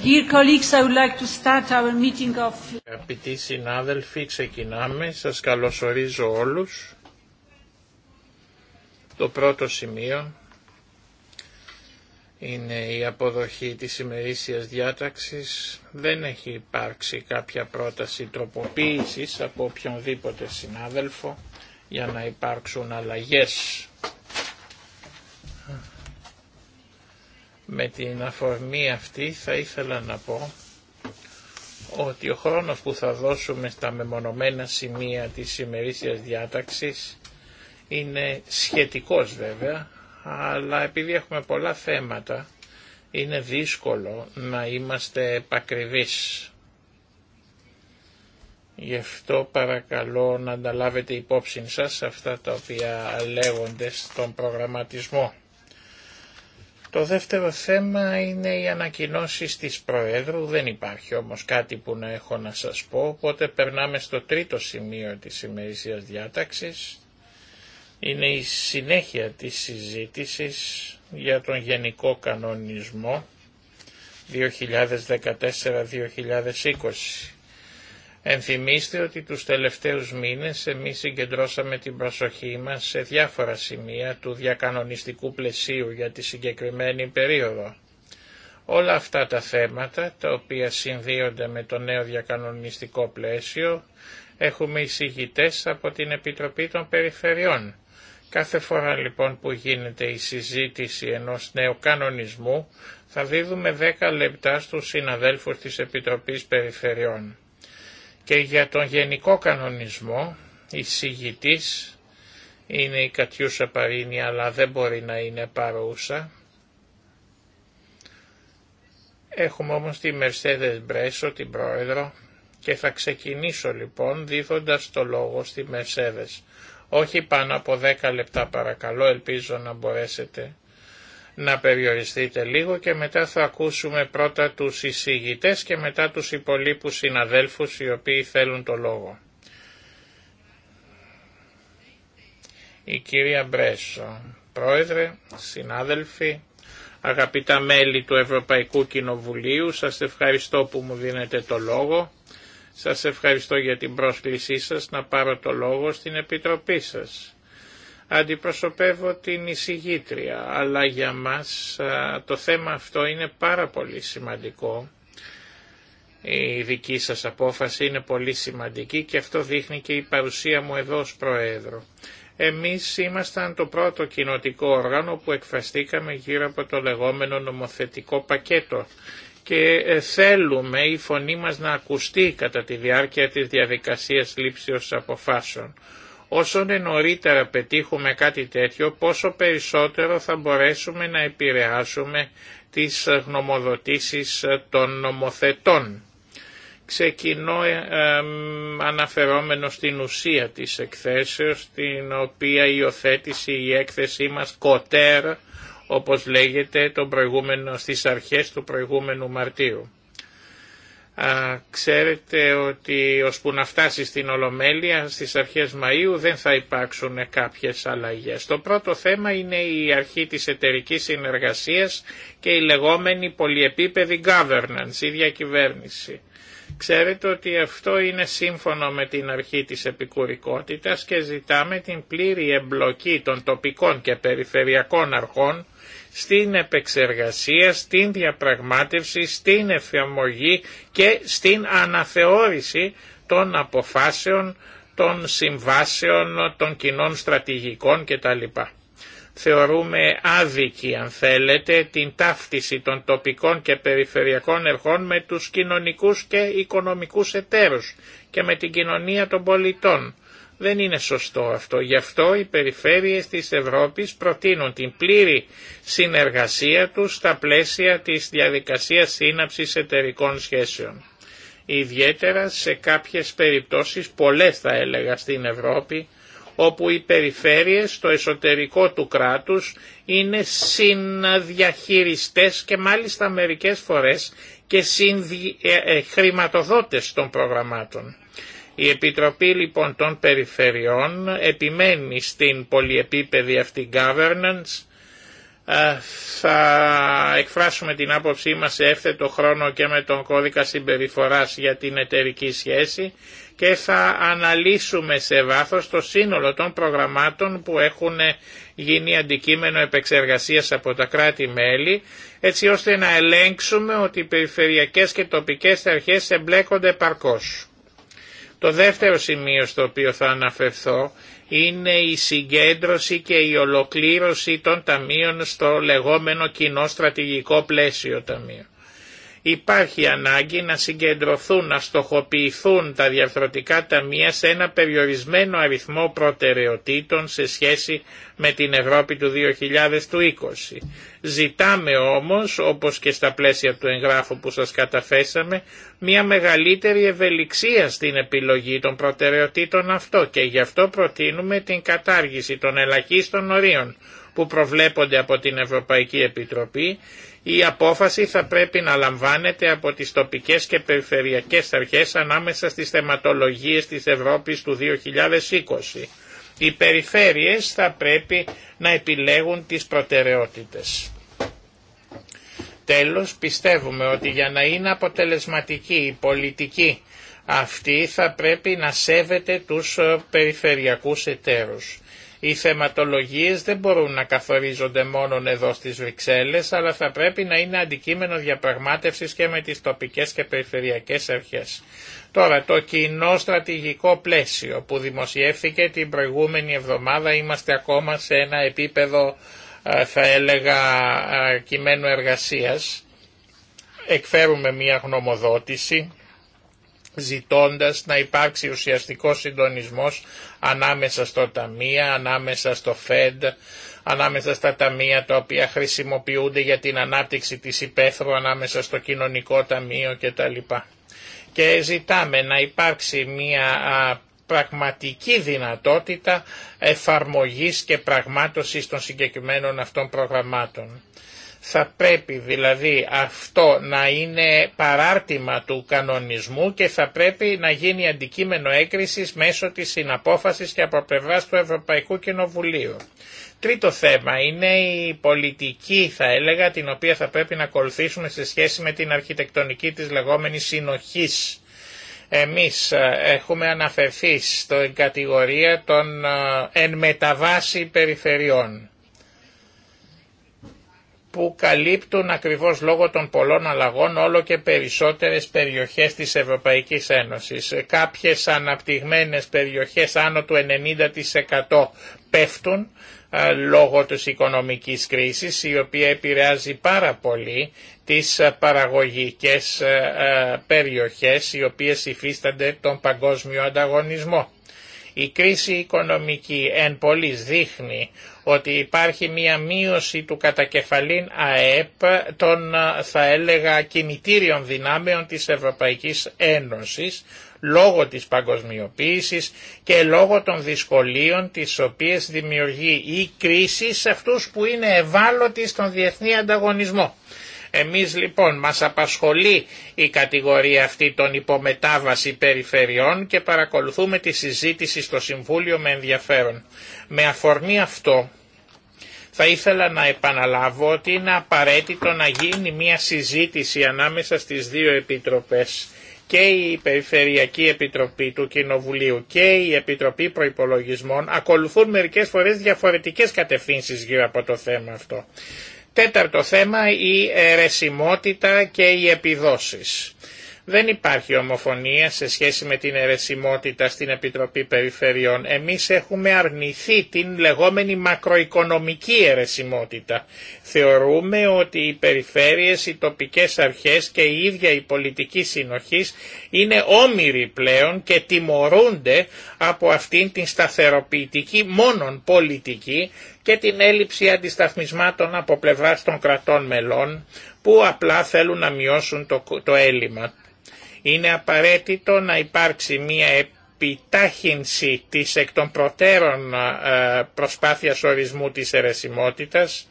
Dear Αγαπητοί συνάδελφοι, ξεκινάμε. Σας καλωσορίζω όλους. Το πρώτο σημείο είναι η αποδοχή της ημερήσιας διάταξης. Δεν έχει υπάρξει κάποια πρόταση τροποποίησης από οποιονδήποτε συνάδελφο για να υπάρξουν αλλαγές Με την αφορμή αυτή θα ήθελα να πω ότι ο χρόνος που θα δώσουμε στα μεμονωμένα σημεία της ημερήσιας διάταξης είναι σχετικός βέβαια, αλλά επειδή έχουμε πολλά θέματα είναι δύσκολο να είμαστε επακριβείς. Γι' αυτό παρακαλώ να ανταλάβετε υπόψη σας αυτά τα οποία λέγονται στον προγραμματισμό. Το δεύτερο θέμα είναι οι ανακοινώσει της Προέδρου, δεν υπάρχει όμως κάτι που να έχω να σας πω, οπότε περνάμε στο τρίτο σημείο της ημερησίας διάταξης. Είναι η συνέχεια της συζήτησης για τον Γενικό Κανονισμό 2014-2020. Ενθυμίστε ότι τους τελευταίους μήνες εμείς συγκεντρώσαμε την προσοχή μας σε διάφορα σημεία του διακανονιστικού πλαισίου για τη συγκεκριμένη περίοδο. Όλα αυτά τα θέματα, τα οποία συνδύονται με το νέο διακανονιστικό πλαίσιο, έχουμε εισηγητές από την Επιτροπή των Περιφερειών. Κάθε φορά λοιπόν που γίνεται η συζήτηση ενός νέου κανονισμού, θα δίδουμε 10 λεπτά στους συναδέλφους της Επιτροπής Περιφερειών. Και για τον γενικό κανονισμό η συγητής είναι η Κατιούσα Παρίνη αλλά δεν μπορεί να είναι παρούσα. Έχουμε όμως τη Mercedes Μπρέσο, την πρόεδρο, και θα ξεκινήσω λοιπόν δίδοντας το λόγο στη Mercedes. Όχι πάνω από 10 λεπτά παρακαλώ, ελπίζω να μπορέσετε να περιοριστείτε λίγο και μετά θα ακούσουμε πρώτα τους εισηγητές και μετά τους υπολείπους συναδέλφους οι οποίοι θέλουν το λόγο. Η κυρία Μπρέσο, πρόεδρε, συνάδελφοι, αγαπητά μέλη του Ευρωπαϊκού Κοινοβουλίου, σας ευχαριστώ που μου δίνετε το λόγο. Σας ευχαριστώ για την πρόσκλησή σας να πάρω το λόγο στην Επιτροπή σας αντιπροσωπεύω την εισηγήτρια, αλλά για μας το θέμα αυτό είναι πάρα πολύ σημαντικό. Η δική σας απόφαση είναι πολύ σημαντική και αυτό δείχνει και η παρουσία μου εδώ ως Προέδρο. Εμείς ήμασταν το πρώτο κοινοτικό όργανο που εκφραστήκαμε γύρω από το λεγόμενο νομοθετικό πακέτο και ε, θέλουμε η φωνή μας να ακουστεί κατά τη διάρκεια της διαδικασίας λήψης αποφάσεων. Όσο νωρίτερα πετύχουμε κάτι τέτοιο, πόσο περισσότερο θα μπορέσουμε να επηρεάσουμε τις γνωμοδοτήσεις των νομοθετών. Ξεκινώ ε, αναφερόμενο στην ουσία της εκθέσεως, την οποία υιοθέτησε η έκθεσή μας κοτέρ, όπως λέγεται, τον προηγούμενο, στις αρχές του προηγούμενου Μαρτίου ξέρετε ότι ώσπου να φτάσει στην Ολομέλεια στις αρχές Μαΐου δεν θα υπάρξουν κάποιες αλλαγές. Το πρώτο θέμα είναι η αρχή της εταιρική συνεργασίας και η λεγόμενη πολυεπίπεδη governance, η διακυβέρνηση. Ξέρετε ότι αυτό είναι σύμφωνο με την αρχή της επικουρικότητας και ζητάμε την πλήρη εμπλοκή των τοπικών και περιφερειακών αρχών στην επεξεργασία, στην διαπραγμάτευση, στην εφαρμογή και στην αναθεώρηση των αποφάσεων, των συμβάσεων, των κοινών στρατηγικών κτλ. Θεωρούμε άδικη, αν θέλετε, την ταύτιση των τοπικών και περιφερειακών ερχών με τους κοινωνικούς και οικονομικούς εταίρους και με την κοινωνία των πολιτών δεν είναι σωστό αυτό. Γι' αυτό οι περιφέρειες της Ευρώπης προτείνουν την πλήρη συνεργασία τους στα πλαίσια της διαδικασίας σύναψης εταιρικών σχέσεων. Ιδιαίτερα σε κάποιες περιπτώσεις, πολλές θα έλεγα στην Ευρώπη, όπου οι περιφέρειες στο εσωτερικό του κράτους είναι συνδιαχειριστές και μάλιστα μερικές φορές και ε, ε, χρηματοδότες των προγραμμάτων. Η Επιτροπή λοιπόν των Περιφερειών επιμένει στην πολυεπίπεδη αυτή governance. Ε, θα εκφράσουμε την άποψή μας σε έφθετο χρόνο και με τον κώδικα συμπεριφοράς για την εταιρική σχέση και θα αναλύσουμε σε βάθος το σύνολο των προγραμμάτων που έχουν γίνει αντικείμενο επεξεργασίας από τα κράτη-μέλη, έτσι ώστε να ελέγξουμε ότι οι περιφερειακές και τοπικές αρχές εμπλέκονται παρκώς. Το δεύτερο σημείο στο οποίο θα αναφερθώ είναι η συγκέντρωση και η ολοκλήρωση των ταμείων στο λεγόμενο κοινό στρατηγικό πλαίσιο ταμείων. Υπάρχει ανάγκη να συγκεντρωθούν, να στοχοποιηθούν τα διαφορετικά ταμεία σε ένα περιορισμένο αριθμό προτεραιοτήτων σε σχέση με την Ευρώπη του 2020. Ζητάμε όμως, όπως και στα πλαίσια του εγγράφου που σας καταφέσαμε, μια μεγαλύτερη ευελιξία στην επιλογή των προτεραιοτήτων αυτό και γι' αυτό προτείνουμε την κατάργηση των ελαχίστων ορίων που προβλέπονται από την Ευρωπαϊκή Επιτροπή η απόφαση θα πρέπει να λαμβάνεται από τις τοπικές και περιφερειακές αρχές ανάμεσα στις θεματολογίες της Ευρώπης του 2020. Οι περιφέρειες θα πρέπει να επιλέγουν τις προτεραιότητες. Τέλος, πιστεύουμε ότι για να είναι αποτελεσματική η πολιτική αυτή θα πρέπει να σέβεται τους περιφερειακούς εταίρους. Οι θεματολογίες δεν μπορούν να καθορίζονται μόνο εδώ στις Βρυξέλλες, αλλά θα πρέπει να είναι αντικείμενο διαπραγμάτευσης και με τις τοπικές και περιφερειακές αρχές. Τώρα, το κοινό στρατηγικό πλαίσιο που δημοσιεύθηκε την προηγούμενη εβδομάδα, είμαστε ακόμα σε ένα επίπεδο, ε, θα έλεγα, ε, κειμένου εργασίας. Εκφέρουμε μία γνωμοδότηση ζητώντας να υπάρξει ουσιαστικό συντονισμός ανάμεσα στο ταμεία, ανάμεσα στο ΦΕΔ, ανάμεσα στα ταμεία τα οποία χρησιμοποιούνται για την ανάπτυξη της υπαίθρου, ανάμεσα στο κοινωνικό ταμείο κτλ. Και ζητάμε να υπάρξει μια πραγματική δυνατότητα εφαρμογής και πραγμάτωσης των συγκεκριμένων αυτών προγραμμάτων. Θα πρέπει δηλαδή αυτό να είναι παράρτημα του κανονισμού και θα πρέπει να γίνει αντικείμενο έκρησης μέσω της συναπόφασης και από του Ευρωπαϊκού Κοινοβουλίου. Τρίτο θέμα είναι η πολιτική θα έλεγα την οποία θα πρέπει να ακολουθήσουμε σε σχέση με την αρχιτεκτονική της λεγόμενης συνοχής. Εμείς ε, έχουμε αναφερθεί στην κατηγορία των ε, εν μεταβάση περιφερειών που καλύπτουν ακριβώς λόγω των πολλών αλλαγών όλο και περισσότερες περιοχές της Ευρωπαϊκής Ένωσης. Ε, κάποιες αναπτυγμένες περιοχές άνω του 90% πέφτουν ε, λόγω της οικονομικής κρίσης η οποία επηρεάζει πάρα πολύ τις ε, παραγωγικές περιοχές οι οποίες υφίστανται τον παγκόσμιο ανταγωνισμό. Η κρίση οικονομική εν πολλής δείχνει ότι υπάρχει μία μείωση του κατακεφαλήν ΑΕΠ των θα έλεγα κινητήριων δυνάμεων της Ευρωπαϊκής Ένωσης λόγω της παγκοσμιοποίησης και λόγω των δυσκολίων τις οποίες δημιουργεί η κρίση σε αυτούς που είναι ευάλωτοι στον διεθνή ανταγωνισμό. Εμείς λοιπόν μας απασχολεί η κατηγορία αυτή των υπομετάβαση περιφερειών και παρακολουθούμε τη συζήτηση στο Συμβούλιο με ενδιαφέρον. Με αφορμή αυτό θα ήθελα να επαναλάβω ότι είναι απαραίτητο να γίνει μια συζήτηση ανάμεσα στις δύο επιτροπές και η Περιφερειακή Επιτροπή του Κοινοβουλίου και η Επιτροπή Προϋπολογισμών ακολουθούν μερικές φορές διαφορετικές κατευθύνσεις γύρω από το θέμα αυτό. Τέταρτο θέμα η αιρεσιμότητα και οι επιδόσεις. Δεν υπάρχει ομοφωνία σε σχέση με την αιρεσιμότητα στην Επιτροπή Περιφερειών. Εμείς έχουμε αρνηθεί την λεγόμενη μακροοικονομική αιρεσιμότητα. Θεωρούμε ότι οι περιφέρειες, οι τοπικές αρχές και η ίδια η πολιτική συνοχή είναι όμοιροι πλέον και τιμωρούνται από αυτήν την σταθεροποιητική μόνον πολιτική και την έλλειψη αντισταθμισμάτων από πλευράς των κρατών μελών που απλά θέλουν να μειώσουν το, το έλλειμμα. Είναι απαραίτητο να υπάρξει μια επιτάχυνση της εκ των προτέρων ε, προσπάθειας ορισμού της αιρεσιμότητας.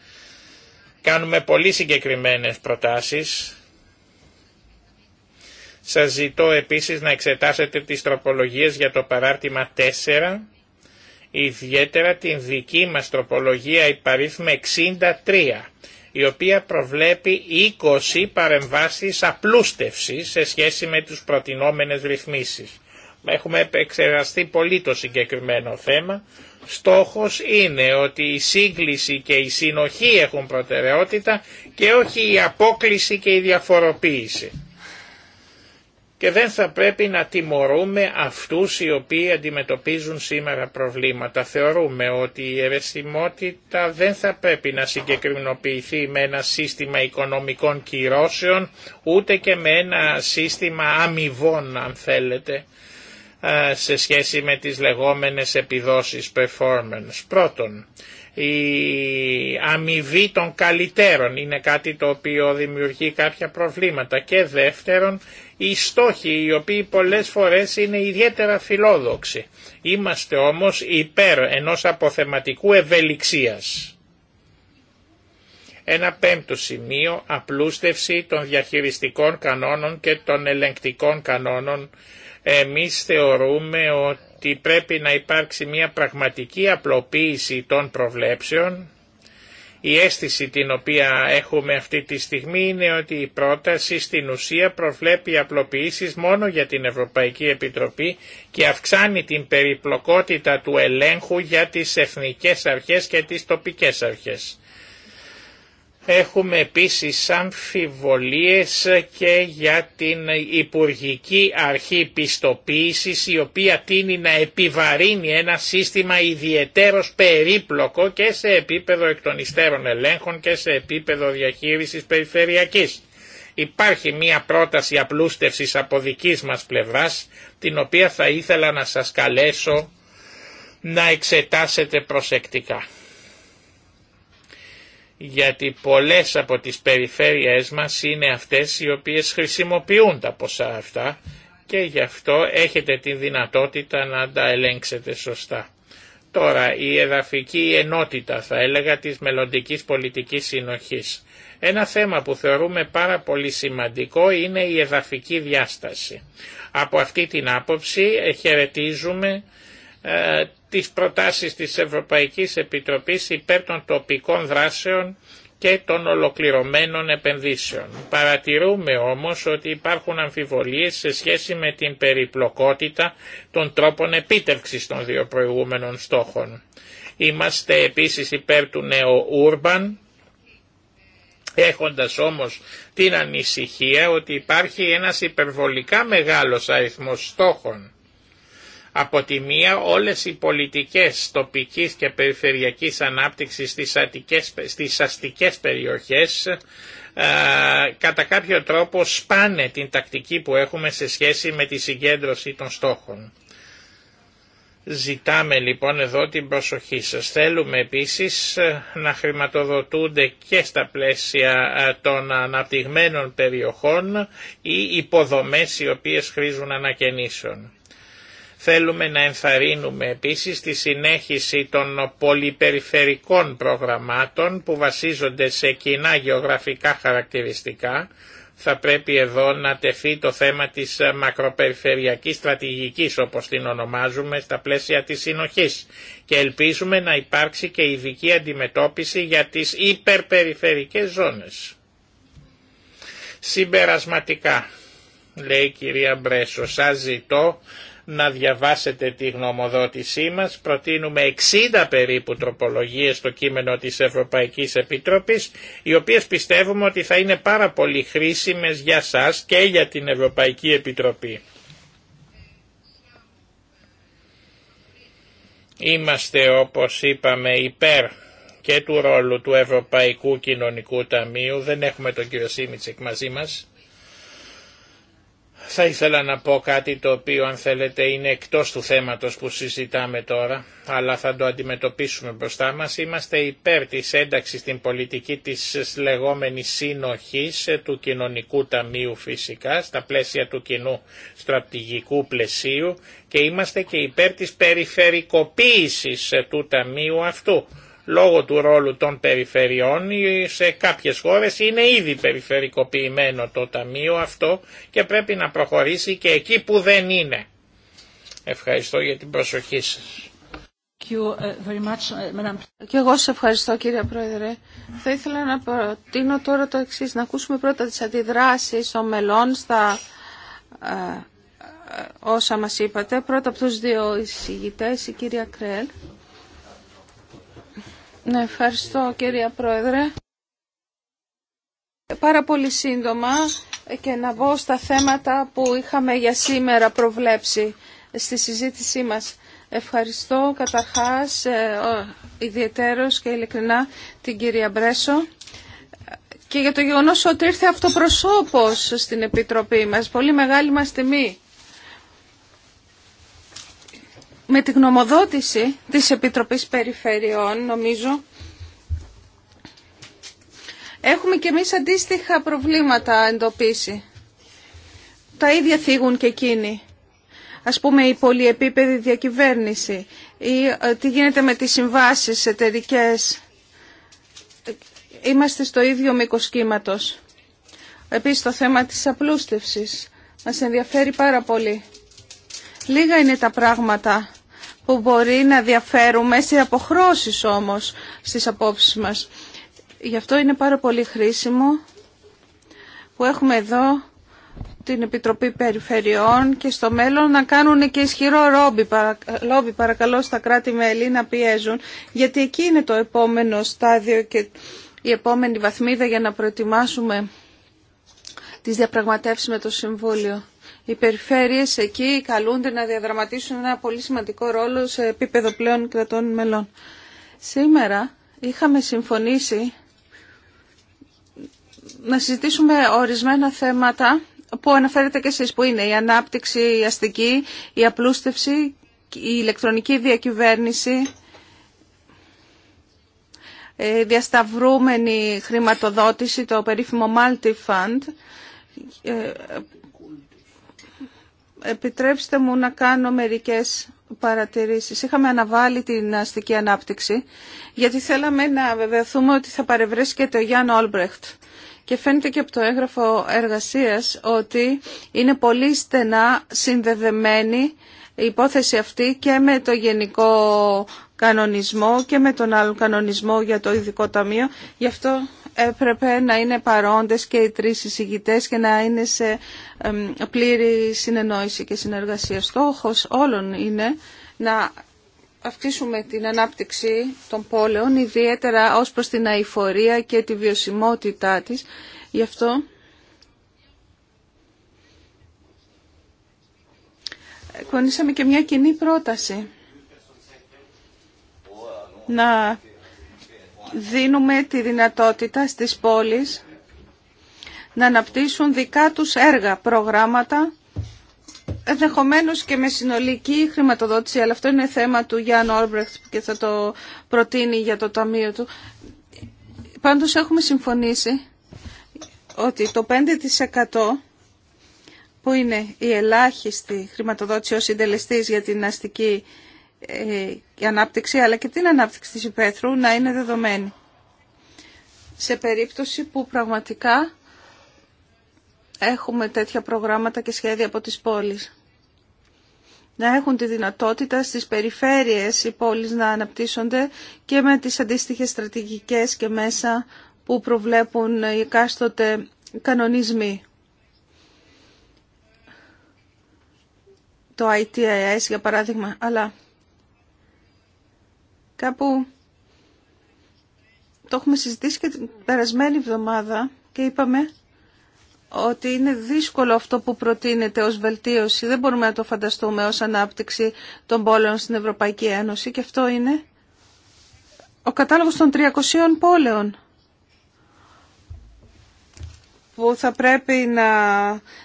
Κάνουμε πολύ συγκεκριμένες προτάσεις. Σας ζητώ επίσης να εξετάσετε τις τροπολογίες για το παράρτημα 4, ιδιαίτερα την δική μας τροπολογία υπαρίθμη 63 η οποία προβλέπει 20 παρεμβάσεις απλούστευσης σε σχέση με τους προτινόμενες ρυθμίσεις. Έχουμε επεξεργαστεί πολύ το συγκεκριμένο θέμα. Στόχος είναι ότι η σύγκληση και η συνοχή έχουν προτεραιότητα και όχι η απόκληση και η διαφοροποίηση και δεν θα πρέπει να τιμωρούμε αυτούς οι οποίοι αντιμετωπίζουν σήμερα προβλήματα. Θεωρούμε ότι η ευαισθημότητα δεν θα πρέπει να συγκεκριμενοποιηθεί με ένα σύστημα οικονομικών κυρώσεων, ούτε και με ένα σύστημα αμοιβών αν θέλετε, σε σχέση με τις λεγόμενες επιδόσεις performance. Πρώτον, η αμοιβή των καλυτέρων είναι κάτι το οποίο δημιουργεί κάποια προβλήματα και δεύτερον οι στόχοι οι οποίοι πολλές φορές είναι ιδιαίτερα φιλόδοξοι. Είμαστε όμως υπέρ ενός αποθεματικού ευελιξίας. Ένα πέμπτο σημείο, απλούστευση των διαχειριστικών κανόνων και των ελεγκτικών κανόνων. Εμείς θεωρούμε ότι ότι πρέπει να υπάρξει μια πραγματική απλοποίηση των προβλέψεων. Η αίσθηση την οποία έχουμε αυτή τη στιγμή είναι ότι η πρόταση στην ουσία προβλέπει απλοποιήσεις μόνο για την Ευρωπαϊκή Επιτροπή και αυξάνει την περιπλοκότητα του ελέγχου για τις εθνικές αρχές και τις τοπικές αρχές. Έχουμε επίσης αμφιβολίες και για την Υπουργική Αρχή Πιστοποίησης η οποία τίνει να επιβαρύνει ένα σύστημα ιδιαιτέρως περίπλοκο και σε επίπεδο εκ ελέγχων και σε επίπεδο διαχείρισης περιφερειακής. Υπάρχει μία πρόταση απλούστευσης από δικής μας πλευράς την οποία θα ήθελα να σας καλέσω να εξετάσετε προσεκτικά γιατί πολλές από τις περιφέρειές μας είναι αυτές οι οποίες χρησιμοποιούν τα ποσά αυτά και γι' αυτό έχετε τη δυνατότητα να τα ελέγξετε σωστά. Τώρα, η εδαφική ενότητα, θα έλεγα, της μελλοντική πολιτικής συνοχής. Ένα θέμα που θεωρούμε πάρα πολύ σημαντικό είναι η εδαφική διάσταση. Από αυτή την άποψη χαιρετίζουμε ε, τις προτάσεις της Ευρωπαϊκής Επιτροπής υπέρ των τοπικών δράσεων και των ολοκληρωμένων επενδύσεων. Παρατηρούμε όμως ότι υπάρχουν αμφιβολίες σε σχέση με την περιπλοκότητα των τρόπων επίτευξης των δύο προηγούμενων στόχων. Είμαστε επίσης υπέρ του νέου Urban, έχοντας όμως την ανησυχία ότι υπάρχει ένας υπερβολικά μεγάλος αριθμός στόχων από τη μία όλες οι πολιτικές τοπικής και περιφερειακής ανάπτυξης στις, ατικές, στις αστικές περιοχές ε, κατά κάποιο τρόπο σπάνε την τακτική που έχουμε σε σχέση με τη συγκέντρωση των στόχων. Ζητάμε λοιπόν εδώ την προσοχή σας. Θέλουμε επίσης ε, να χρηματοδοτούνται και στα πλαίσια ε, των αναπτυγμένων περιοχών οι υποδομές οι οποίες χρήζουν ανακαινήσεων. Θέλουμε να ενθαρρύνουμε επίσης τη συνέχιση των πολυπεριφερικών προγραμμάτων που βασίζονται σε κοινά γεωγραφικά χαρακτηριστικά. Θα πρέπει εδώ να τεθεί το θέμα της μακροπεριφερειακής στρατηγικής όπως την ονομάζουμε στα πλαίσια της συνοχής και ελπίζουμε να υπάρξει και ειδική αντιμετώπιση για τις υπερπεριφερικές ζώνες. Συμπερασματικά, λέει η κυρία Μπρέσο, σας ζητώ να διαβάσετε τη γνωμοδότησή μας. Προτείνουμε 60 περίπου τροπολογίες στο κείμενο της Ευρωπαϊκής Επιτροπής, οι οποίες πιστεύουμε ότι θα είναι πάρα πολύ χρήσιμες για σας και για την Ευρωπαϊκή Επιτροπή. Είμαστε όπως είπαμε υπέρ και του ρόλου του Ευρωπαϊκού Κοινωνικού Ταμείου, δεν έχουμε τον κύριο Σίμιτσεκ μαζί μας, θα ήθελα να πω κάτι το οποίο αν θέλετε είναι εκτός του θέματος που συζητάμε τώρα, αλλά θα το αντιμετωπίσουμε μπροστά μας. Είμαστε υπέρ της ένταξης στην πολιτική της λεγόμενης συνοχής ε, του κοινωνικού ταμείου φυσικά, στα πλαίσια του κοινού στρατηγικού πλαισίου και είμαστε και υπέρ της περιφερικοποίησης ε, του ταμείου αυτού λόγω του ρόλου των περιφερειών ε, σε κάποιες χώρες είναι ήδη περιφερικοποιημένο το ταμείο αυτό και πρέπει να προχωρήσει και εκεί που δεν είναι. Ευχαριστώ για την προσοχή σας. Uh, uh, και εγώ σας ευχαριστώ κύριε Πρόεδρε. Θα ήθελα να προτείνω τώρα το εξή να ακούσουμε πρώτα τις αντιδράσεις των μελών στα ε, ε, όσα μας είπατε. Πρώτα από τους δύο εισηγητές, η κυρία Κρέλ. Ναι, ευχαριστώ κυρία Πρόεδρε. Πάρα πολύ σύντομα και να μπω στα θέματα που είχαμε για σήμερα προβλέψει στη συζήτησή μας. Ευχαριστώ καταρχάς ε, ιδιαιτέρως και ειλικρινά την κυρία Μπρέσο και για το γεγονός ότι ήρθε αυτοπροσώπος στην Επιτροπή μας. Πολύ μεγάλη μας τιμή με τη γνωμοδότηση της Επιτροπής Περιφερειών, νομίζω, έχουμε και εμείς αντίστοιχα προβλήματα εντοπίσει. Τα ίδια θίγουν και εκείνοι. Ας πούμε η πολυεπίπεδη διακυβέρνηση ή ε, τι γίνεται με τις συμβάσεις εταιρικέ. Είμαστε στο ίδιο μήκο κύματο. Επίσης το θέμα της απλούστευσης μας ενδιαφέρει πάρα πολύ. Λίγα είναι τα πράγματα που μπορεί να διαφέρουμε σε αποχρώσεις όμως στις απόψεις μας. Γι' αυτό είναι πάρα πολύ χρήσιμο που έχουμε εδώ την Επιτροπή Περιφερειών και στο μέλλον να κάνουν και ισχυρό λόμπι παρακαλώ στα κράτη-μέλη να πιέζουν γιατί εκεί είναι το επόμενο στάδιο και η επόμενη βαθμίδα για να προετοιμάσουμε τις διαπραγματεύσεις με το Συμβούλιο οι περιφέρειες εκεί καλούνται να διαδραματίσουν ένα πολύ σημαντικό ρόλο σε επίπεδο πλέον κρατών μελών. Σήμερα είχαμε συμφωνήσει να συζητήσουμε ορισμένα θέματα που αναφέρετε και εσείς που είναι η ανάπτυξη, η αστική, η απλούστευση, η ηλεκτρονική διακυβέρνηση, ε, διασταυρούμενη χρηματοδότηση, το περίφημο multifund, ε, επιτρέψτε μου να κάνω μερικές παρατηρήσεις. Είχαμε αναβάλει την αστική ανάπτυξη, γιατί θέλαμε να βεβαιωθούμε ότι θα παρευρέσει και το Γιάνν Όλμπρεχτ. Και φαίνεται και από το έγγραφο εργασίας ότι είναι πολύ στενά συνδεδεμένη η υπόθεση αυτή και με το γενικό κανονισμό και με τον άλλο κανονισμό για το ειδικό ταμείο. Γι' αυτό έπρεπε να είναι παρόντες και οι τρεις συζητητές και να είναι σε πλήρη συνεννόηση και συνεργασία. Στόχος όλων είναι να αυξήσουμε την ανάπτυξη των πόλεων, ιδιαίτερα ως προς την αηφορία και τη βιωσιμότητά της. Γι' αυτό κονίσαμε και μια κοινή πρόταση να δίνουμε τη δυνατότητα στις πόλεις να αναπτύσσουν δικά τους έργα, προγράμματα, ενδεχομένω και με συνολική χρηματοδότηση, αλλά αυτό είναι θέμα του Γιάνν Όρμπρεχτ και θα το προτείνει για το ταμείο του. Πάντως έχουμε συμφωνήσει ότι το 5% που είναι η ελάχιστη χρηματοδότηση ως συντελεστής για την αστική ε, η ανάπτυξη αλλά και την ανάπτυξη της υπαίθρου να είναι δεδομένη. Σε περίπτωση που πραγματικά έχουμε τέτοια προγράμματα και σχέδια από τις πόλεις. Να έχουν τη δυνατότητα στις περιφέρειες οι πόλεις να αναπτύσσονται και με τις αντίστοιχες στρατηγικές και μέσα που προβλέπουν οι εκάστοτε κανονισμοί. Το ITIS για παράδειγμα, αλλά Κάπου το έχουμε συζητήσει και την περασμένη εβδομάδα και είπαμε ότι είναι δύσκολο αυτό που προτείνεται ως βελτίωση. Δεν μπορούμε να το φανταστούμε ως ανάπτυξη των πόλεων στην Ευρωπαϊκή Ένωση και αυτό είναι ο κατάλογος των 300 πόλεων που θα πρέπει να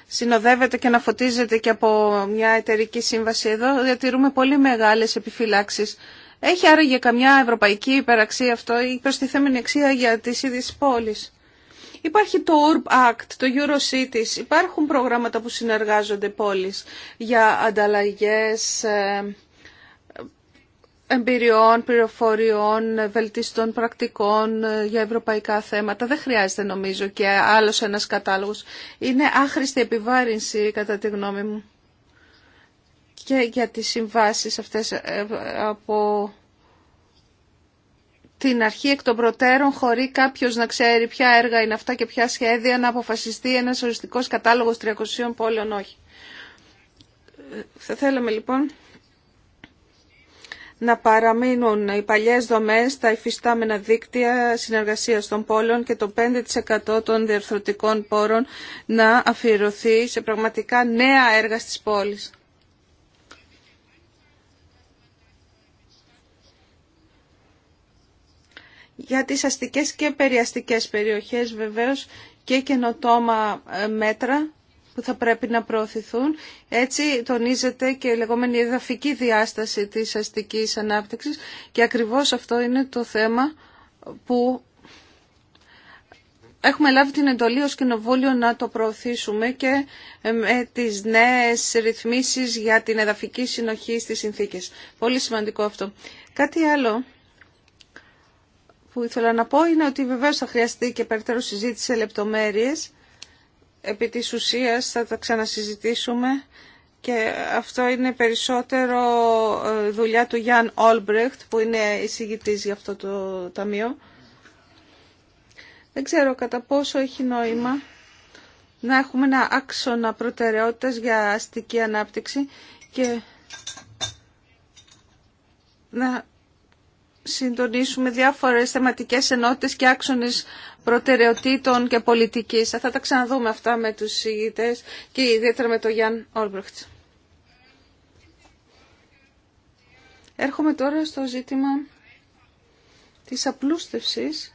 συνοδεύεται και να φωτίζεται και από μια εταιρική σύμβαση εδώ. Διατηρούμε πολύ μεγάλες επιφυλάξεις έχει άραγε καμιά ευρωπαϊκή υπεραξία αυτό ή προστιθέμενη αξία για τις ίδιες πόλεις. Υπάρχει το URB Act, το EuroCities, υπάρχουν προγράμματα που συνεργάζονται πόλεις για ανταλλαγές ε, εμπειριών, πληροφοριών, βελτιστών πρακτικών ε, για ευρωπαϊκά θέματα. Δεν χρειάζεται νομίζω και άλλος ένας κατάλογος. Είναι άχρηστη επιβάρυνση κατά τη γνώμη μου και για τις συμβάσεις αυτές ε, από την αρχή εκ των προτέρων χωρί κάποιος να ξέρει ποια έργα είναι αυτά και ποια σχέδια να αποφασιστεί ένας οριστικός κατάλογος 300 πόλεων όχι. Θα θέλαμε λοιπόν να παραμείνουν οι παλιές δομές, τα υφιστάμενα δίκτυα συνεργασίας των πόλεων και το 5% των διαρθρωτικών πόρων να αφιερωθεί σε πραγματικά νέα έργα στις πόλεις. για τις αστικές και περιαστικές περιοχές βεβαίως και καινοτόμα ε, μέτρα που θα πρέπει να προωθηθούν. Έτσι τονίζεται και η λεγόμενη εδαφική διάσταση της αστικής ανάπτυξης και ακριβώς αυτό είναι το θέμα που έχουμε λάβει την εντολή ως κοινοβούλιο να το προωθήσουμε και ε, με τις νέες ρυθμίσεις για την εδαφική συνοχή στις συνθήκες. Πολύ σημαντικό αυτό. Κάτι άλλο που ήθελα να πω είναι ότι βεβαίω θα χρειαστεί και περαιτέρω συζήτηση σε λεπτομέρειες. Επί τη ουσίας θα τα ξανασυζητήσουμε και αυτό είναι περισσότερο ε, δουλειά του Γιάνν Όλμπρεχτ που είναι εισηγητή για αυτό το ταμείο. Δεν ξέρω κατά πόσο έχει νόημα να έχουμε ένα άξονα προτεραιότητας για αστική ανάπτυξη και να συντονίσουμε διάφορες θεματικές ενότητες και άξονες προτεραιοτήτων και πολιτικής. Θα τα ξαναδούμε αυτά με τους συγητές και ιδιαίτερα με τον Γιάνν Όλμπρεχτ. Έρχομαι τώρα στο ζήτημα της απλούστευσης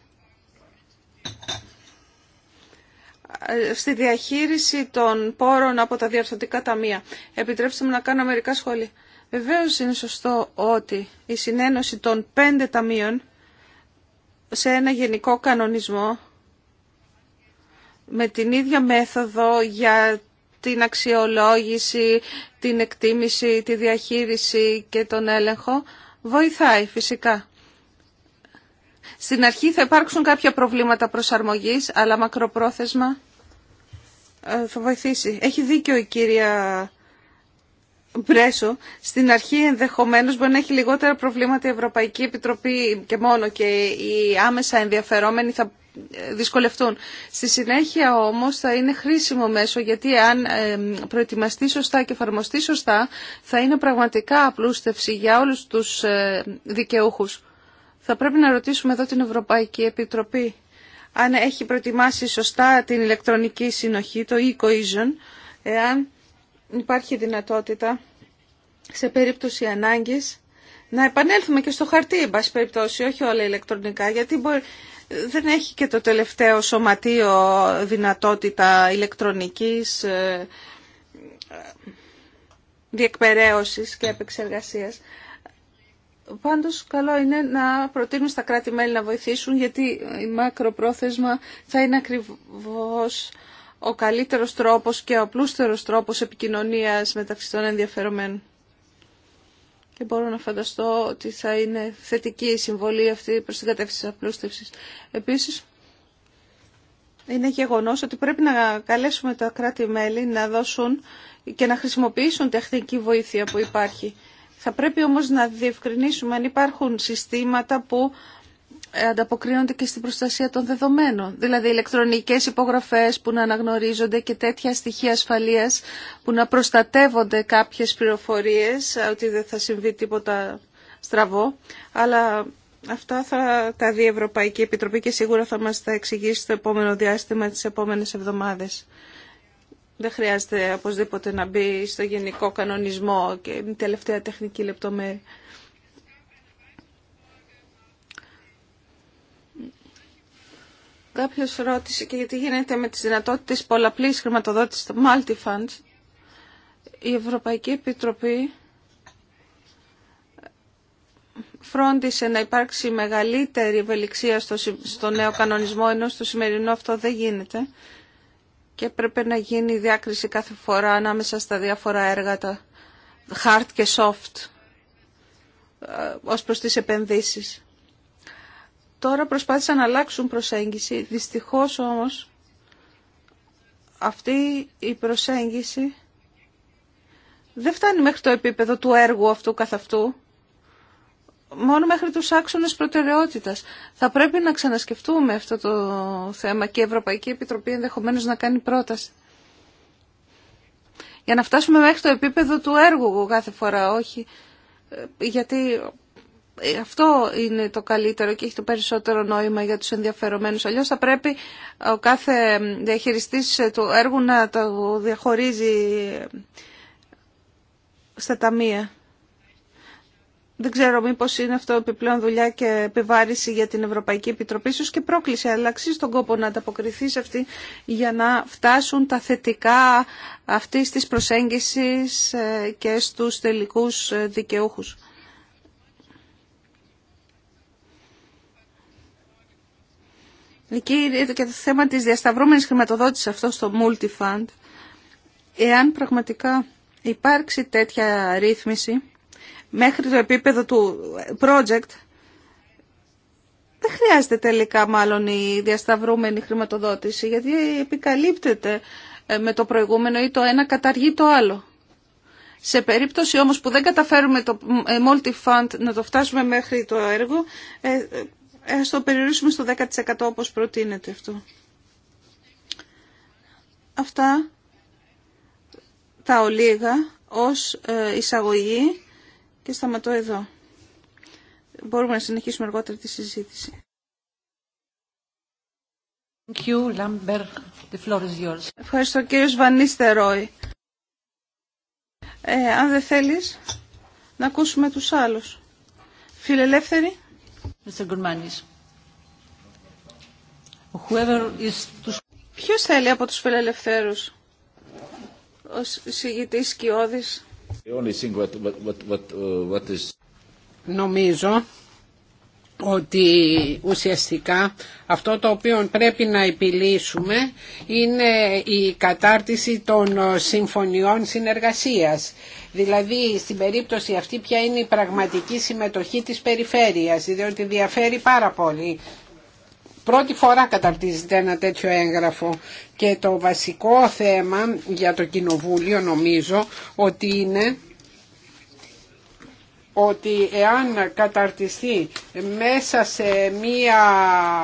στη διαχείριση των πόρων από τα διαφορετικά ταμεία. Επιτρέψτε μου να κάνω μερικά σχόλια. Βεβαίω είναι σωστό ότι η συνένωση των πέντε ταμείων σε ένα γενικό κανονισμό με την ίδια μέθοδο για την αξιολόγηση, την εκτίμηση, τη διαχείριση και τον έλεγχο βοηθάει φυσικά. Στην αρχή θα υπάρξουν κάποια προβλήματα προσαρμογής, αλλά μακροπρόθεσμα ε, θα βοηθήσει. Έχει δίκιο η κυρία Μπρέσο, στην αρχή ενδεχομένως μπορεί να έχει λιγότερα προβλήματα η Ευρωπαϊκή Επιτροπή και μόνο και οι άμεσα ενδιαφερόμενοι θα ε, δυσκολευτούν. Στη συνέχεια όμως θα είναι χρήσιμο μέσο γιατί αν προετοιμαστεί σωστά και εφαρμοστεί σωστά θα είναι πραγματικά απλούστευση για όλους τους ε, δικαιούχους. Θα πρέπει να ρωτήσουμε εδώ την Ευρωπαϊκή Επιτροπή αν έχει προετοιμάσει σωστά την ηλεκτρονική συνοχή, το e-cohesion, εάν υπάρχει δυνατότητα σε περίπτωση ανάγκης να επανέλθουμε και στο χαρτί, εν περιπτώσει, όχι όλα ηλεκτρονικά, γιατί δεν έχει και το τελευταίο σωματείο δυνατότητα ηλεκτρονικής ε, διεκπαιρέωσης και επεξεργασίας. Πάντως, καλό είναι να προτείνουμε στα κράτη-μέλη να βοηθήσουν, γιατί η μακροπρόθεσμα θα είναι ακριβώς ο καλύτερος τρόπος και ο πλούστερος τρόπος επικοινωνίας μεταξύ των ενδιαφερομένων. Και μπορώ να φανταστώ ότι θα είναι θετική η συμβολή αυτή προς την κατεύθυνση της απλούστευσης. Επίσης, είναι γεγονός ότι πρέπει να καλέσουμε τα κράτη-μέλη να δώσουν και να χρησιμοποιήσουν τεχνική βοήθεια που υπάρχει. Θα πρέπει όμως να διευκρινίσουμε αν υπάρχουν συστήματα που ανταποκρίνονται και στην προστασία των δεδομένων. Δηλαδή ηλεκτρονικές υπογραφές που να αναγνωρίζονται και τέτοια στοιχεία ασφαλείας που να προστατεύονται κάποιες πληροφορίες ότι δεν θα συμβεί τίποτα στραβό. Αλλά αυτά θα τα δει η Ευρωπαϊκή Επιτροπή και σίγουρα θα μας τα εξηγήσει στο επόμενο διάστημα τις επόμενες εβδομάδες. Δεν χρειάζεται οπωσδήποτε να μπει στο γενικό κανονισμό και τελευταία τεχνική λεπτομέρεια. Κάποιο ρώτησε και γιατί γίνεται με τι δυνατότητε πολλαπλής χρηματοδότησης, το MultiFunds, Η Ευρωπαϊκή Επιτροπή φρόντισε να υπάρξει μεγαλύτερη ευελιξία στο, στο νέο κανονισμό, ενώ στο σημερινό αυτό δεν γίνεται και πρέπει να γίνει διάκριση κάθε φορά ανάμεσα στα διάφορα έργα, τα hard και soft, ε, ως προς τις επενδύσεις. Τώρα προσπάθησαν να αλλάξουν προσέγγιση. Δυστυχώς όμως αυτή η προσέγγιση δεν φτάνει μέχρι το επίπεδο του έργου αυτού καθ' αυτού, μόνο μέχρι τους άξονες προτεραιότητας. Θα πρέπει να ξανασκεφτούμε αυτό το θέμα και η Ευρωπαϊκή Επιτροπή ενδεχομένως να κάνει πρόταση. Για να φτάσουμε μέχρι το επίπεδο του έργου κάθε φορά, όχι. Ε, γιατί ε, αυτό είναι το καλύτερο και έχει το περισσότερο νόημα για τους ενδιαφερομένους. Αλλιώς θα πρέπει ο κάθε διαχειριστής του έργου να το διαχωρίζει ε, στα ταμεία. Δεν ξέρω μήπως είναι αυτό επιπλέον δουλειά και επιβάρηση για την Ευρωπαϊκή Επιτροπή, ίσω και πρόκληση, αλλά αξίζει τον κόπο να ανταποκριθεί σε αυτή για να φτάσουν τα θετικά αυτή της προσέγγισης ε, και στους τελικούς δικαιούχους. Εκεί και το θέμα της διασταυρώμενης χρηματοδότησης αυτό στο multifund. Εάν πραγματικά υπάρξει τέτοια ρύθμιση μέχρι το επίπεδο του project, δεν χρειάζεται τελικά μάλλον η διασταυρούμενη χρηματοδότηση, γιατί επικαλύπτεται ε, με το προηγούμενο ή το ένα καταργεί το άλλο. Σε περίπτωση όμως που δεν καταφέρουμε το ε, multi να το φτάσουμε μέχρι το έργο, ε, Ας το περιορίσουμε στο 10% όπως προτείνεται αυτό. Αυτά τα ολίγα ως ε, εισαγωγή και σταματώ εδώ. Μπορούμε να συνεχίσουμε αργότερα τη συζήτηση. Ευχαριστώ κύριος Βανίστερόι. Ε, αν δεν θέλεις, να ακούσουμε τους άλλους. Φιλελεύθεροι. Ποιος θέλει από τους φιλελευθέρους ως συγητής Κιώδης. Uh, Νομίζω ότι ουσιαστικά αυτό το οποίο πρέπει να επιλύσουμε είναι η κατάρτιση των συμφωνιών συνεργασίας. Δηλαδή στην περίπτωση αυτή ποια είναι η πραγματική συμμετοχή της περιφέρειας, διότι διαφέρει πάρα πολύ. Πρώτη φορά καταρτίζεται ένα τέτοιο έγγραφο και το βασικό θέμα για το Κοινοβούλιο νομίζω ότι είναι ότι εάν καταρτιστεί μέσα σε μία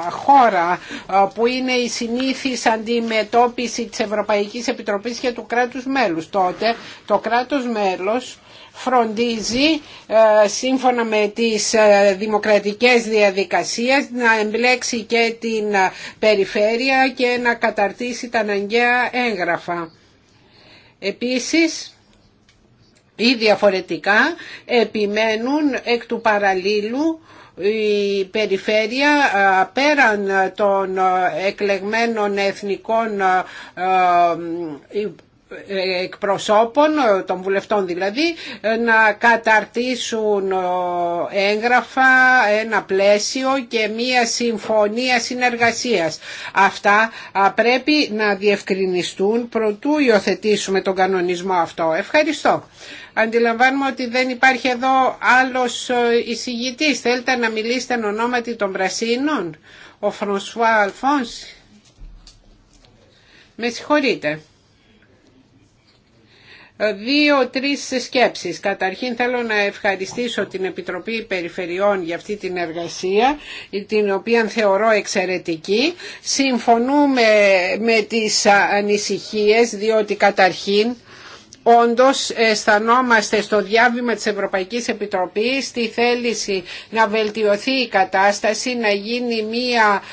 χώρα ε, που είναι η συνήθις αντιμετώπιση της Ευρωπαϊκής Επιτροπής και του κράτους μέλους, τότε το κράτος μέλος φροντίζει ε, σύμφωνα με τις ε, δημοκρατικές διαδικασίες να εμπλέξει και την περιφέρεια και να καταρτήσει τα αναγκαία έγγραφα. Επίσης, ή διαφορετικά επιμένουν εκ του παραλίλου η περιφέρεια πέραν των εκλεγμένων εθνικών ε, εκπροσώπων, ε, των βουλευτών δηλαδή, ε, να καταρτήσουν έγγραφα, ένα πλαίσιο και μία συμφωνία συνεργασίας. Αυτά πρέπει να διευκρινιστούν προτού υιοθετήσουμε τον κανονισμό αυτό. Ευχαριστώ. Αντιλαμβάνουμε ότι δεν υπάρχει εδώ άλλος ε, εισηγητής. Θέλετε να μιλήσετε εν ονόματι των Πρασίνων, ο Φρονσουά Αλφόνς. Με συγχωρείτε. Ε, Δύο-τρεις σκέψεις. Καταρχήν θέλω να ευχαριστήσω την Επιτροπή Περιφερειών για αυτή την εργασία, την οποία θεωρώ εξαιρετική. Συμφωνούμε με τις ανησυχίες, διότι καταρχήν Όντως ε, αισθανόμαστε στο διάβημα της Ευρωπαϊκής Επιτροπής τη θέληση να βελτιωθεί η κατάσταση, να γίνει μια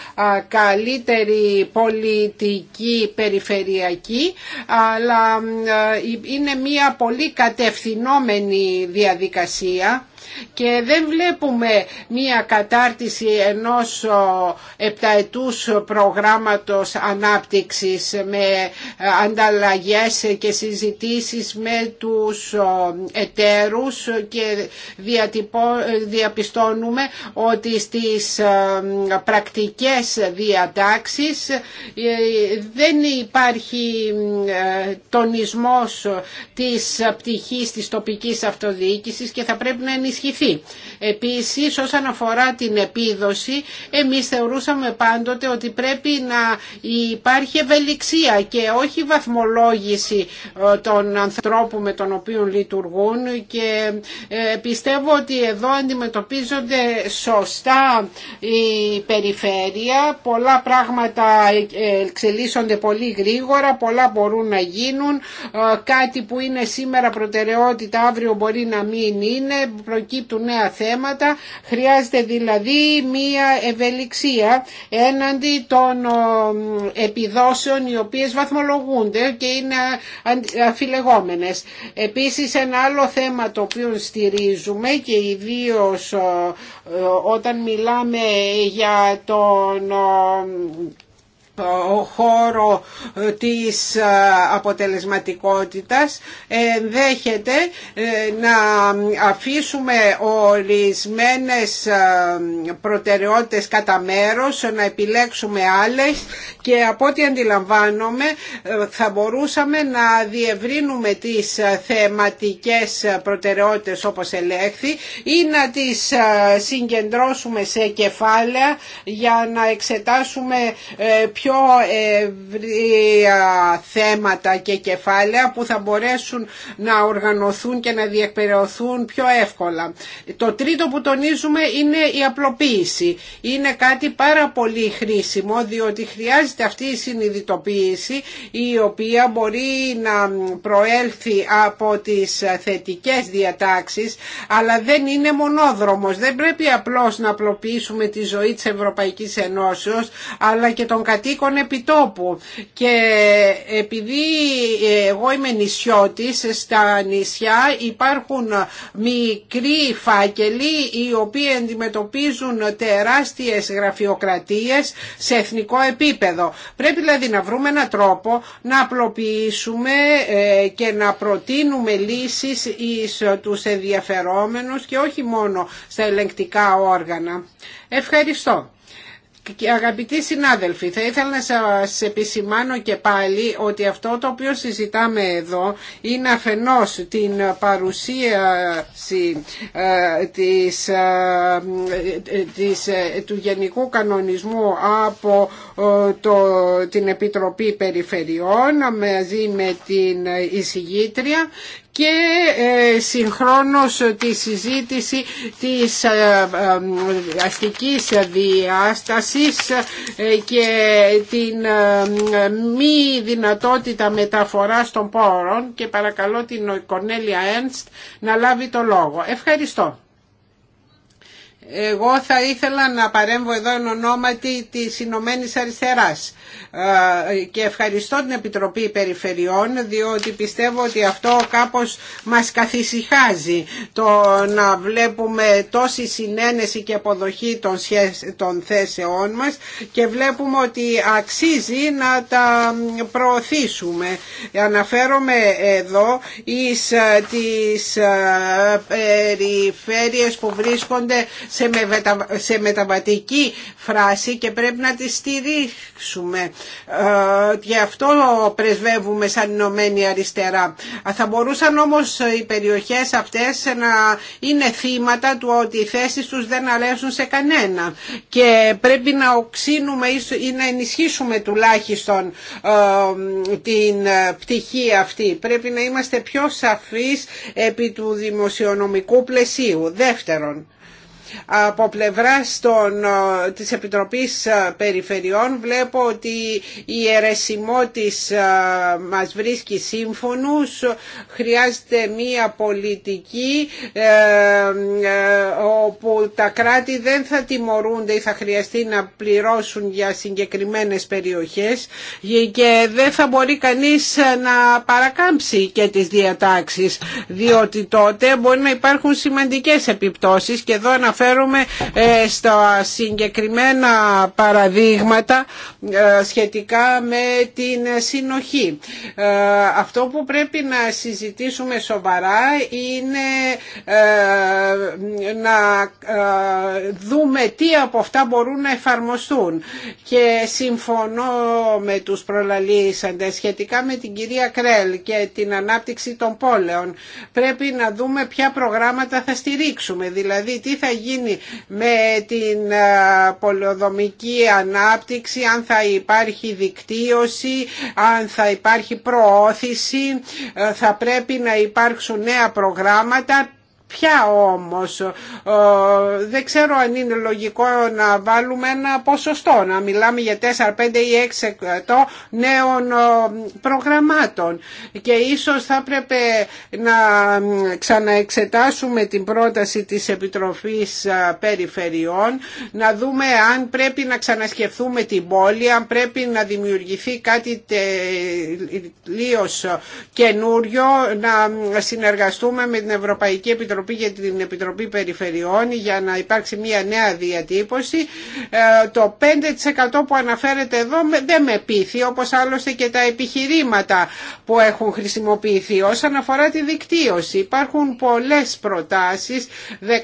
καλύτερη πολιτική περιφερειακή, αλλά ε, είναι μια πολύ κατευθυνόμενη διαδικασία και δεν βλέπουμε μία κατάρτιση ενός επταετούς προγράμματος ανάπτυξης με ε, ανταλλαγές και συζητήσεις με τους εταίρους και διαπιστώνουμε ότι στις ε, πρακτικές διατάξεις ε, δεν υπάρχει τονισμός της πτυχής της τοπικής αυτοδιοίκησης και θα πρέπει να ενισχύσουμε ενισχυθεί. Επίσης όσον αφορά την επίδοση εμείς θεωρούσαμε πάντοτε ότι πρέπει να υπάρχει ευελιξία και όχι βαθμολόγηση ε, των ανθρώπων με τον οποίο λειτουργούν και ε, πιστεύω ότι εδώ αντιμετωπίζονται σωστά η περιφέρεια, πολλά πράγματα εξελίσσονται πολύ γρήγορα, πολλά μπορούν να γίνουν, ε, κάτι που είναι σήμερα προτεραιότητα αύριο μπορεί να μην είναι, προκύπτουν νέα θέματα Χρειάζεται δηλαδή μία ευελιξία έναντι των επιδόσεων οι οποίες βαθμολογούνται και είναι αφιλεγόμενες. Επίσης ένα άλλο θέμα το οποίο στηρίζουμε και ιδίως όταν μιλάμε για τον ο χώρο ε, της ε, αποτελεσματικότητας δέχεται ε, να αφήσουμε ορισμένες προτεραιότητες κατά μέρος, να επιλέξουμε άλλες και από ό,τι αντιλαμβάνομαι θα μπορούσαμε να διευρύνουμε τις θεματικές προτεραιότητες όπως ελέγχθη ή να τις συγκεντρώσουμε σε κεφάλαια για να εξετάσουμε πιο ευρία θέματα και κεφάλαια που θα μπορέσουν να οργανωθούν και να διεκπαιρεωθούν πιο εύκολα. Το τρίτο που τονίζουμε είναι η απλοποίηση. Είναι κάτι πάρα πολύ χρήσιμο διότι χρειάζεται αυτή η συνειδητοποίηση η οποία μπορεί να προέλθει από τις θετικές διατάξεις αλλά δεν είναι μονόδρομος. Δεν πρέπει απλώς να απλοποιήσουμε τη ζωή της Ευρωπαϊκής Ενώσεως αλλά και των επιτόπου και επειδή ε, εγώ είμαι νησιώτης στα νησιά υπάρχουν μικροί φάκελοι οι οποίοι αντιμετωπίζουν τεράστιες γραφειοκρατίες σε εθνικό επίπεδο. Πρέπει δηλαδή να βρούμε έναν τρόπο να απλοποιήσουμε ε, και να προτείνουμε λύσεις εις τους ενδιαφερόμενους και όχι μόνο στα ελεγκτικά όργανα. Ευχαριστώ. Και αγαπητοί συνάδελφοι, θα ήθελα να σας επισημάνω και πάλι ότι αυτό το οποίο συζητάμε εδώ είναι αφενός την παρουσίαση ε, ε, ε, του Γενικού Κανονισμού από την Επιτροπή Περιφερειών μαζί με την εισηγήτρια και ε, συγχρόνως τη συζήτηση της ε, ε, αστικής διάστασης και την μη δυνατότητα μεταφοράς των πόρων και παρακαλώ την Κονέλια Ένστ να λάβει το λόγο. Ευχαριστώ. Εγώ θα ήθελα να παρέμβω εδώ εν ονόματι της Ηνωμένη Αριστεράς ε, και ευχαριστώ την Επιτροπή Περιφερειών διότι πιστεύω ότι αυτό κάπως μας καθησυχάζει το να βλέπουμε τόση συνένεση και αποδοχή των θέσεών μας και βλέπουμε ότι αξίζει να τα προωθήσουμε. Αναφέρομαι εδώ εις ε, τις ε, περιφέρειες που βρίσκονται σε μεταβατική φράση και πρέπει να τη στηρίξουμε. Ε, γι' αυτό πρεσβεύουμε σαν Ηνωμένη Αριστερά. Θα μπορούσαν όμως οι περιοχές αυτές να είναι θύματα του ότι οι θέσεις τους δεν αρέσουν σε κανένα και πρέπει να οξύνουμε ή να ενισχύσουμε τουλάχιστον ε, την ε, πτυχή αυτή. Πρέπει να είμαστε πιο σαφείς επί του δημοσιονομικού πλαισίου. Δεύτερον, από πλευράς των, ε, της Επιτροπής ε, Περιφερειών βλέπω ότι η αιρεσιμό της ε, μας βρίσκει σύμφωνους, χρειάζεται μία πολιτική όπου τα κράτη δεν θα τιμωρούνται ή θα χρειαστεί να πληρώσουν για συγκεκριμένες περιοχές και δεν θα μπορεί κανείς να παρακάμψει και τις διατάξεις διότι τότε μπορεί να υπάρχουν σημαντικές επιπτώσεις και εδώ αναφέρομαι ε, στα συγκεκριμένα παραδείγματα ε, σχετικά με την συνοχή. Ε, αυτό που πρέπει να συζητήσουμε σοβαρά είναι να δούμε τι από αυτά μπορούν να εφαρμοστούν. Και συμφωνώ με τους προλαλήσαντες σχετικά με την κυρία Κρέλ και την ανάπτυξη των πόλεων. Πρέπει να δούμε ποια προγράμματα θα στηρίξουμε, δηλαδή τι θα γίνει με την ε, πολεοδομική ανάπτυξη, αν θα υπάρχει δικτύωση, αν θα υπάρχει προώθηση, ε, θα πρέπει να υπάρξουν νέα προγράμματα Ποια όμως, δεν ξέρω αν είναι λογικό να βάλουμε ένα ποσοστό, να μιλάμε για 4, 5 ή 6% νέων προγραμμάτων και ίσως θα πρέπει να ξαναεξετάσουμε την πρόταση της Επιτροφής Περιφερειών, να δούμε αν πρέπει να ξανασκεφτούμε την πόλη, αν πρέπει να δημιουργηθεί κάτι τελείως καινούριο, να συνεργαστούμε με την Ευρωπαϊκή Επιτροπή Επιτροπή την Επιτροπή Περιφερειών για να υπάρξει μια νέα διατύπωση. Ε, το 5% που αναφέρεται εδώ δεν με πείθει, όπως άλλωστε και τα επιχειρήματα που έχουν χρησιμοποιηθεί. Όσον αφορά τη δικτύωση, υπάρχουν πολλές προτάσεις, 15-20%,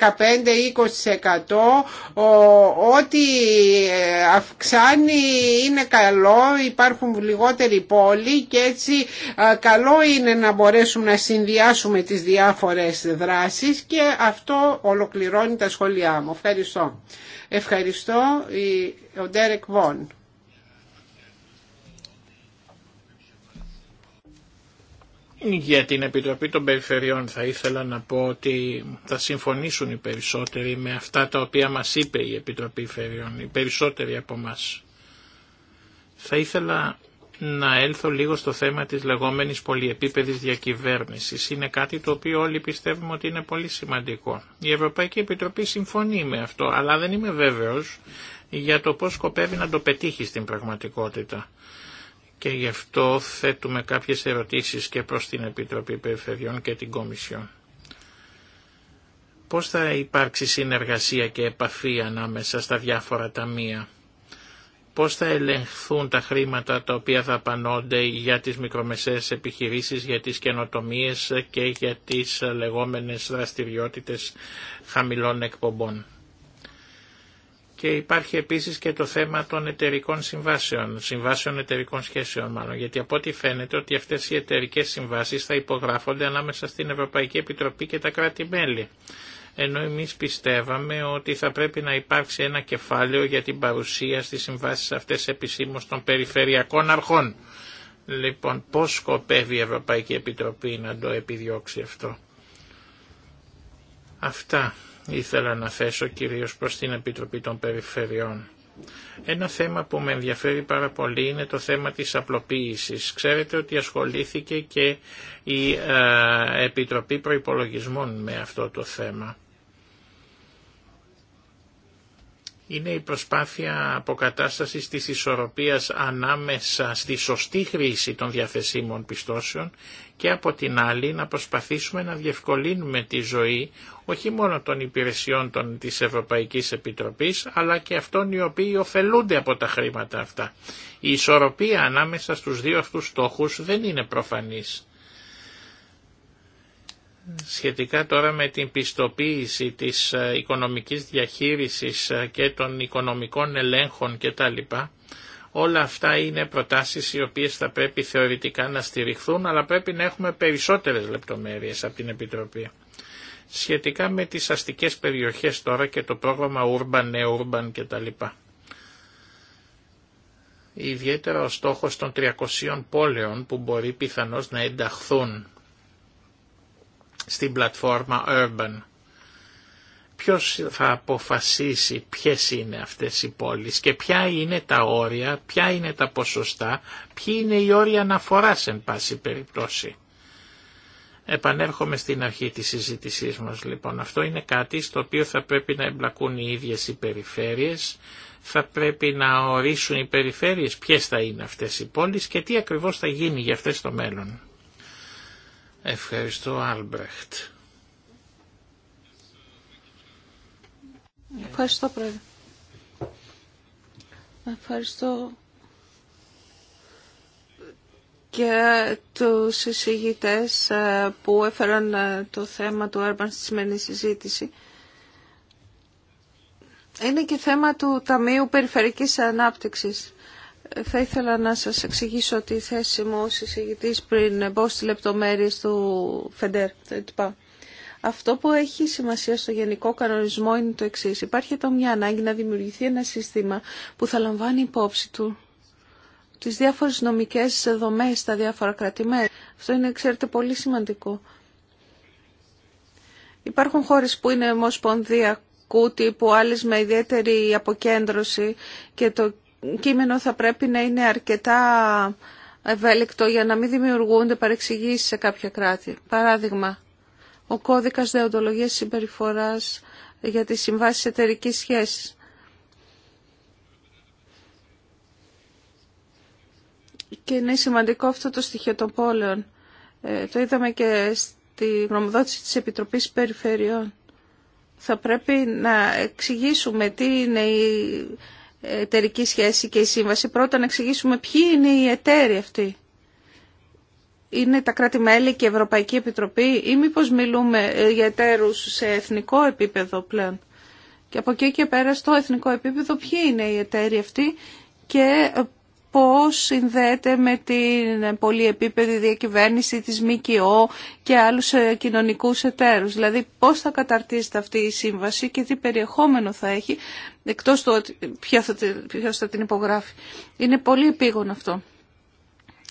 ό,τι ε, αυξάνει είναι καλό, υπάρχουν λιγότεροι πόλοι και έτσι ε, καλό είναι να μπορέσουμε να συνδυάσουμε τις διάφορες δράσεις και αυτό ολοκληρώνει τα σχόλιά μου. Ευχαριστώ. Ευχαριστώ ο Ντέρεκ Βον. Για την Επιτροπή των Περιφερειών θα ήθελα να πω ότι θα συμφωνήσουν οι περισσότεροι με αυτά τα οποία μας είπε η Επιτροπή Περιφερειών, οι περισσότεροι από μας. Θα ήθελα να έλθω λίγο στο θέμα της λεγόμενης πολυεπίπεδης διακυβέρνησης. Είναι κάτι το οποίο όλοι πιστεύουμε ότι είναι πολύ σημαντικό. Η Ευρωπαϊκή Επιτροπή συμφωνεί με αυτό, αλλά δεν είμαι βέβαιος για το πώς σκοπεύει να το πετύχει στην πραγματικότητα. Και γι' αυτό θέτουμε κάποιες ερωτήσεις και προς την Επιτροπή Περιφερειών και την Κομισιόν. Πώς θα υπάρξει συνεργασία και επαφή ανάμεσα στα διάφορα ταμεία πώς θα ελεγχθούν τα χρήματα τα οποία θα πανώνται για τις μικρομεσαίες επιχειρήσεις, για τις καινοτομίες και για τις λεγόμενες δραστηριότητες χαμηλών εκπομπών. Και υπάρχει επίσης και το θέμα των εταιρικών συμβάσεων, συμβάσεων εταιρικών σχέσεων μάλλον, γιατί από ό,τι φαίνεται ότι αυτές οι εταιρικές συμβάσεις θα υπογράφονται ανάμεσα στην Ευρωπαϊκή Επιτροπή και τα κράτη-μέλη ενώ εμείς πιστεύαμε ότι θα πρέπει να υπάρξει ένα κεφάλαιο για την παρουσία στις συμβάσεις αυτές επισήμως των περιφερειακών αρχών. Λοιπόν, πώς σκοπεύει η Ευρωπαϊκή Επιτροπή να το επιδιώξει αυτό. Αυτά ήθελα να θέσω κυρίως προς την Επιτροπή των Περιφερειών. Ένα θέμα που με ενδιαφέρει πάρα πολύ είναι το θέμα της απλοποίησης. Ξέρετε ότι ασχολήθηκε και η ε, Επιτροπή Προϋπολογισμών με αυτό το θέμα. είναι η προσπάθεια αποκατάστασης της ισορροπίας ανάμεσα στη σωστή χρήση των διαθεσίμων πιστώσεων και από την άλλη να προσπαθήσουμε να διευκολύνουμε τη ζωή όχι μόνο των υπηρεσιών των, της Ευρωπαϊκής Επιτροπής αλλά και αυτών οι οποίοι ωφελούνται από τα χρήματα αυτά. Η ισορροπία ανάμεσα στους δύο αυτούς στόχους δεν είναι προφανής. Σχετικά τώρα με την πιστοποίηση της ε, οικονομικής διαχείρισης ε, και των οικονομικών ελέγχων κτλ. Όλα αυτά είναι προτάσεις οι οποίες θα πρέπει θεωρητικά να στηριχθούν, αλλά πρέπει να έχουμε περισσότερες λεπτομέρειες από την Επιτροπή. Σχετικά με τις αστικές περιοχές τώρα και το πρόγραμμα Urban, Neurban κτλ. Ιδιαίτερα ο στόχος των 300 πόλεων που μπορεί πιθανώς να ενταχθούν στην πλατφόρμα Urban ποιος θα αποφασίσει ποιες είναι αυτές οι πόλεις και ποια είναι τα όρια, ποια είναι τα ποσοστά, ποιοι είναι οι όρια αναφοράς εν πάση περιπτώσει. Επανέρχομαι στην αρχή της συζήτησής μας λοιπόν. Αυτό είναι κάτι στο οποίο θα πρέπει να εμπλακούν οι ίδιες οι περιφέρειες, θα πρέπει να ορίσουν οι περιφέρειες ποιες θα είναι αυτές οι πόλεις και τι ακριβώς θα γίνει για αυτές το μέλλον. Ευχαριστώ Άλμπρεχτ. Ευχαριστώ, Πρόεδρε. Ευχαριστώ και τους συζητητέ ε, που έφεραν ε, το θέμα του Urban στη σημερινή συζήτηση. Είναι και θέμα του Ταμείου Περιφερικής Ανάπτυξης. Ε, θα ήθελα να σας εξηγήσω τη θέση μου ως πριν μπω στις λεπτομέρειες του ΦΕΝΤΕΡ. Αυτό που έχει σημασία στο γενικό κανονισμό είναι το εξή. Υπάρχει εδώ μια ανάγκη να δημιουργηθεί ένα σύστημα που θα λαμβάνει υπόψη του τις διάφορες νομικές δομές στα διάφορα κρατημέρια. Αυτό είναι, ξέρετε, πολύ σημαντικό. Υπάρχουν χώρες που είναι μοσπονδία κούτι, που άλλες με ιδιαίτερη αποκέντρωση και το κείμενο θα πρέπει να είναι αρκετά ευέλικτο για να μην δημιουργούνται παρεξηγήσεις σε κάποια κράτη. Παράδειγμα, ο κώδικας δεοντολογίας συμπεριφοράς για τις συμβάσεις εταιρικής σχέσης. Και είναι σημαντικό αυτό το στοιχείο των πόλεων. Ε, το είδαμε και στη γνωμοδότηση της Επιτροπής Περιφερειών. Θα πρέπει να εξηγήσουμε τι είναι η εταιρική σχέση και η σύμβαση. Πρώτα να εξηγήσουμε ποιοι είναι οι εταίροι αυτοί είναι τα κράτη-μέλη και η Ευρωπαϊκή Επιτροπή ή μήπως μιλούμε ε, για εταίρους σε εθνικό επίπεδο πλέον. Και από εκεί και πέρα στο εθνικό επίπεδο ποιοι είναι οι εταίροι αυτοί και ε, πώς συνδέεται με την πολυεπίπεδη διακυβέρνηση της ΜΚΟ και άλλους ε, κοινωνικούς εταίρους. Δηλαδή πώς θα καταρτίζεται αυτή η σύμβαση και τι περιεχόμενο θα έχει, εκτός του ποιος θα την υπογράφει. Είναι πολύ επίγον αυτό.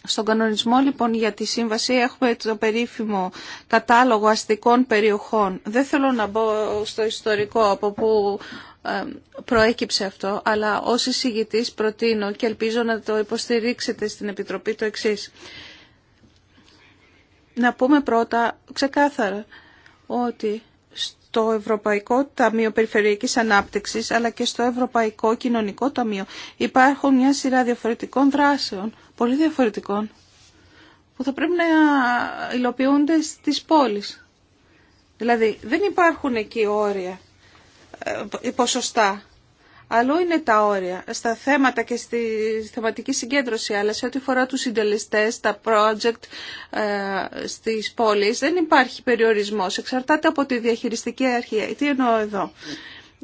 Στον κανονισμό λοιπόν για τη σύμβαση έχουμε το περίφημο κατάλογο αστικών περιοχών. Δεν θέλω να μπω στο ιστορικό από που ε, προέκυψε αυτό, αλλά ως εισηγητής προτείνω και ελπίζω να το υποστηρίξετε στην Επιτροπή το εξή. Να πούμε πρώτα ξεκάθαρα ότι στο Ευρωπαϊκό Ταμείο Περιφερειακής Ανάπτυξης αλλά και στο Ευρωπαϊκό Κοινωνικό Ταμείο υπάρχουν μια σειρά διαφορετικών δράσεων, πολύ διαφορετικών, που θα πρέπει να υλοποιούνται στις πόλεις. Δηλαδή δεν υπάρχουν εκεί όρια, ε, ποσοστά. Αλλού είναι τα όρια στα θέματα και στη θεματική συγκέντρωση, αλλά σε ό,τι φορά τους συντελεστές, τα project ε, στις πόλεις, δεν υπάρχει περιορισμός. Εξαρτάται από τη διαχειριστική αρχή. Τι εννοώ εδώ.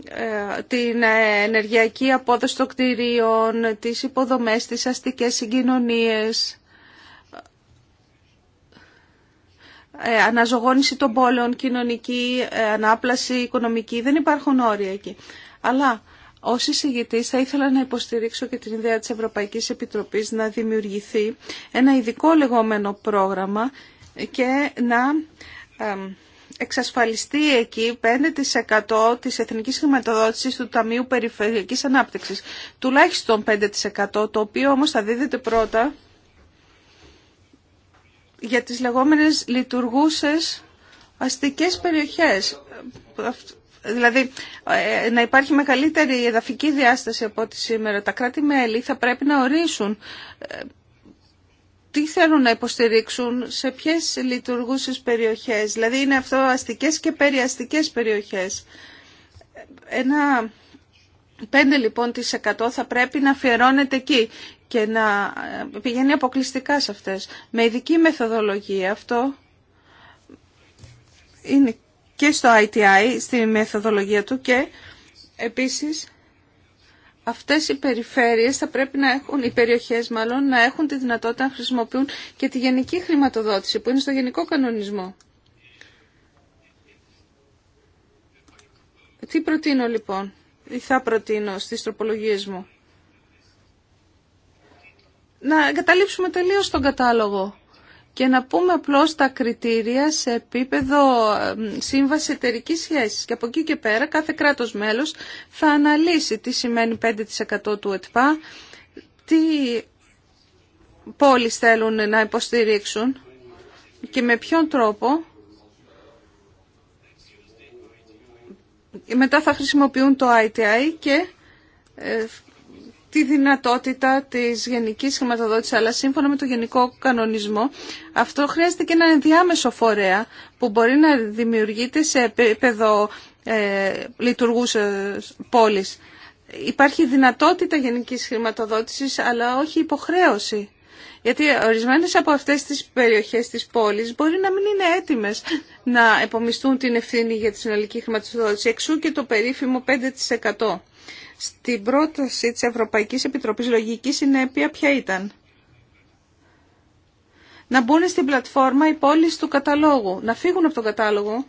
Ε, την ενεργειακή απόδοση των κτηρίων, τις υποδομές, τις αστικές συγκοινωνίες, ε, αναζωγόνηση των πόλεων, κοινωνική, ε, ανάπλαση, οικονομική. Δεν υπάρχουν όρια εκεί. Αλλά ως εισηγητής θα ήθελα να υποστηρίξω και την ιδέα της Ευρωπαϊκής Επιτροπής να δημιουργηθεί ένα ειδικό λεγόμενο πρόγραμμα και να εξασφαλιστεί εκεί 5% της εθνικής χρηματοδότησης του Ταμείου Περιφερειακής Ανάπτυξης. Τουλάχιστον 5% το οποίο όμως θα δίδεται πρώτα για τις λεγόμενες λειτουργούσες αστικές περιοχές. Δηλαδή, ε, να υπάρχει μεγαλύτερη εδαφική διάσταση από ό,τι σήμερα. Τα κράτη-μέλη θα πρέπει να ορίσουν ε, τι θέλουν να υποστηρίξουν, σε ποιες λειτουργούσες περιοχές. Δηλαδή, είναι αυτό αστικές και περιαστικές περιοχές. Ένα 5% λοιπόν θα πρέπει να αφιερώνεται εκεί και να ε, πηγαίνει αποκλειστικά σε αυτές. Με ειδική μεθοδολογία αυτό είναι και στο ITI, στη μεθοδολογία του και επίσης αυτές οι περιφέρειες θα πρέπει να έχουν, οι περιοχές μάλλον, να έχουν τη δυνατότητα να χρησιμοποιούν και τη γενική χρηματοδότηση που είναι στο γενικό κανονισμό. Τι προτείνω λοιπόν, ή θα προτείνω στις τροπολογίες μου. Να εγκαταλείψουμε τελείως τον κατάλογο και να πούμε απλώς τα κριτήρια σε επίπεδο σύμβαση εταιρική σχέση. Και από εκεί και πέρα κάθε κράτος μέλος θα αναλύσει τι σημαίνει 5% του ΕΤΠΑ, τι πόλεις θέλουν να υποστηρίξουν και με ποιον τρόπο μετά θα χρησιμοποιούν το ITI και ε, τη δυνατότητα της γενικής χρηματοδότησης, αλλά σύμφωνα με το γενικό κανονισμό, αυτό χρειάζεται και ένα ενδιάμεσο φορέα που μπορεί να δημιουργείται σε επίπεδο ε, λειτουργούς πόλης. Υπάρχει δυνατότητα γενικής χρηματοδότησης, αλλά όχι υποχρέωση. Γιατί ορισμένες από αυτές τις περιοχές της πόλης μπορεί να μην είναι έτοιμες να επομιστούν την ευθύνη για τη συνολική χρηματοδότηση, εξού και το περίφημο 5%. Στην πρόταση της Ευρωπαϊκής Επιτροπής λογική συνέπεια ποια ήταν. Να μπουν στην πλατφόρμα οι πόλεις του καταλόγου, να φύγουν από τον κατάλογο.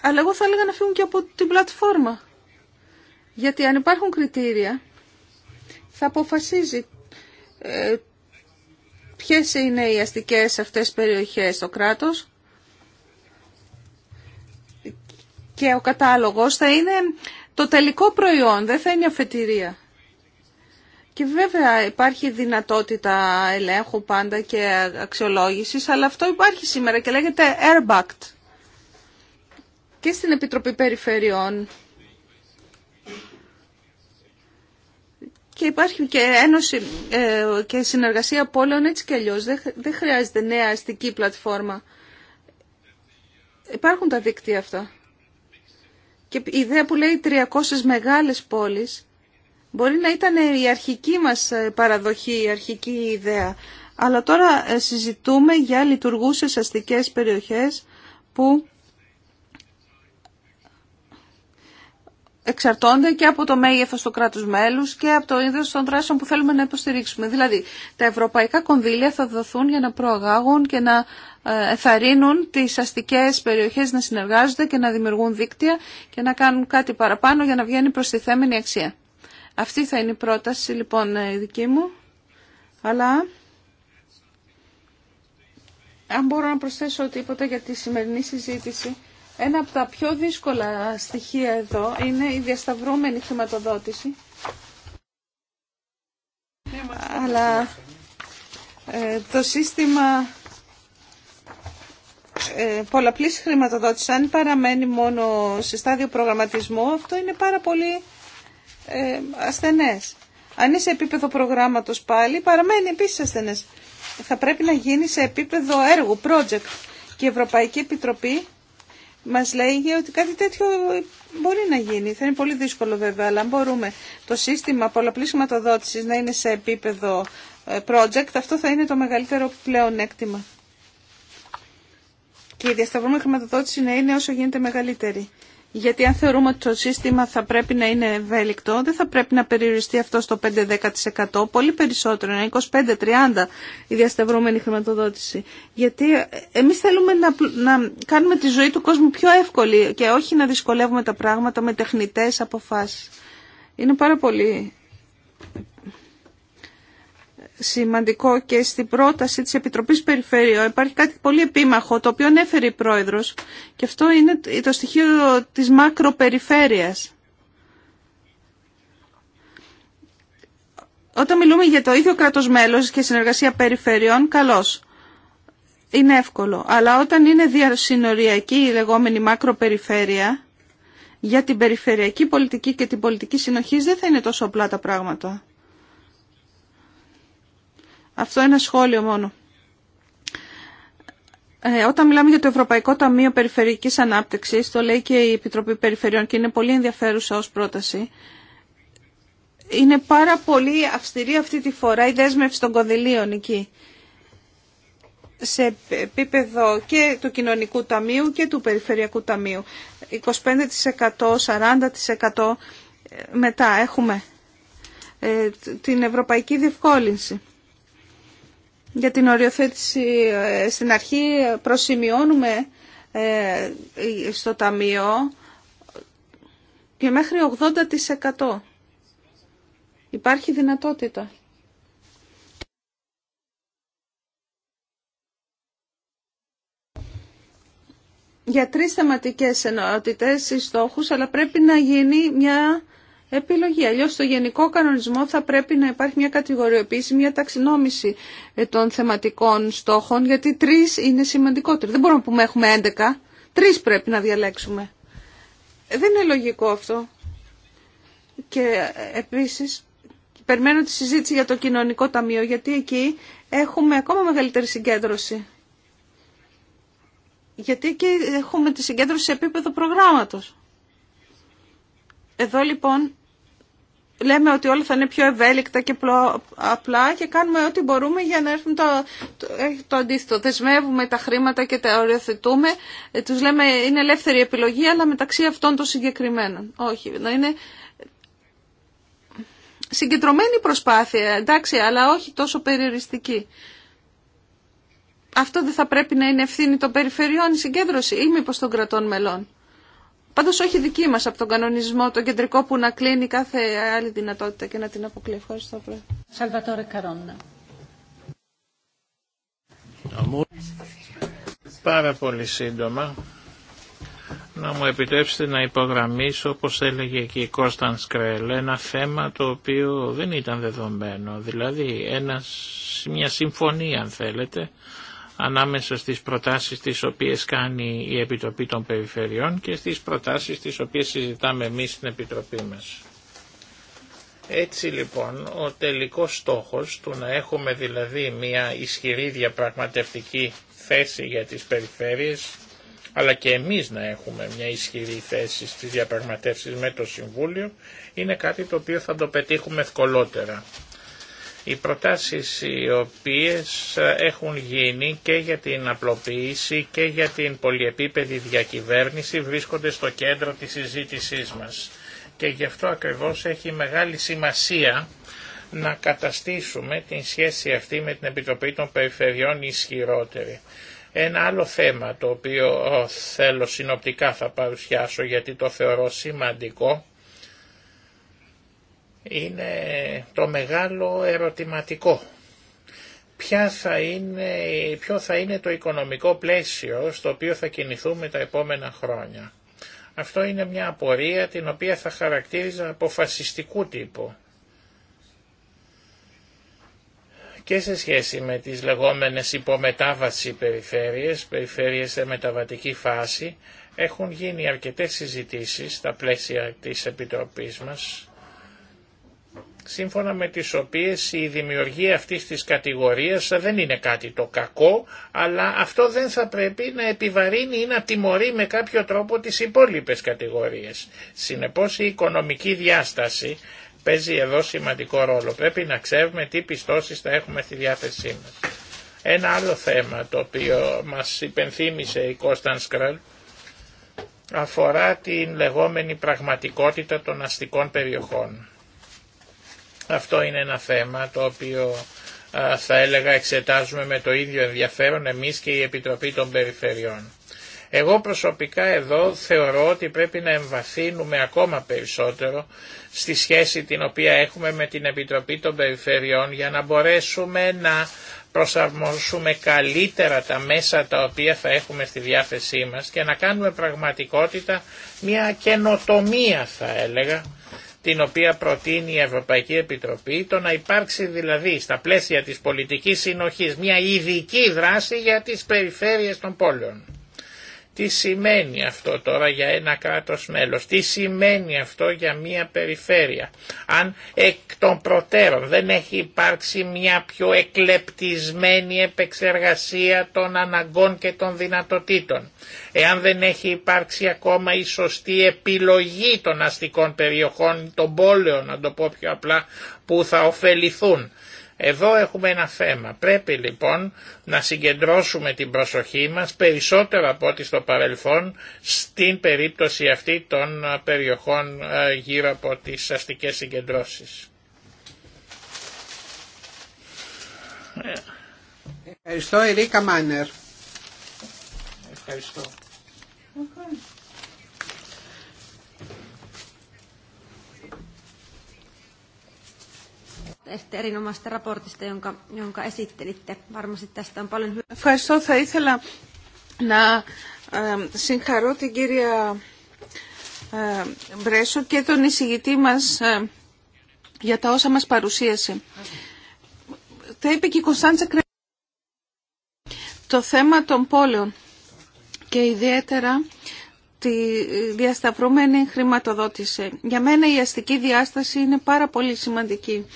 Αλλά εγώ θα έλεγα να φύγουν και από την πλατφόρμα. Γιατί αν υπάρχουν κριτήρια, θα αποφασίζει ε, ποιες είναι οι αστικές αυτές περιοχές στο κράτος και ο κατάλογος θα είναι το τελικό προϊόν, δεν θα είναι αφετηρία. Και βέβαια υπάρχει δυνατότητα ελέγχου πάντα και αξιολόγησης, αλλά αυτό υπάρχει σήμερα και λέγεται airbagged. Και στην Επιτροπή Περιφερειών. Και υπάρχει και ένωση ε, και συνεργασία πόλεων έτσι και αλλιώς. Δεν χρειάζεται νέα αστική πλατφόρμα. Υπάρχουν τα δίκτυα αυτά. Και η ιδέα που λέει 300 μεγάλες πόλεις μπορεί να ήταν η αρχική μας ε, παραδοχή, η αρχική ιδέα. Αλλά τώρα ε, συζητούμε για λειτουργούσες αστικές περιοχές που εξαρτώνται και από το μέγεθος του κράτους μέλους και από το ίδιο των δράσεων που θέλουμε να υποστηρίξουμε. Δηλαδή, τα ευρωπαϊκά κονδύλια θα δοθούν για να προαγάγουν και να ε, εθαρρύνουν τις αστικές περιοχές να συνεργάζονται και να δημιουργούν δίκτυα και να κάνουν κάτι παραπάνω για να βγαίνει τη θέμενη αξία. Αυτή θα είναι η πρόταση λοιπόν ε, η δική μου. Αλλά αν μπορώ να προσθέσω τίποτα για τη σημερινή συζήτηση ένα από τα πιο δύσκολα στοιχεία εδώ είναι η διασταυρώμενη χρηματοδότηση. Αλλά ε, το σύστημα ε, πολλαπλής χρηματοδότησης, αν παραμένει μόνο σε στάδιο προγραμματισμού, αυτό είναι πάρα πολύ ε, ασθενές. Αν είναι σε επίπεδο προγράμματος πάλι, παραμένει επίσης ασθενές. Θα πρέπει να γίνει σε επίπεδο έργου, project. Και η Ευρωπαϊκή Επιτροπή μας λέγει ότι κάτι τέτοιο μπορεί να γίνει. Θα είναι πολύ δύσκολο βέβαια, αλλά αν μπορούμε το σύστημα πολλαπλή χρηματοδότησης να είναι σε επίπεδο ε, project, αυτό θα είναι το μεγαλύτερο πλέον έκτημα. Και η διασταυρούμενη χρηματοδότηση να είναι όσο γίνεται μεγαλύτερη γιατί αν θεωρούμε ότι το σύστημα θα πρέπει να είναι ευέλικτο, δεν θα πρέπει να περιοριστεί αυτό στο 5-10%, πολύ περισσότερο, να 25-30% η διασταυρούμενη χρηματοδότηση. Γιατί ε, εμείς θέλουμε να, να κάνουμε τη ζωή του κόσμου πιο εύκολη και όχι να δυσκολεύουμε τα πράγματα με τεχνητές αποφάσεις. Είναι πάρα πολύ σημαντικό και στην πρόταση της Επιτροπής Περιφέρειων υπάρχει κάτι πολύ επίμαχο το οποίο ανέφερε η Πρόεδρος και αυτό είναι το στοιχείο της μακροπεριφέρειας. Όταν μιλούμε για το ίδιο κράτος μέλος και συνεργασία περιφερειών, καλώς. Είναι εύκολο. Αλλά όταν είναι διασυνοριακή η λεγόμενη μακροπεριφέρεια, για την περιφερειακή πολιτική και την πολιτική συνοχής δεν θα είναι τόσο απλά τα πράγματα. Αυτό είναι ένα σχόλιο μόνο. Ε, όταν μιλάμε για το Ευρωπαϊκό Ταμείο Περιφερειακής Ανάπτυξης, το λέει και η Επιτροπή Περιφερειών και είναι πολύ ενδιαφέρουσα ως πρόταση, είναι πάρα πολύ αυστηρή αυτή τη φορά η δέσμευση των κονδυλίων εκεί σε επίπεδο και του Κοινωνικού Ταμείου και του Περιφερειακού Ταμείου. 25%, 40% ε, μετά έχουμε ε, την Ευρωπαϊκή Διευκόλυνση για την οριοθέτηση ε, στην αρχή προσημειώνουμε ε, στο ταμείο και μέχρι 80% υπάρχει δυνατότητα. Για τρεις θεματικές ενότητες ή στόχους, αλλά πρέπει να γίνει μια επιλογή. Αλλιώς στο γενικό κανονισμό θα πρέπει να υπάρχει μια κατηγοριοποίηση, μια ταξινόμηση ε, των θεματικών στόχων, γιατί τρεις είναι σημαντικότεροι. Δεν μπορούμε να πούμε έχουμε 11, τρεις πρέπει να διαλέξουμε. Ε, δεν είναι λογικό αυτό. Και ε, επίσης περιμένω τη συζήτηση για το κοινωνικό ταμείο, γιατί εκεί έχουμε ακόμα μεγαλύτερη συγκέντρωση. Γιατί εκεί έχουμε τη συγκέντρωση σε επίπεδο προγράμματος. Εδώ λοιπόν λέμε ότι όλα θα είναι πιο ευέλικτα και απλά και κάνουμε ό,τι μπορούμε για να έρθουν το, το, ε, το αντίθετο. Δεσμεύουμε τα χρήματα και τα οριοθετούμε. Ε, τους λέμε είναι ελεύθερη επιλογή, αλλά μεταξύ αυτών των συγκεκριμένων. Όχι, να είναι συγκεντρωμένη προσπάθεια, εντάξει, αλλά όχι τόσο περιοριστική. Αυτό δεν θα πρέπει να είναι ευθύνη των περιφερειών η συγκέντρωση ή μήπως των κρατών μελών. Πάντως όχι δική μας από τον κανονισμό, τον κεντρικό που να κλείνει κάθε άλλη δυνατότητα και να την αποκλεί. Ευχαριστώ. Σαλβατόρε Καρόνα. Πάρα πολύ σύντομα. Να μου επιτρέψετε να υπογραμμίσω, όπως έλεγε και η Κώσταν Σκρέλ, ένα θέμα το οποίο δεν ήταν δεδομένο. Δηλαδή ένας, μια συμφωνία, αν θέλετε, ανάμεσα στις προτάσεις τις οποίες κάνει η Επιτροπή των Περιφερειών και στις προτάσεις τις οποίες συζητάμε εμείς στην Επιτροπή μας. Έτσι λοιπόν ο τελικός στόχος του να έχουμε δηλαδή μια ισχυρή διαπραγματευτική θέση για τις περιφέρειες αλλά και εμείς να έχουμε μια ισχυρή θέση στις διαπραγματεύσεις με το Συμβούλιο είναι κάτι το οποίο θα το πετύχουμε ευκολότερα. Οι προτάσεις οι οποίες έχουν γίνει και για την απλοποίηση και για την πολυεπίπεδη διακυβέρνηση βρίσκονται στο κέντρο της συζήτησής μας. Και γι' αυτό ακριβώς έχει μεγάλη σημασία να καταστήσουμε την σχέση αυτή με την Επιτροπή των Περιφερειών ισχυρότερη. Ένα άλλο θέμα το οποίο θέλω συνοπτικά θα παρουσιάσω γιατί το θεωρώ σημαντικό είναι το μεγάλο ερωτηματικό. θα είναι, ποιο θα είναι το οικονομικό πλαίσιο στο οποίο θα κινηθούμε τα επόμενα χρόνια. Αυτό είναι μια απορία την οποία θα χαρακτήριζα αποφασιστικού τύπου. και σε σχέση με τις λεγόμενες υπομετάβαση περιφέρειες, περιφέρειες σε μεταβατική φάση, έχουν γίνει αρκετές συζητήσεις στα πλαίσια της Επιτροπής μας σύμφωνα με τις οποίες η δημιουργία αυτής της κατηγορίας δεν είναι κάτι το κακό, αλλά αυτό δεν θα πρέπει να επιβαρύνει ή να τιμωρεί με κάποιο τρόπο τις υπόλοιπες κατηγορίες. Συνεπώς η οικονομική διάσταση παίζει εδώ σημαντικό ρόλο. Πρέπει να ξέρουμε τι πιστώσεις θα έχουμε στη διάθεσή μας. Ένα άλλο θέμα το οποίο μας υπενθύμησε η Κώσταν Σκρέλ θεμα το οποιο μας υπενθυμησε η κωσταν Σκραλ αφορα την λεγόμενη πραγματικότητα των αστικών περιοχών. Αυτό είναι ένα θέμα το οποίο θα έλεγα εξετάζουμε με το ίδιο ενδιαφέρον εμείς και η Επιτροπή των Περιφερειών. Εγώ προσωπικά εδώ θεωρώ ότι πρέπει να εμβαθύνουμε ακόμα περισσότερο στη σχέση την οποία έχουμε με την Επιτροπή των Περιφερειών για να μπορέσουμε να προσαρμόσουμε καλύτερα τα μέσα τα οποία θα έχουμε στη διάθεσή μας και να κάνουμε πραγματικότητα μια καινοτομία θα έλεγα την οποία προτείνει η Ευρωπαϊκή Επιτροπή, το να υπάρξει δηλαδή στα πλαίσια της πολιτικής συνοχής μια ειδική δράση για τις περιφέρειες των πόλεων. Τι σημαίνει αυτό τώρα για ένα κράτος μέλος, τι σημαίνει αυτό για μια περιφέρεια. Αν εκ των προτέρων δεν έχει υπάρξει μια πιο εκλεπτισμένη επεξεργασία των αναγκών και των δυνατοτήτων, εάν δεν έχει υπάρξει ακόμα η σωστή επιλογή των αστικών περιοχών, των πόλεων να το πω πιο απλά, που θα ωφεληθούν, εδώ έχουμε ένα θέμα. Πρέπει λοιπόν να συγκεντρώσουμε την προσοχή μας περισσότερο από ό,τι στο παρελθόν στην περίπτωση αυτή των ε, περιοχών ε, γύρω από τις αστικές συγκεντρώσεις. Ευχαριστώ Ερίκα Μάνερ. Ευχαριστώ. Ευχαριστώ. Θα ήθελα να ε, συγχαρώ την κυρία ε, Μπρέσο και τον εισηγητή μας ε, για τα όσα μας παρουσίασε. Θα είπε και η το θέμα των πόλεων και ιδιαίτερα τη διασταυρωμένη χρηματοδότηση. Για μένα η αστική διάσταση είναι πάρα πολύ σημαντική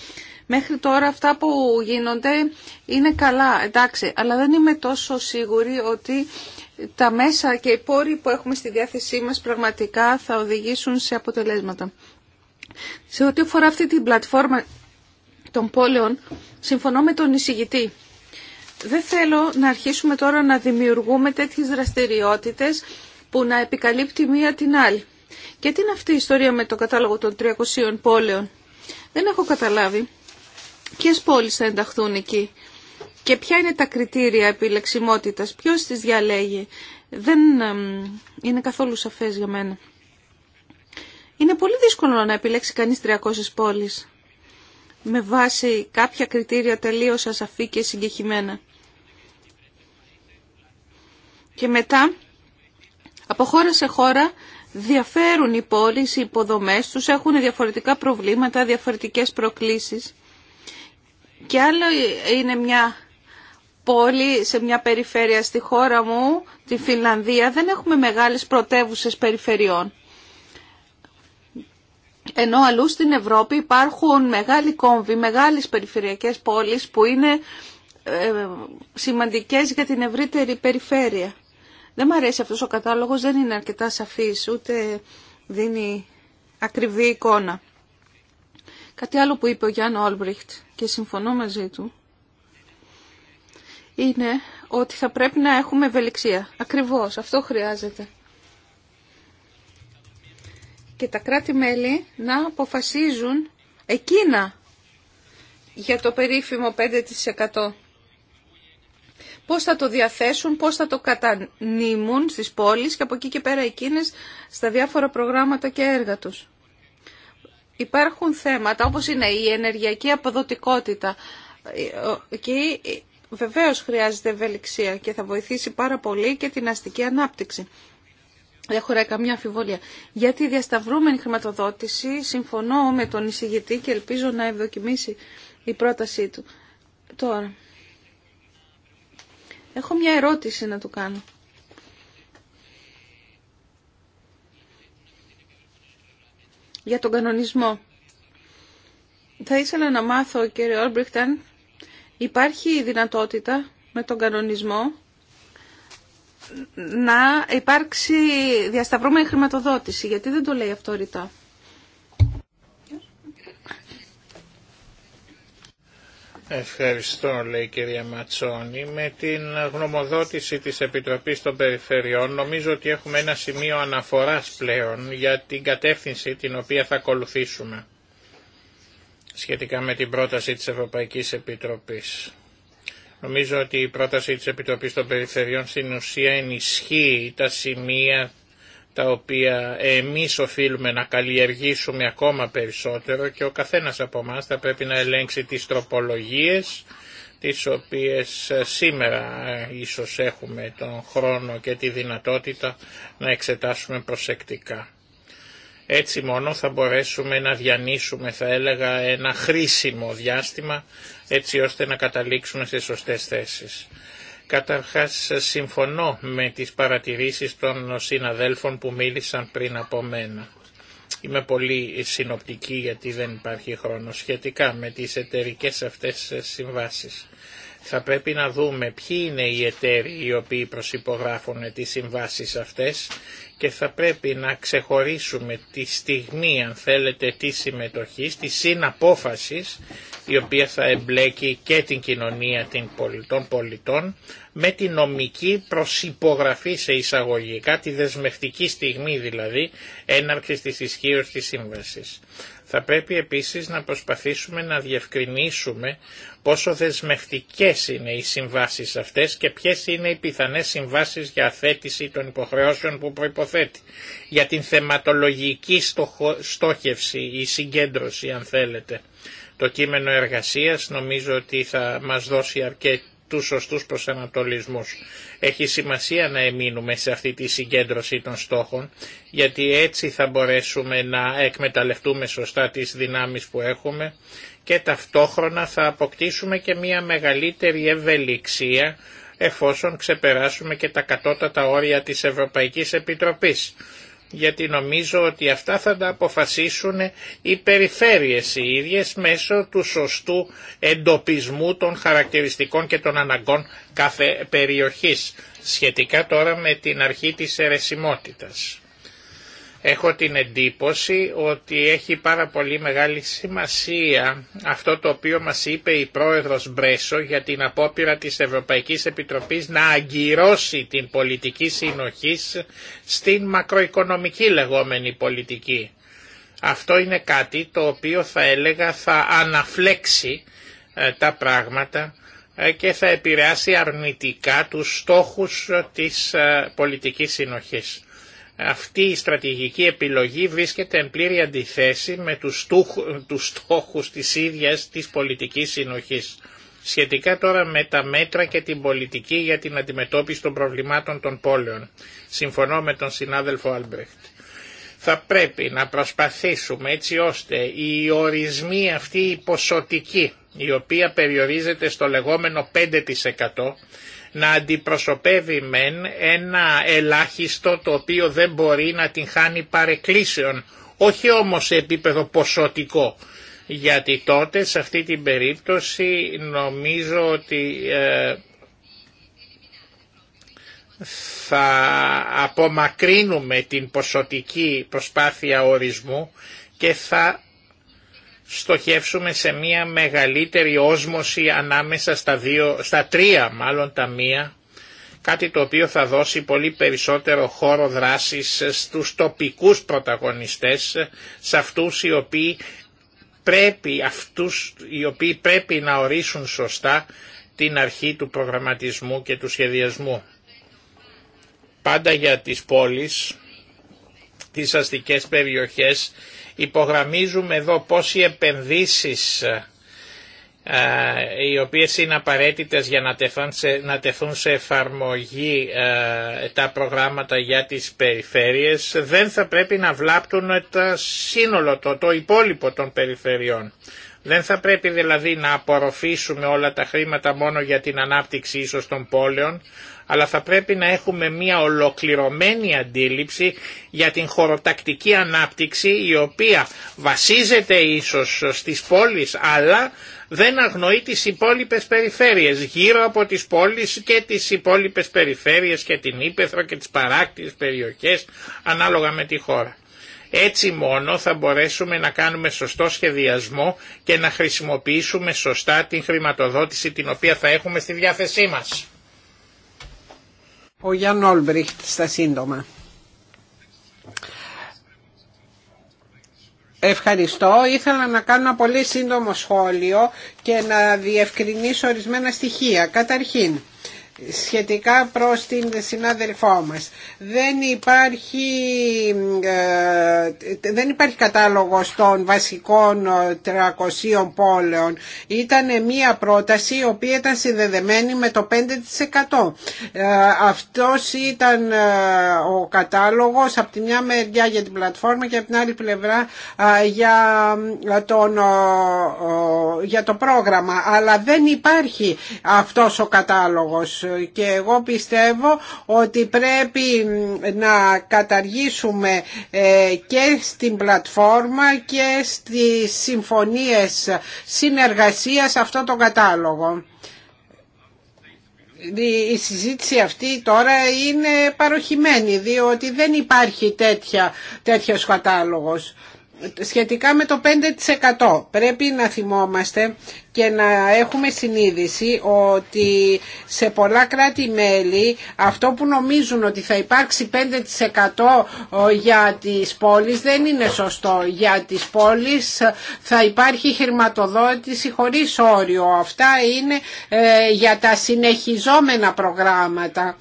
Μέχρι τώρα αυτά που γίνονται είναι καλά, εντάξει, αλλά δεν είμαι τόσο σίγουρη ότι τα μέσα και οι πόροι που έχουμε στη διάθεσή μας πραγματικά θα οδηγήσουν σε αποτελέσματα. Σε ό,τι αφορά αυτή την πλατφόρμα των πόλεων, συμφωνώ με τον εισηγητή. Δεν θέλω να αρχίσουμε τώρα να δημιουργούμε τέτοιες δραστηριότητες που να επικαλύπτει μία την άλλη. Και τι είναι αυτή η ιστορία με το κατάλογο των 300 πόλεων. Δεν έχω καταλάβει. Ποιε πόλει θα ενταχθούν εκεί και ποια είναι τα κριτήρια επιλεξιμότητας, ποιο τι διαλέγει. Δεν είναι καθόλου σαφές για μένα. Είναι πολύ δύσκολο να επιλέξει κανείς 300 πόλει με βάση κάποια κριτήρια τελείως ασαφή και συγκεκριμένα. Και μετά, από χώρα σε χώρα, διαφέρουν οι πόλεις, οι υποδομές τους, έχουν διαφορετικά προβλήματα, διαφορετικές προκλήσεις. Και άλλο είναι μια πόλη σε μια περιφέρεια στη χώρα μου, τη Φινλανδία, δεν έχουμε μεγάλες πρωτεύουσες περιφερειών. Ενώ αλλού στην Ευρώπη υπάρχουν μεγάλοι κόμβοι, μεγάλες περιφερειακές πόλεις που είναι ε, σημαντικές για την ευρύτερη περιφέρεια. Δεν μου αρέσει αυτός ο κατάλογος, δεν είναι αρκετά σαφής, ούτε δίνει ακριβή εικόνα. Κάτι άλλο που είπε ο Γιάννο Όλμπριχτ και συμφωνώ μαζί του είναι ότι θα πρέπει να έχουμε ευελιξία. Ακριβώς, αυτό χρειάζεται. Και τα κράτη-μέλη να αποφασίζουν εκείνα για το περίφημο 5%. Πώς θα το διαθέσουν, πώς θα το κατανείμουν στις πόλεις και από εκεί και πέρα εκείνες στα διάφορα προγράμματα και έργα τους υπάρχουν θέματα όπως είναι η ενεργειακή αποδοτικότητα. και βεβαίως χρειάζεται ευελιξία και θα βοηθήσει πάρα πολύ και την αστική ανάπτυξη. Δεν χωράει καμία αμφιβολία. Για τη διασταυρούμενη χρηματοδότηση συμφωνώ με τον εισηγητή και ελπίζω να ευδοκιμήσει η πρότασή του. Τώρα, έχω μια ερώτηση να του κάνω. για τον κανονισμό. Θα ήθελα να μάθω, κύριε Όλμπριχτεν, υπάρχει η δυνατότητα με τον κανονισμό να υπάρξει διασταυρούμενη χρηματοδότηση, γιατί δεν το λέει αυτό ρητά. Ευχαριστώ, λέει η κυρία Ματσόνη. Με την γνωμοδότηση της Επιτροπής των Περιφερειών νομίζω ότι έχουμε ένα σημείο αναφοράς πλέον για την κατεύθυνση την οποία θα ακολουθήσουμε σχετικά με την πρόταση της Ευρωπαϊκής Επιτροπής. Νομίζω ότι η πρόταση της Επιτροπής των Περιφερειών στην ουσία ενισχύει τα σημεία τα οποία εμείς οφείλουμε να καλλιεργήσουμε ακόμα περισσότερο και ο καθένας από εμά θα πρέπει να ελέγξει τις τροπολογίες τις οποίες σήμερα ίσως έχουμε τον χρόνο και τη δυνατότητα να εξετάσουμε προσεκτικά. Έτσι μόνο θα μπορέσουμε να διανύσουμε θα έλεγα ένα χρήσιμο διάστημα έτσι ώστε να καταλήξουμε σε σωστές θέσεις. Καταρχάς συμφωνώ με τις παρατηρήσεις των συναδέλφων που μίλησαν πριν από μένα. Είμαι πολύ συνοπτική γιατί δεν υπάρχει χρόνο σχετικά με τις εταιρικές αυτές συμβάσεις. Θα πρέπει να δούμε ποιοι είναι οι εταίροι οι οποίοι προσυπογράφουν τις συμβάσεις αυτές και θα πρέπει να ξεχωρίσουμε τη στιγμή αν θέλετε τη συμμετοχή, τη συναπόφαση, η οποία θα εμπλέκει και την κοινωνία των πολιτών με τη νομική προσυπογραφή σε εισαγωγικά, τη δεσμευτική στιγμή δηλαδή έναρξης της ισχύω της σύμβασης. Θα πρέπει επίσης να προσπαθήσουμε να διευκρινίσουμε πόσο δεσμευτικές είναι οι συμβάσεις αυτές και ποιες είναι οι πιθανές συμβάσεις για αθέτηση των υποχρεώσεων που προϋποθέτει. Για την θεματολογική στόχευση ή συγκέντρωση αν θέλετε. Το κείμενο εργασίας νομίζω ότι θα μας δώσει αρκετή τους σωστούς προσανατολισμούς. Έχει σημασία να εμείνουμε σε αυτή τη συγκέντρωση των στόχων, γιατί έτσι θα μπορέσουμε να εκμεταλλευτούμε σωστά τις δυνάμεις που έχουμε και ταυτόχρονα θα αποκτήσουμε και μια μεγαλύτερη ευελιξία εφόσον ξεπεράσουμε και τα κατώτατα όρια της Ευρωπαϊκής Επιτροπής γιατί νομίζω ότι αυτά θα τα αποφασίσουν οι περιφέρειες οι ίδιες μέσω του σωστού εντοπισμού των χαρακτηριστικών και των αναγκών κάθε περιοχής σχετικά τώρα με την αρχή της αιρεσιμότητας. Έχω την εντύπωση ότι έχει πάρα πολύ μεγάλη σημασία αυτό το οποίο μας είπε η πρόεδρος Μπρέσο για την απόπειρα της Ευρωπαϊκής Επιτροπής να αγκυρώσει την πολιτική συνοχή στην μακροοικονομική λεγόμενη πολιτική. Αυτό είναι κάτι το οποίο θα έλεγα θα αναφλέξει ε, τα πράγματα ε, και θα επηρεάσει αρνητικά τους στόχους ε, της πολιτικής συνοχής αυτή η στρατηγική επιλογή βρίσκεται εν πλήρη αντιθέση με τους, στόχου στόχους της ίδιας της πολιτικής συνοχής. Σχετικά τώρα με τα μέτρα και την πολιτική για την αντιμετώπιση των προβλημάτων των πόλεων. Συμφωνώ με τον συνάδελφο Άλμπρεχτ. Θα πρέπει να προσπαθήσουμε έτσι ώστε οι ορισμοί αυτή οι ποσοτική η οποία περιορίζεται στο λεγόμενο 5%, να αντιπροσωπεύει μεν ένα ελάχιστο το οποίο δεν μπορεί να την χάνει παρεκκλήσεων, όχι όμως σε επίπεδο ποσοτικό. Γιατί τότε σε αυτή την περίπτωση νομίζω ότι ε, θα απομακρύνουμε την ποσοτική προσπάθεια ορισμού και θα στοχεύσουμε σε μια μεγαλύτερη όσμωση ανάμεσα στα, δύο, στα τρία μάλλον τα μία, κάτι το οποίο θα δώσει πολύ περισσότερο χώρο δράσης στους τοπικούς πρωταγωνιστές, σε αυτούς οι οποίοι πρέπει, αυτούς οι οποίοι πρέπει να ορίσουν σωστά την αρχή του προγραμματισμού και του σχεδιασμού. Πάντα για τις πόλεις, τις αστικές περιοχές Υπογραμμίζουμε εδώ πώς οι επενδύσεις ε, ε, οι οποίες είναι απαραίτητες για να, τεθούν σε, να τεθούν σε εφαρμογή ε, τα προγράμματα για τις περιφέρειες δεν θα πρέπει να βλάπτουν το σύνολο, το, το υπόλοιπο των περιφερειών. Δεν θα πρέπει δηλαδή να απορροφήσουμε όλα τα χρήματα μόνο για την ανάπτυξη ίσως των πόλεων, αλλά θα πρέπει να έχουμε μια ολοκληρωμένη αντίληψη για την χωροτακτική ανάπτυξη η οποία βασίζεται ίσως στις πόλεις αλλά δεν αγνοεί τις υπόλοιπες περιφέρειες γύρω από τις πόλεις και τις υπόλοιπες περιφέρειες και την Ήπεθρο και τις παράκτιες περιοχές ανάλογα με τη χώρα. Έτσι μόνο θα μπορέσουμε να κάνουμε σωστό σχεδιασμό και να χρησιμοποιήσουμε σωστά την χρηματοδότηση την οποία θα έχουμε στη διάθεσή μας. Ο Γιάνν Όλμπριχτ στα σύντομα. Ευχαριστώ. Ήθελα να κάνω ένα πολύ σύντομο σχόλιο και να διευκρινίσω ορισμένα στοιχεία. Καταρχήν, σχετικά προς την συνάδελφό μας. Δεν υπάρχει, ε, δεν υπάρχει κατάλογος των βασικών 300 ε, πόλεων. Ήταν μία πρόταση η οποία ήταν συνδεδεμένη με το 5%. Ε, αυτός ήταν ο κατάλογος από τη μια μεριά για την πλατφόρμα και από την άλλη πλευρά για, τον, για το πρόγραμμα. Αλλά δεν υπάρχει αυτός ο κατάλογος και εγώ πιστεύω ότι πρέπει να καταργήσουμε ε, και στην πλατφόρμα και στις συμφωνίες συνεργασίας αυτό το κατάλογο. Η συζήτηση αυτή τώρα είναι παροχημένη διότι δεν υπάρχει τέτοια, τέτοιος κατάλογος σχετικά με το 5% πρέπει να θυμόμαστε και να έχουμε συνείδηση ότι σε πολλά κράτη-μέλη αυτό που νομίζουν ότι θα υπάρξει 5% ε, για τις πόλεις δεν είναι σωστό. Για τις πόλεις ε, θα υπάρχει χρηματοδότηση χωρίς όριο. Αυτά είναι ε, για τα συνεχιζόμενα προγράμματα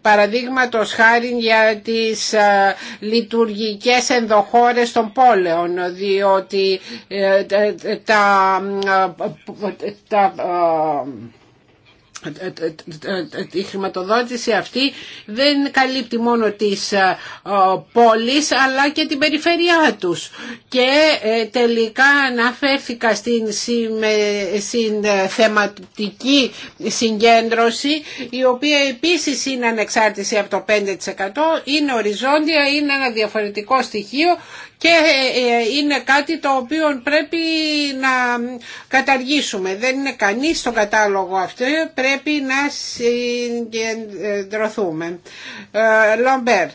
παραδείγματος χάρη για τις ε, λειτουργικές ενδοχώρες των πόλεων διότι ε, τα, ε, τα η χρηματοδότηση αυτή δεν καλύπτει μόνο τις ε, πόλεις αλλά και την περιφερειά τους και ε, τελικά αναφέρθηκα στην, στην θεματική συγκέντρωση η οποία επίσης είναι ανεξάρτηση από το 5% είναι οριζόντια, είναι ένα διαφορετικό στοιχείο και ε, ε, είναι κάτι το οποίο πρέπει να καταργήσουμε. Δεν είναι κανείς στο κατάλογο αυτό, πρέπει να συγκεντρωθούμε. Ε, Λομπέρ.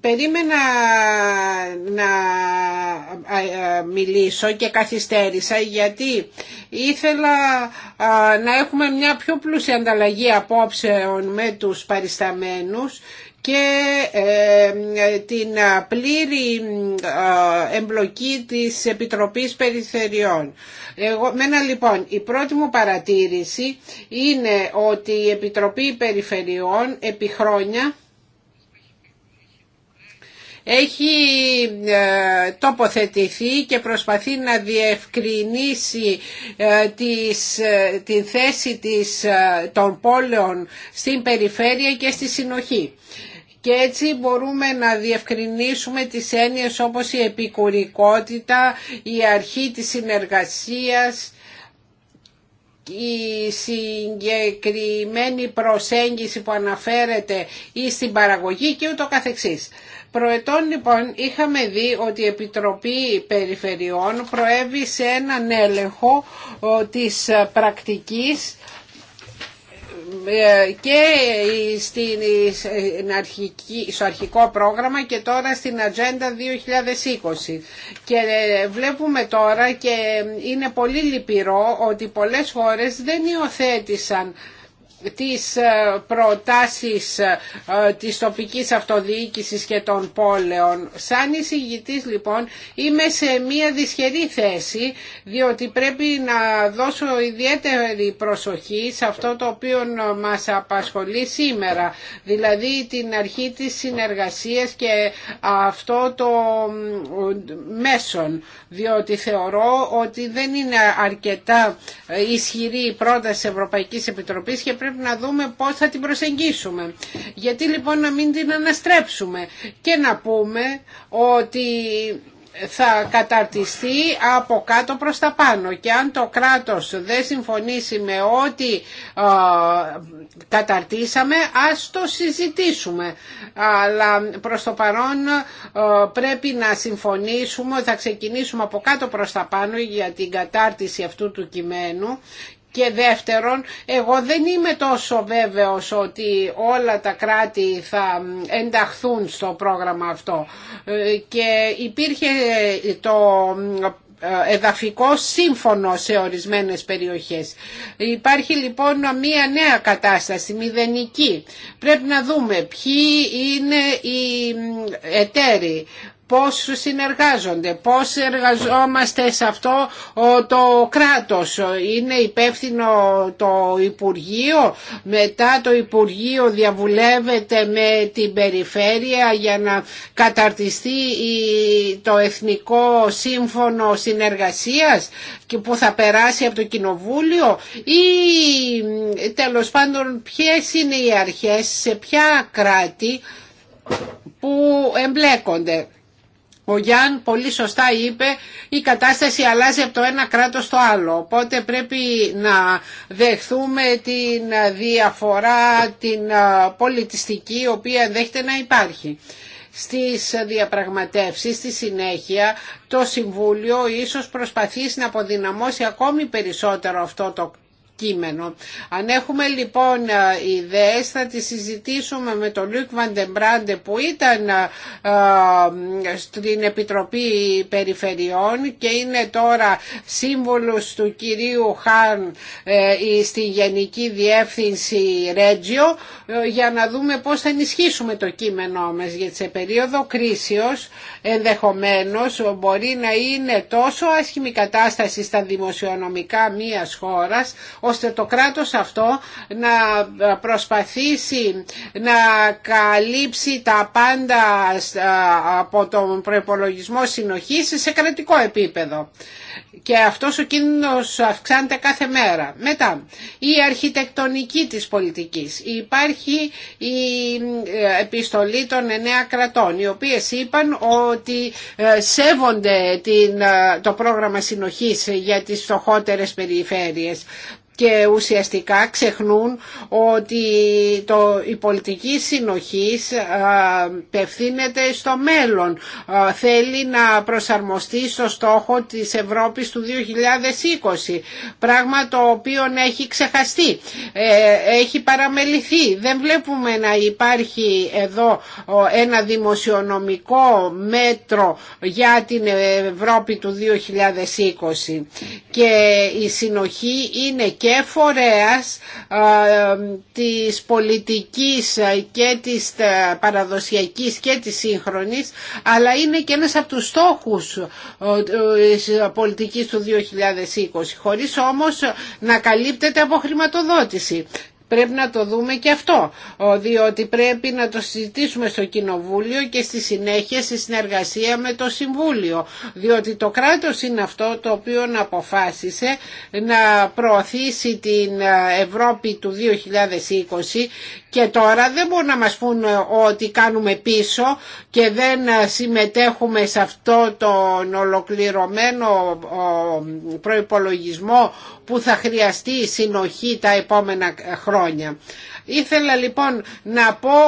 Περίμενα να μιλήσω και καθυστέρησα γιατί ήθελα να έχουμε μια πιο πλούσια ανταλλαγή απόψεων με τους παρισταμένους και ε, την πλήρη ε, εμπλοκή της Επιτροπής Περιφερειών. Εγώ, μένα λοιπόν, η πρώτη μου παρατήρηση είναι ότι η Επιτροπή Περιφερειών επί χρόνια έχει ε, τοποθετηθεί και προσπαθεί να διευκρινίσει την θέση της, των πόλεων στην περιφέρεια και στη συνοχή και έτσι μπορούμε να διευκρινίσουμε τις έννοιες όπως η επικουρικότητα, η αρχή της συνεργασίας, η συγκεκριμένη προσέγγιση που αναφέρεται ή στην παραγωγή και ούτω καθεξής. Προετών λοιπόν είχαμε δει ότι η Επιτροπή Περιφερειών προέβη σε έναν έλεγχο ε, της πρακτικής και στην αρχική, στο αρχικό πρόγραμμα και τώρα στην Ατζέντα 2020. Και βλέπουμε τώρα και είναι πολύ λυπηρό ότι πολλές χώρες δεν υιοθέτησαν τις ε, προτάσεις ε, της τοπικής αυτοδιοίκησης και των πόλεων. Σαν εισηγητής λοιπόν είμαι σε μια δυσχερή θέση διότι πρέπει να δώσω ιδιαίτερη προσοχή σε αυτό το οποίο ε, μας απασχολεί σήμερα δηλαδή την αρχή της συνεργασίας και αυτό το μέσον διότι θεωρώ ότι δεν είναι αρκετά ισχυρή η πρόταση Ευρωπαϊκής Επιτροπής και να δούμε πώς θα την προσεγγίσουμε. Γιατί λοιπόν να μην την αναστρέψουμε και να πούμε ότι θα καταρτιστεί από κάτω προς τα πάνω και αν το κράτος δεν συμφωνήσει με ό,τι ε, καταρτήσαμε ας το συζητήσουμε αλλά προς το παρόν πρέπει να συμφωνήσουμε θα ξεκινήσουμε από κάτω προς τα πάνω για την κατάρτιση αυτού του κειμένου και δεύτερον, εγώ δεν είμαι τόσο βέβαιος ότι όλα τα κράτη θα ενταχθούν στο πρόγραμμα αυτό. Ε, και υπήρχε το ε, εδαφικό σύμφωνο σε ορισμένες περιοχές. Υπάρχει λοιπόν μια νέα κατάσταση, μηδενική. Πρέπει να δούμε ποιοι είναι οι ε, εταίροι, πώς συνεργάζονται, πώς εργαζόμαστε σε αυτό το κράτος. Είναι υπεύθυνο το Υπουργείο, μετά το Υπουργείο διαβουλεύεται με την περιφέρεια για να καταρτιστεί το Εθνικό Σύμφωνο Συνεργασίας και που θα περάσει από το Κοινοβούλιο ή τέλος πάντων ποιες είναι οι αρχές, σε ποια κράτη που εμπλέκονται. Ο Γιάνν πολύ σωστά είπε η κατάσταση αλλάζει από το ένα κράτος στο άλλο οπότε πρέπει να δεχθούμε την διαφορά την πολιτιστική η οποία δέχεται να υπάρχει στις διαπραγματεύσεις στη συνέχεια το Συμβούλιο ίσως προσπαθήσει να αποδυναμώσει ακόμη περισσότερο αυτό το κείμενο. Αν έχουμε λοιπόν ε, ιδέες θα τις συζητήσουμε με τον Λουκ Βαντεμπράντε που ήταν ε, ε, στην Επιτροπή Περιφερειών και είναι τώρα σύμβολος του κυρίου Χάν στη Γενική Διεύθυνση Ρέτζιο για να δούμε πώς θα ενισχύσουμε το κείμενό μας γιατί σε περίοδο κρίσεως ενδεχομένως μπορεί να είναι τόσο άσχημη κατάσταση στα δημοσιονομικά μιας χώρας ώστε το κράτος αυτό να προσπαθήσει να καλύψει τα πάντα από τον προπολογισμό συνοχής σε κρατικό επίπεδο. Και αυτός ο κίνδυνος αυξάνεται κάθε μέρα. Μετά, η αρχιτεκτονική της πολιτικής. Υπάρχει η ε, επιστολή των εννέα κρατών, οι οποίες είπαν ότι ε, σέβονται την, ε, το πρόγραμμα συνοχής για τις φτωχότερες περιφέρειες και ουσιαστικά ξεχνούν ότι το, η πολιτική συνοχής πευθύνεται στο μέλλον. Θέλει να προσαρμοστεί στο στόχο της Ευρώπης του 2020, πράγμα το οποίο έχει ξεχαστεί, ε, έχει παραμεληθεί. Δεν βλέπουμε να υπάρχει εδώ ένα δημοσιονομικό μέτρο για την Ευρώπη του 2020 και η συνοχή είναι και φορέας της πολιτικής και της ε, παραδοσιακής και της σύγχρονης αλλά είναι και ένας από τους στόχους ε, της πολιτικής του 2020 χωρίς όμως να καλύπτεται από χρηματοδότηση πρέπει να το δούμε και αυτό, διότι πρέπει να το συζητήσουμε στο Κοινοβούλιο και στη συνέχεια στη συνεργασία με το Συμβούλιο, διότι το κράτος είναι αυτό το οποίο αποφάσισε να προωθήσει την ε, Ευρώπη του 2020 και τώρα δεν μπορούν να μας πούνε ότι κάνουμε πίσω και δεν ε, συμμετέχουμε σε αυτό τον ολοκληρωμένο προϋπολογισμό που θα χρειαστεί συνοχή τα επόμενα χρόνια. Ήθελα λοιπόν να πω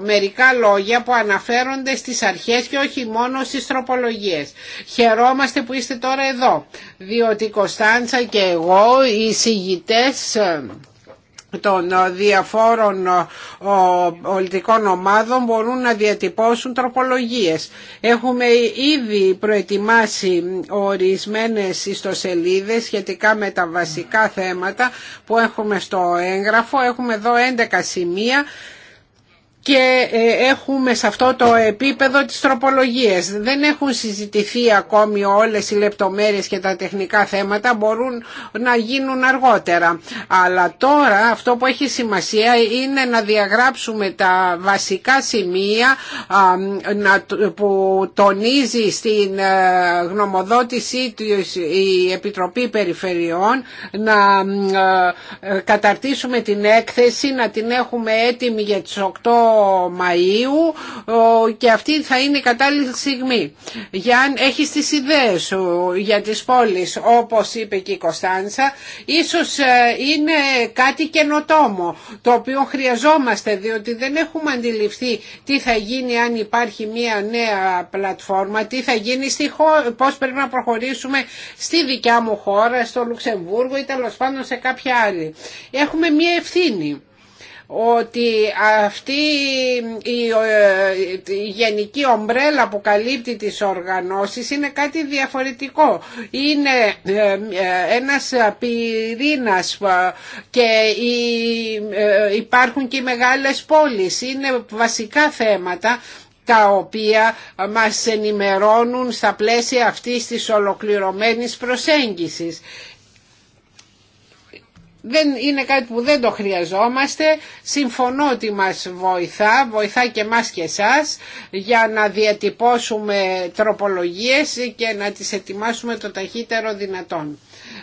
μερικά λόγια που αναφέρονται στις αρχές και όχι μόνο στις τροπολογίες. Χαιρόμαστε που είστε τώρα εδώ, διότι η Κωνσταντσα και εγώ οι συγητές των ε, διαφόρων ε, πολιτικών ομάδων μπορούν να διατυπώσουν τροπολογίες. Έχουμε ήδη προετοιμάσει ορισμένες ιστοσελίδες σχετικά με τα βασικά θέματα που έχουμε στο έγγραφο. Έχουμε εδώ 11 σημεία και ε, έχουμε σε αυτό το επίπεδο τις τροπολογίες. Δεν έχουν συζητηθεί ακόμη όλες οι λεπτομέρειες και τα τεχνικά θέματα μπορούν να γίνουν αργότερα. Αλλά τώρα αυτό που έχει σημασία είναι να διαγράψουμε τα βασικά σημεία που τονίζει στην ε, γνωμοδότησή του η Επιτροπή Περιφερειών να ε, καταρτήσουμε την έκθεση, να την έχουμε έτοιμη για τις 8 Μαΐου και αυτή θα είναι η κατάλληλη στιγμή. Για αν έχεις τις ιδέες σου για τις πόλεις όπως είπε και η Κωνσταντσα, ίσως ε, είναι κάτι καινοτόμο το οποίο χρειαζόμαστε διότι δεν έχουμε αντιληφθεί τι θα γίνει αν υπάρχει μια νέα πλατφόρμα, τι θα γίνει στη χώρα, πώς πρέπει να προχωρήσουμε στη δικιά μου χώρα, στο Λουξεμβούργο ή τέλο πάντων σε κάποια άλλη. Έχουμε μια ευθύνη ότι αυτή η γενική ομπρέλα που καλύπτει τις οργανώσεις είναι κάτι διαφορετικό. Είναι ε, ε, ένας πυρήνας και ε, υπάρχουν και οι μεγάλες πόλεις. Είναι βασικά θέματα τα οποία μας ενημερώνουν στα πλαίσια αυτής της ολοκληρωμένης προσέγγισης δεν είναι κάτι που δεν το χρειαζόμαστε. Συμφωνώ ότι μας βοηθά, βοηθά και μας και εσάς για να διατυπώσουμε τροπολογίες και να τις ετοιμάσουμε το ταχύτερο δυνατόν.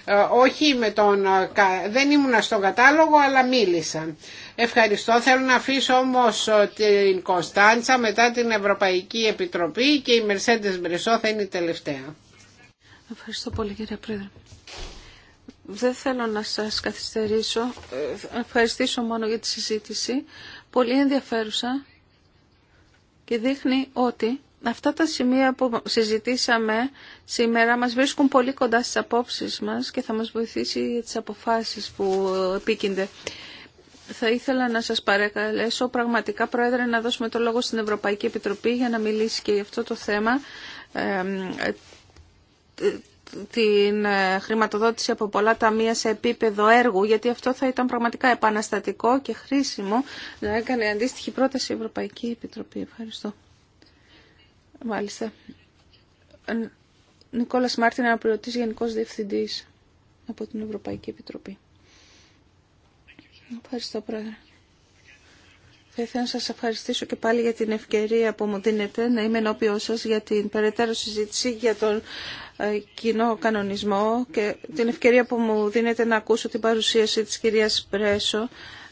Ε, όχι με τον, ε, δεν ήμουν στον κατάλογο αλλά μίλησα. Ευχαριστώ. Θέλω να αφήσω όμως ε, την Κωνσταντσα μετά την Ευρωπαϊκή Επιτροπή και η Μερσέντες Μπρεσό θα είναι η τελευταία. Ευχαριστώ πολύ κύριε Πρόεδρε. Δεν θέλω να σας καθυστερήσω. Ε, ευχαριστήσω μόνο για τη συζήτηση. Πολύ ενδιαφέρουσα και δείχνει ότι αυτά τα σημεία που συζητήσαμε σήμερα μας βρίσκουν πολύ κοντά στις απόψεις μας και θα μας βοηθήσει για τις αποφάσεις που επίκυνται. Θα ήθελα να σας παρακαλέσω πραγματικά, Πρόεδρε, να δώσουμε το λόγο στην Ευρωπαϊκή Επιτροπή για να μιλήσει και για αυτό το θέμα ε, την ε, χρηματοδότηση από πολλά ταμεία σε επίπεδο έργου, γιατί αυτό θα ήταν πραγματικά επαναστατικό και χρήσιμο να έκανε αντίστοιχη πρόταση η Ευρωπαϊκή Επιτροπή. Ευχαριστώ. Μάλιστα. Ε, Νικόλας Μάρτιν, αναπληρωτής Γενικός Διευθυντής από την Ευρωπαϊκή Επιτροπή. Ευχαριστώ, Πρόεδρε. Θα ήθελα να σας ευχαριστήσω και πάλι για την ευκαιρία που μου δίνετε να είμαι ενώπιό σας για την περαιτέρω συζήτηση για τον ε, κοινό κανονισμό και την ευκαιρία που μου δίνετε να ακούσω την παρουσίαση της κυρίας Πρέσο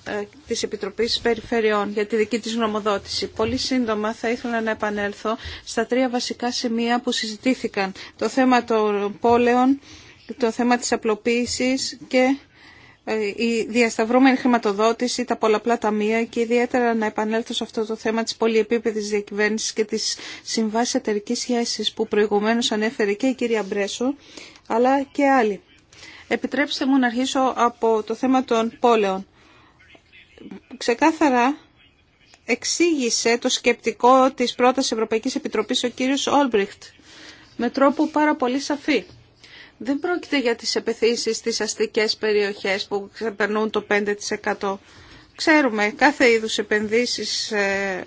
ε, της Επιτροπής Περιφερειών για τη δική της γνωμοδότηση. Πολύ σύντομα θα ήθελα να επανέλθω στα τρία βασικά σημεία που συζητήθηκαν. Το θέμα των πόλεων, το θέμα της απλοποίησης και ε, η διασταυρούμενη χρηματοδότηση, τα πολλαπλά ταμεία και ιδιαίτερα να επανέλθω σε αυτό το θέμα της πολυεπίπεδης διακυβέρνησης και της συμβάσης εταιρικής σχέσης που προηγουμένως ανέφερε και η κυρία Μπρέσο, αλλά και άλλοι. Επιτρέψτε μου να αρχίσω από το θέμα των πόλεων. Ξεκάθαρα εξήγησε το σκεπτικό της πρώτας Ευρωπαϊκής Επιτροπής ο κύριος Όλμπριχτ με τρόπο πάρα πολύ σαφή. Δεν πρόκειται για τις επεθύσεις στις αστικές περιοχές που ξεπερνούν το 5%. Ξέρουμε, κάθε είδους επενδύσεις ε,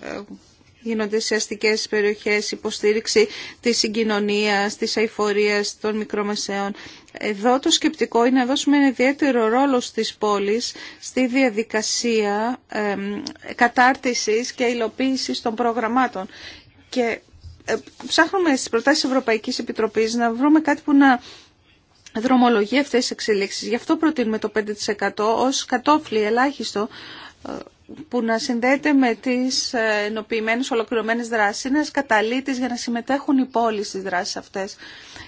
γίνονται σε αστικές περιοχές, υποστήριξη της συγκοινωνίας, της αηφορίας των μικρομεσαίων. Εδώ το σκεπτικό είναι να δώσουμε ένα ιδιαίτερο ρόλο στις πόλεις στη διαδικασία κατάρτισης και υλοποίησης των προγραμμάτων. Και ε, ψάχνουμε στις προτάσεις Ευρωπαϊκής Επιτροπής να βρούμε κάτι που να δρομολογεί αυτές τις εξελίξεις. Γι' αυτό προτείνουμε το 5% ως κατόφλι ελάχιστο ε, που να συνδέεται με τις ε, ενοποιημένες ολοκληρωμένες δράσεις. Είναι ένας καταλήτης για να συμμετέχουν οι πόλεις στις δράσεις αυτές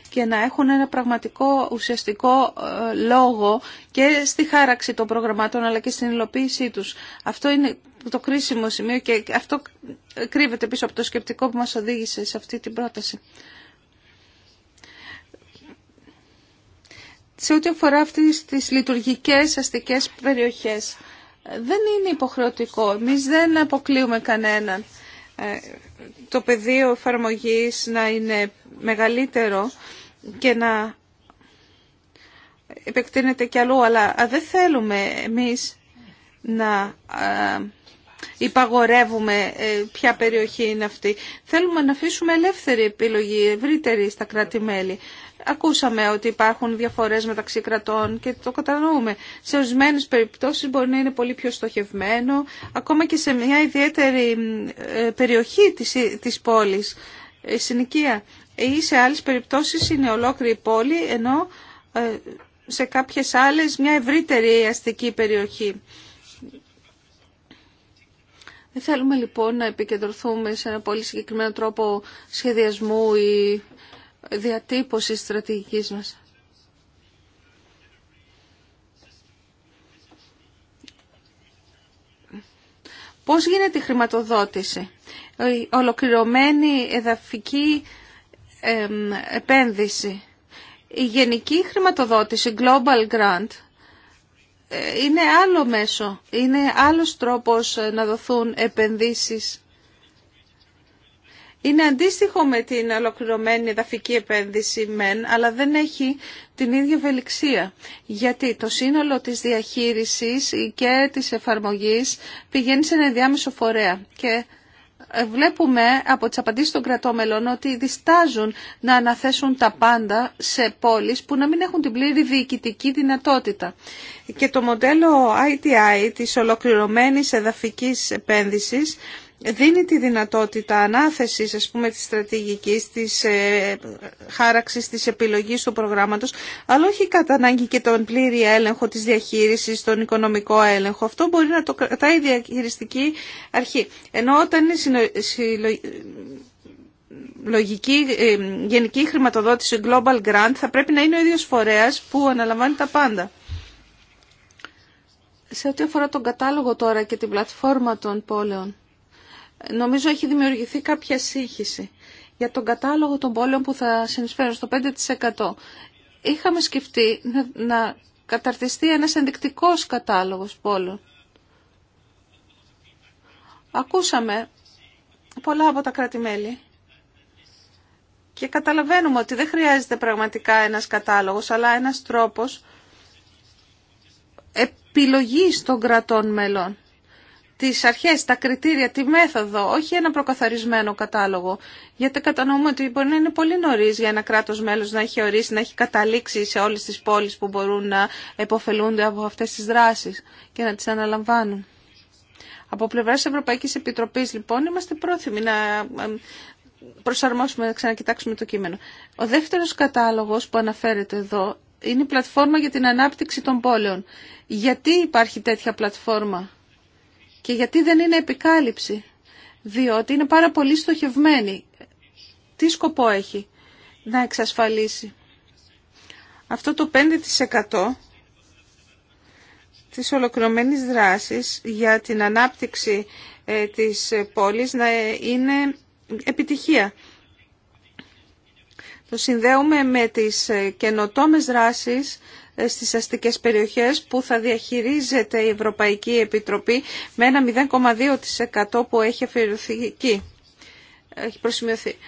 και να έχουν ένα πραγματικό ουσιαστικό ε, λόγο και στη χάραξη των προγραμμάτων αλλά και στην υλοποίησή τους. Αυτό είναι το κρίσιμο σημείο και αυτό κρύβεται πίσω από το σκεπτικό που μας οδήγησε σε αυτή την πρόταση. σε ό,τι αφορά αυτές τις λειτουργικές αστικές περιοχές. Δεν είναι υποχρεωτικό. Εμεί δεν αποκλείουμε κανέναν ε, το πεδίο εφαρμογή να είναι μεγαλύτερο και να επεκτείνεται κι αλλού, αλλά δεν θέλουμε εμείς να υπαγορεύουμε ε, ποια περιοχή είναι αυτή. Θέλουμε να αφήσουμε ελεύθερη επιλογή, ευρύτερη στα κράτη-μέλη. Ακούσαμε ότι υπάρχουν διαφορές μεταξύ κρατών και το κατανοούμε. Σε ορισμένε περιπτώσεις μπορεί να είναι πολύ πιο στοχευμένο, ακόμα και σε μια ιδιαίτερη ε, περιοχή της, της πόλης, ε, συνοικία. Ή σε άλλες περιπτώσεις είναι ολόκληρη η πόλη, ενώ ε, σε κάποιες άλλες μια ευρύτερη αστική περιοχή. θέλουμε λοιπόν να επικεντρωθούμε σε ένα πολύ συγκεκριμένο τρόπο σχεδιασμού ή διατύπωση στρατηγικής μας. Πώς γίνεται η χρηματοδότηση. Η ολοκληρωμένη εδαφική επένδυση. Η γενική χρηματοδότηση, Global Grant, ε, είναι άλλο μέσο, είναι άλλος τρόπος ε, να δοθούν επενδύσεις είναι αντίστοιχο με την ολοκληρωμένη εδαφική επένδυση μεν, αλλά δεν έχει την ίδια ευελιξία. Γιατί το σύνολο της διαχείρισης και της εφαρμογής πηγαίνει σε ένα διάμεσο φορέα και ε, βλέπουμε από τις απαντήσεις των κρατόμελων ότι διστάζουν να αναθέσουν τα πάντα σε πόλεις που να μην έχουν την πλήρη διοικητική δυνατότητα. Και το μοντέλο ITI της ολοκληρωμένης εδαφικής επένδυσης δίνει τη δυνατότητα ανάθεσης ας πούμε της στρατηγικής, της ε, χάραξης, της επιλογής του προγράμματος, αλλά όχι κατά ανάγκη και τον πλήρη έλεγχο της διαχείρισης, τον οικονομικό έλεγχο. Αυτό μπορεί να το κρατάει η διαχειριστική αρχή. Ενώ όταν είναι συνο... λογική ε, γενική χρηματοδότηση Global Grant θα πρέπει να είναι ο ίδιος φορέας που αναλαμβάνει τα πάντα. Σε ό,τι αφορά τον κατάλογο τώρα και την πλατφόρμα των πόλεων. Νομίζω έχει δημιουργηθεί κάποια σύγχυση για τον κατάλογο των πόλεων που θα συνεισφέρουν στο 5%. Είχαμε σκεφτεί να καταρτιστεί ένας ενδεικτικός κατάλογος πόλων. Ακούσαμε πολλά από τα κράτη-μέλη και καταλαβαίνουμε ότι δεν χρειάζεται πραγματικά ένας κατάλογος, αλλά ένας τρόπος επιλογής των κρατών μελών τις αρχές, τα κριτήρια, τη μέθοδο, όχι ένα προκαθαρισμένο κατάλογο. Γιατί κατανοούμε ότι μπορεί να είναι πολύ νωρί για ένα κράτο μέλος να έχει ορίσει, να έχει καταλήξει σε όλε τι πόλει που μπορούν να επωφελούνται από αυτέ τι δράσει και να τι αναλαμβάνουν. Από πλευρά τη Ευρωπαϊκή Επιτροπή, λοιπόν, είμαστε πρόθυμοι να προσαρμόσουμε, να ξανακοιτάξουμε το κείμενο. Ο δεύτερο κατάλογο που αναφέρεται εδώ είναι η πλατφόρμα για την ανάπτυξη των πόλεων. Γιατί υπάρχει τέτοια πλατφόρμα, και γιατί δεν είναι επικάλυψη. Διότι είναι πάρα πολύ στοχευμένη. Τι σκοπό έχει να εξασφαλίσει. Αυτό το 5% της ολοκληρωμένης δράσης για την ανάπτυξη ε, της πόλης να είναι επιτυχία. Το συνδέουμε με τις ε, καινοτόμες δράσεις στις αστικές περιοχές που θα διαχειρίζεται η Ευρωπαϊκή Επιτροπή με ένα 0,2% που έχει Έχει προσημειωθεί.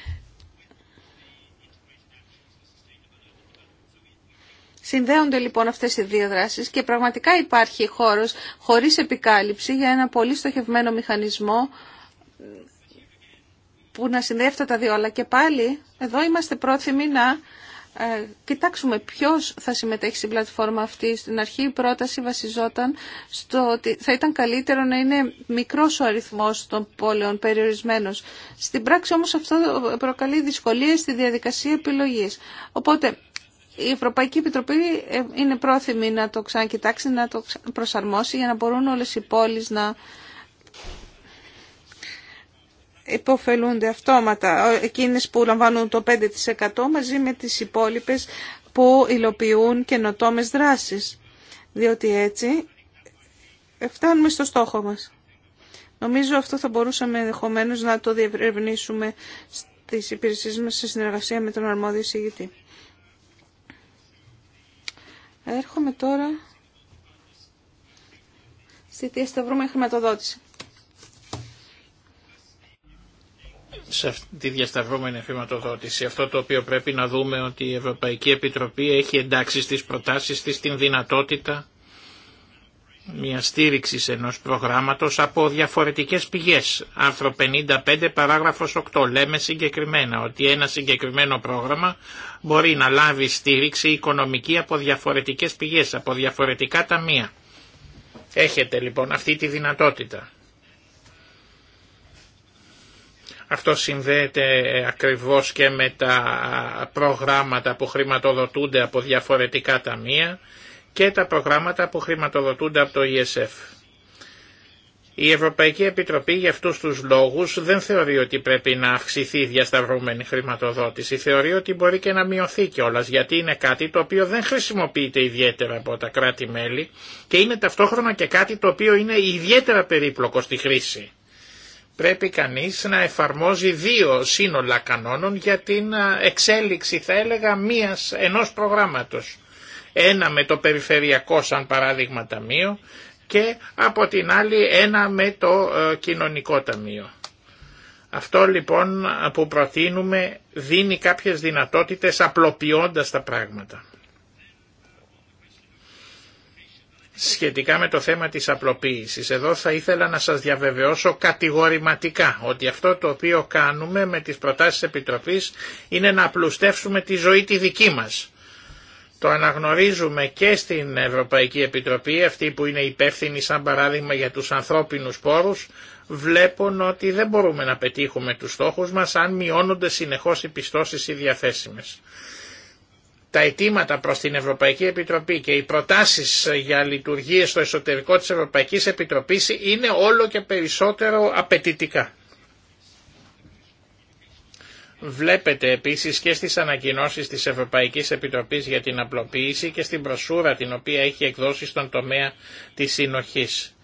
Συνδέονται λοιπόν αυτές οι δύο δράσεις και πραγματικά υπάρχει χώρος χωρίς επικάλυψη για ένα πολύ στοχευμένο μηχανισμό που να συνδέεται τα δύο. Αλλά και πάλι εδώ είμαστε πρόθυμοι να ε, κοιτάξουμε ποιος θα συμμετέχει στην πλατφόρμα αυτή. Στην αρχή η πρόταση βασιζόταν στο ότι θα ήταν καλύτερο να είναι μικρός ο αριθμός των πόλεων περιορισμένος. Στην πράξη όμως αυτό προκαλεί δυσκολίες στη διαδικασία επιλογής. Οπότε η Ευρωπαϊκή Επιτροπή ε, είναι πρόθυμη να το ξανακοιτάξει, να το προσαρμόσει για να μπορούν όλες οι πόλεις να υποφελούνται αυτόματα εκείνες που λαμβάνουν το 5% μαζί με τις υπόλοιπες που υλοποιούν καινοτόμες δράσεις. Διότι έτσι ε, φτάνουμε στο στόχο μας. Νομίζω αυτό θα μπορούσαμε ενδεχομένω να το διευρυνήσουμε στις υπηρεσίες μας σε συνεργασία με τον αρμόδιο συγητή. Έρχομαι τώρα στη διασταυρούμενη βρούμε χρηματοδότηση. σε αυτή τη διασταυρώμενη χρηματοδότηση. Αυτό το οποίο πρέπει να δούμε ότι η Ευρωπαϊκή Επιτροπή έχει εντάξει στις προτάσεις της την δυνατότητα μια στήριξη ενός προγράμματος από διαφορετικές πηγές. Άρθρο 55 παράγραφος 8 λέμε συγκεκριμένα ότι ένα συγκεκριμένο πρόγραμμα μπορεί να λάβει στήριξη οικονομική από διαφορετικέ πηγέ, από διαφορετικά ταμεία. Έχετε λοιπόν αυτή τη δυνατότητα. Αυτό συνδέεται ε, ακριβώς και με τα προγράμματα που χρηματοδοτούνται από διαφορετικά ταμεία και τα προγράμματα που χρηματοδοτούνται από το ESF. Η Ευρωπαϊκή Επιτροπή για αυτούς τους λόγους δεν θεωρεί ότι πρέπει να αυξηθεί η διασταυρωμένη χρηματοδότηση. Θεωρεί ότι μπορεί και να μειωθεί κιόλα γιατί είναι κάτι το οποίο δεν χρησιμοποιείται ιδιαίτερα από τα κράτη-μέλη και είναι ταυτόχρονα και κάτι το οποίο είναι ιδιαίτερα περίπλοκο στη χρήση πρέπει κανείς να εφαρμόζει δύο σύνολα κανόνων για την εξέλιξη θα έλεγα μίας, ενός προγράμματος. Ένα με το περιφερειακό σαν παράδειγμα ταμείο και από την άλλη ένα με το ε, κοινωνικό ταμείο. Αυτό λοιπόν που προτείνουμε δίνει κάποιες δυνατότητες απλοποιώντας τα πράγματα. σχετικά με το θέμα της απλοποίησης. Εδώ θα ήθελα να σας διαβεβαιώσω κατηγορηματικά ότι αυτό το οποίο κάνουμε με τις προτάσεις της Επιτροπής είναι να απλουστεύσουμε τη ζωή τη δική μας. Το αναγνωρίζουμε και στην Ευρωπαϊκή Επιτροπή, αυτή που είναι υπεύθυνη σαν παράδειγμα για τους ανθρώπινους πόρους, βλέπουν ότι δεν μπορούμε να πετύχουμε τους στόχους μας αν μειώνονται συνεχώς οι πιστώσεις οι διαθέσιμες τα αιτήματα προς την Ευρωπαϊκή Επιτροπή και οι προτάσεις για λειτουργίες στο εσωτερικό της Ευρωπαϊκής Επιτροπής είναι όλο και περισσότερο απαιτητικά. Βλέπετε επίσης και στις ανακοινώσεις της Ευρωπαϊκής Επιτροπής για την απλοποίηση και στην προσούρα την οποία έχει εκδώσει στον τομέα της συνοχής.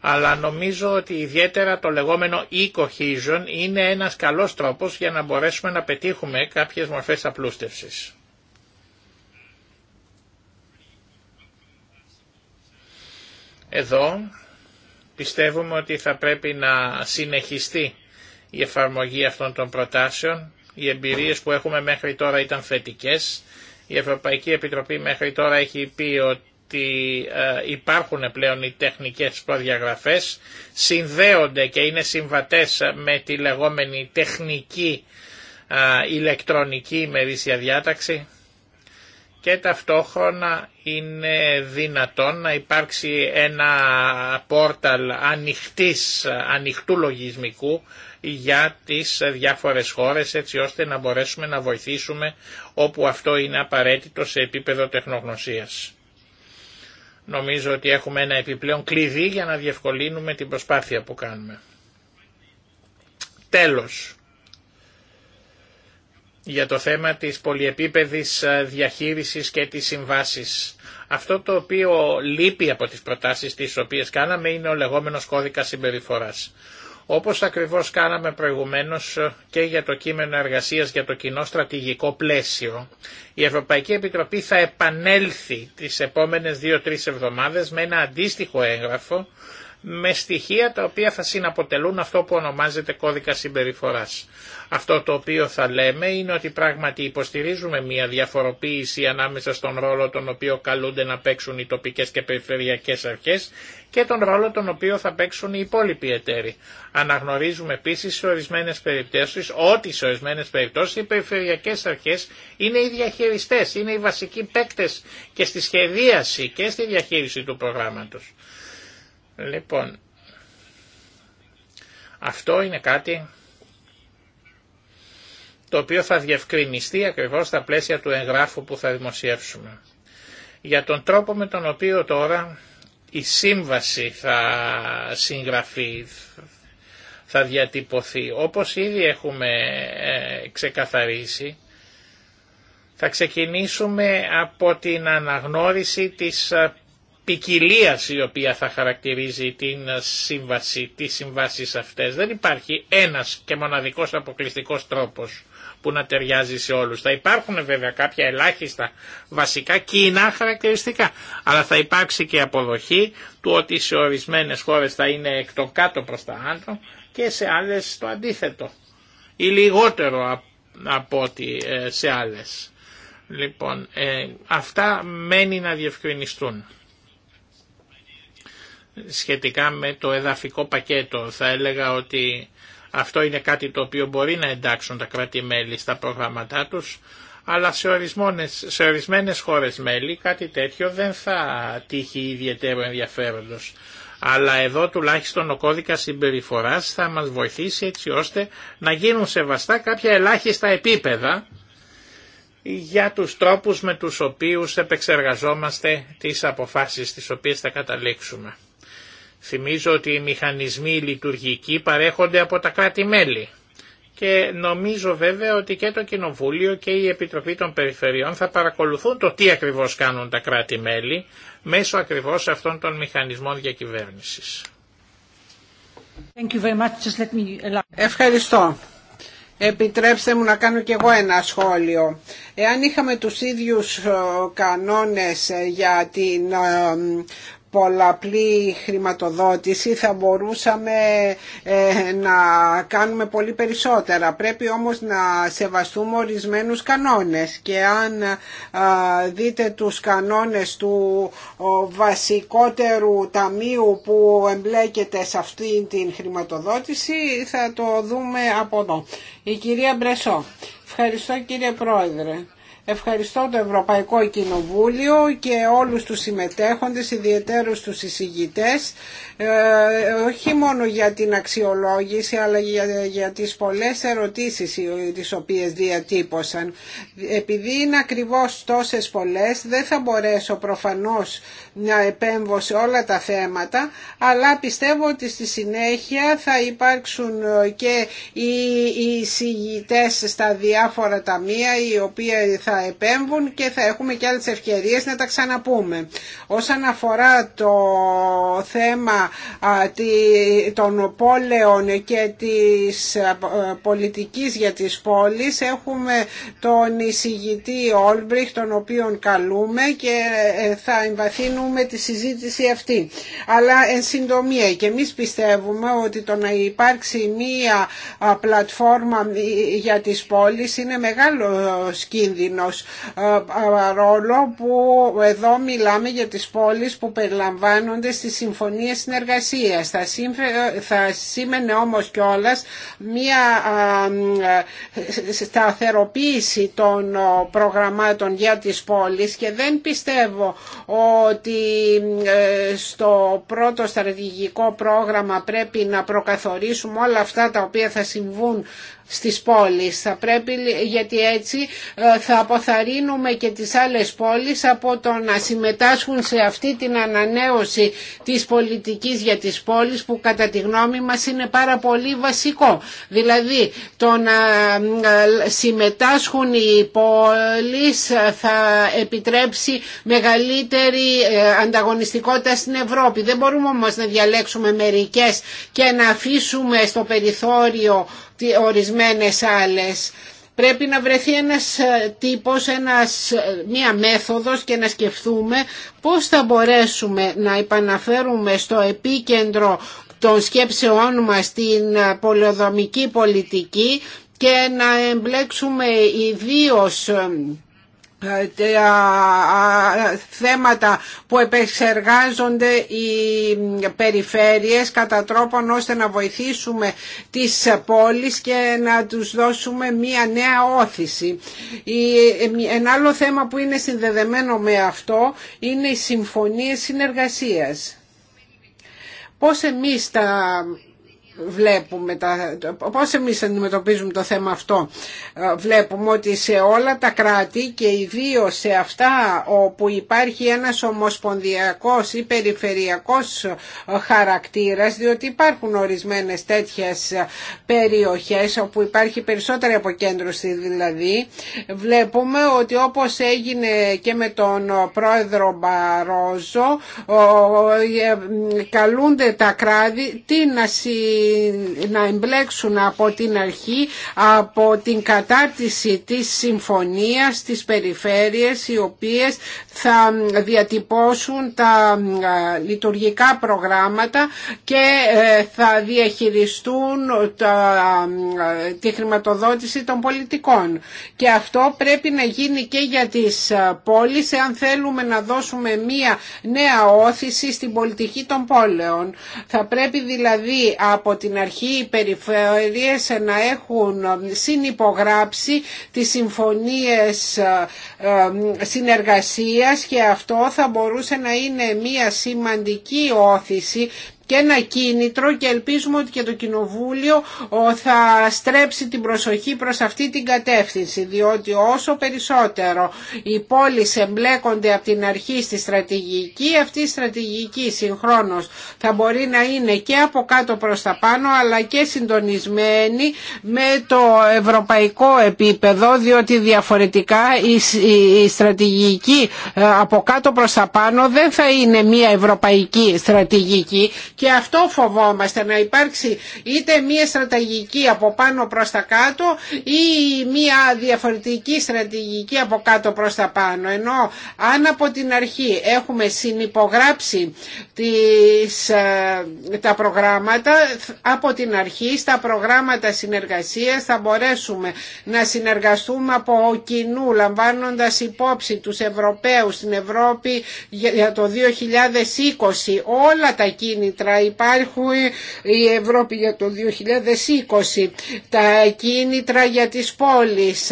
Αλλά νομίζω ότι ιδιαίτερα το λεγόμενο e-cohesion είναι ένας καλός τρόπος για να μπορέσουμε να πετύχουμε κάποιες μορφές απλούστευσης. Εδώ πιστεύουμε ότι θα πρέπει να συνεχιστεί η εφαρμογή αυτών των προτάσεων. Οι εμπειρίες που έχουμε μέχρι τώρα ήταν θετικές. Η Ευρωπαϊκή Επιτροπή μέχρι τώρα έχει πει ότι ε, υπάρχουν πλέον οι τεχνικές προδιαγραφές, συνδέονται και είναι συμβατές με τη λεγόμενη τεχνική ε, ηλεκτρονική ημερήσια διάταξη και ταυτόχρονα είναι δυνατόν να υπάρξει ένα πόρταλ ανοιχτής, ανοιχτού λογισμικού για τις διάφορες χώρες έτσι ώστε να μπορέσουμε να βοηθήσουμε όπου αυτό είναι απαραίτητο σε επίπεδο τεχνογνωσίας. Νομίζω ότι έχουμε ένα επιπλέον κλειδί για να διευκολύνουμε την προσπάθεια που κάνουμε. Τέλος, για το θέμα της πολυεπίπεδης ε, διαχείρισης και της συμβάσης. Αυτό το οποίο λείπει από τις προτάσεις τις οποίες κάναμε είναι ο λεγόμενος κώδικας συμπεριφοράς. Όπως ακριβώς κάναμε προηγουμένως ε, και για το κείμενο εργασίας για το κοινό στρατηγικό πλαίσιο, η Ευρωπαϊκή Επιτροπή θα επανέλθει τις επόμενες δύο-τρεις εβδομάδες με ένα αντίστοιχο έγγραφο με στοιχεία τα οποία θα συναποτελούν αυτό που ονομάζεται κώδικα συμπεριφοράς. Αυτό το οποίο θα λέμε είναι ότι πράγματι υποστηρίζουμε μια διαφοροποίηση ανάμεσα στον ρόλο τον οποίο καλούνται να παίξουν οι τοπικές και περιφερειακές αρχές και τον ρόλο τον οποίο θα παίξουν οι υπόλοιποι εταίροι. Αναγνωρίζουμε επίση σε ορισμένε ότι σε ορισμένες περιπτώσει οι περιφερειακέ αρχέ είναι οι διαχειριστέ, είναι οι βασικοί παίκτες και στη σχεδίαση και στη διαχείριση του προγράμματο. Λοιπόν, αυτό είναι κάτι το οποίο θα διευκρινιστεί ακριβώς στα πλαίσια του εγγράφου που θα δημοσιεύσουμε. Για τον τρόπο με τον οποίο τώρα η σύμβαση θα συγγραφεί, θα διατυπωθεί. Όπως ήδη έχουμε ε, ξεκαθαρίσει, θα ξεκινήσουμε από την αναγνώριση της ε, ποικιλία η οποία θα χαρακτηρίζει την ε, σύμβαση, τις συμβάσεις αυτές. Δεν υπάρχει ένας και μοναδικός αποκλειστικός τρόπος που να ταιριάζει σε όλους. Θα υπάρχουν βέβαια κάποια ελάχιστα βασικά κοινά χαρακτηριστικά, αλλά θα υπάρξει και αποδοχή του ότι σε ορισμένες χώρες θα είναι εκ των κάτω προς τα άνω και σε άλλες το αντίθετο ή λιγότερο από ότι ε, σε άλλες. Λοιπόν, ε, αυτά μένει να διευκρινιστούν σχετικά με το εδαφικό πακέτο. Θα έλεγα ότι αυτό είναι κάτι το οποίο μπορεί να εντάξουν τα κράτη-μέλη στα προγράμματά τους, αλλά σε, ορισμένες, σε χώρες μέλη κάτι τέτοιο δεν θα τύχει ιδιαίτερο ενδιαφέροντος. Αλλά εδώ τουλάχιστον ο κώδικας συμπεριφοράς θα μας βοηθήσει έτσι ώστε να γίνουν σεβαστά κάποια ελάχιστα επίπεδα για τους τρόπους με τους οποίους επεξεργαζόμαστε τις αποφάσεις τις οποίες θα καταλήξουμε. Θυμίζω ότι οι μηχανισμοί λειτουργικοί παρέχονται από τα κράτη-μέλη. Και νομίζω βέβαια ότι και το Κοινοβούλιο και η Επιτροπή των Περιφερειών θα παρακολουθούν το τι ακριβώς κάνουν τα κράτη-μέλη μέσω ακριβώς αυτών των μηχανισμών διακυβέρνησης. Ευχαριστώ. Επιτρέψτε μου να κάνω κι εγώ ένα σχόλιο. Εάν είχαμε τους ίδιους ε, κανόνες ε, για την ε, πολλαπλή χρηματοδότηση θα μπορούσαμε ε, να κάνουμε πολύ περισσότερα. Πρέπει όμως να σεβαστούμε ορισμένους κανόνες και αν δείτε τους κανόνες του βασικότερου ταμείου που εμπλέκεται σε αυτή την χρηματοδότηση θα το δούμε από εδώ. Η κυρία Μπρεσό. Ευχαριστώ κύριε Πρόεδρε. Ευχαριστώ το Ευρωπαϊκό Κοινοβούλιο και όλους τους συμμετέχοντες, ιδιαίτερους τους εισηγητές, ε, όχι μόνο για την αξιολόγηση, αλλά για, για τις πολλές ερωτήσεις τις οποίες διατύπωσαν. Επειδή είναι ακριβώς τόσες πολλές, δεν θα μπορέσω προφανώς να επέμβω σε όλα τα θέματα, αλλά πιστεύω ότι στη συνέχεια θα υπάρξουν ε, και οι εισηγητές στα διάφορα ταμεία, οι οποίοι θα θα επέμβουν και θα έχουμε και άλλες ευκαιρίες να τα ξαναπούμε. Όσον αφορά το θέμα των πόλεων και της ε, πολιτικής για τις πόλεις έχουμε τον εισηγητή Όλμπριχ τον οποίον καλούμε και ε, θα εμβαθύνουμε τη συζήτηση αυτή. Αλλά εν συντομία και εμείς πιστεύουμε ότι το να υπάρξει μία πλατφόρμα ε, για τις πόλεις είναι μεγάλο κίνδυνο παρόλο ε, που εδώ μιλάμε για τις πόλεις που περιλαμβάνονται στη συμφωνίες συνεργασίας. Θα, θα σήμαινε όμως κιόλας μία σταθεροποίηση των προγραμμάτων για τις πόλεις και δεν πιστεύω ότι ε, στο πρώτο στρατηγικό πρόγραμμα πρέπει να προκαθορίσουμε όλα αυτά τα οποία θα συμβούν στις πόλεις. Θα πρέπει, γιατί έτσι ε, θα αποθαρρύνουμε και τις άλλες πόλεις από το να συμμετάσχουν σε αυτή την ανανέωση της πολιτικής για τις πόλεις που κατά τη γνώμη μας είναι πάρα πολύ βασικό. Δηλαδή το να ε, συμμετάσχουν οι πόλεις ε, θα επιτρέψει μεγαλύτερη ανταγωνιστικότητα στην Ευρώπη. Δεν μπορούμε όμως να διαλέξουμε μερικές και να αφήσουμε στο περιθώριο ορισμένες άλλες. Πρέπει να βρεθεί ένας ε, τύπος, ε, μία μέθοδος και να σκεφτούμε πώς θα μπορέσουμε να επαναφέρουμε στο επίκεντρο των σκέψεών μας την ε, πολεοδομική πολιτική και να εμπλέξουμε ιδίως ε, θέματα που επεξεργάζονται οι περιφέρειες κατά τρόπον ώστε να βοηθήσουμε τις πόλεις και να τους δώσουμε μία νέα όθηση. Ε, ένα άλλο θέμα που είναι συνδεδεμένο με αυτό είναι οι συμφωνίες συνεργασίας. Πώς εμείς τα βλέπουμε, τα, πώς εμείς αντιμετωπίζουμε το θέμα αυτό. Ε, βλέπουμε ότι σε όλα τα κράτη και ιδίως σε αυτά όπου υπάρχει ένας ομοσπονδιακός ή περιφερειακός ε, χαρακτήρας, διότι υπάρχουν ορισμένες τέτοιες ε, περιοχές όπου υπάρχει περισσότερη αποκέντρωση δηλαδή, βλέπουμε ότι όπως έγινε και με τον πρόεδρο Μπαρόζο, καλούνται τα κράτη τι να να εμπλέξουν από την αρχή από την κατάρτιση της συμφωνίας στις περιφέρειες οι οποίες θα διατυπώσουν τα ε, λειτουργικά προγράμματα και ε, θα διαχειριστούν ε, τη χρηματοδότηση των πολιτικών. Και αυτό πρέπει να γίνει και για τις πόλεις εάν θέλουμε να δώσουμε μία νέα όθηση στην πολιτική των πόλεων. Θα πρέπει δηλαδή από από την αρχή οι περιφέρειες να έχουν συνυπογράψει τις συμφωνίες ε, ε, συνεργασίας και αυτό θα μπορούσε να είναι μια σημαντική όθηση και ένα κίνητρο και ελπίζουμε ότι και το Κοινοβούλιο θα στρέψει την προσοχή προς αυτή την κατεύθυνση διότι όσο περισσότερο οι πόλεις εμπλέκονται από την αρχή στη στρατηγική αυτή η στρατηγική συγχρόνως θα μπορεί να είναι και από κάτω προς τα πάνω αλλά και συντονισμένη με το ευρωπαϊκό επίπεδο διότι διαφορετικά η στρατηγική ε, από κάτω προς τα πάνω δεν θα είναι μια ευρωπαϊκή στρατηγική και αυτό φοβόμαστε να υπάρξει είτε μία στρατηγική από πάνω προς τα κάτω ή μία διαφορετική στρατηγική από κάτω προς τα πάνω. Ενώ αν από την αρχή έχουμε συνυπογράψει τις, ε, τα προγράμματα, από την αρχή στα προγράμματα συνεργασίας θα μπορέσουμε να συνεργαστούμε από κοινού λαμβάνοντας υπόψη τους Ευρωπαίους στην Ευρώπη για το 2020 όλα τα κίνητρα μέτρα. Υπάρχουν η Ευρώπη για το 2020, τα κίνητρα για τις πόλεις,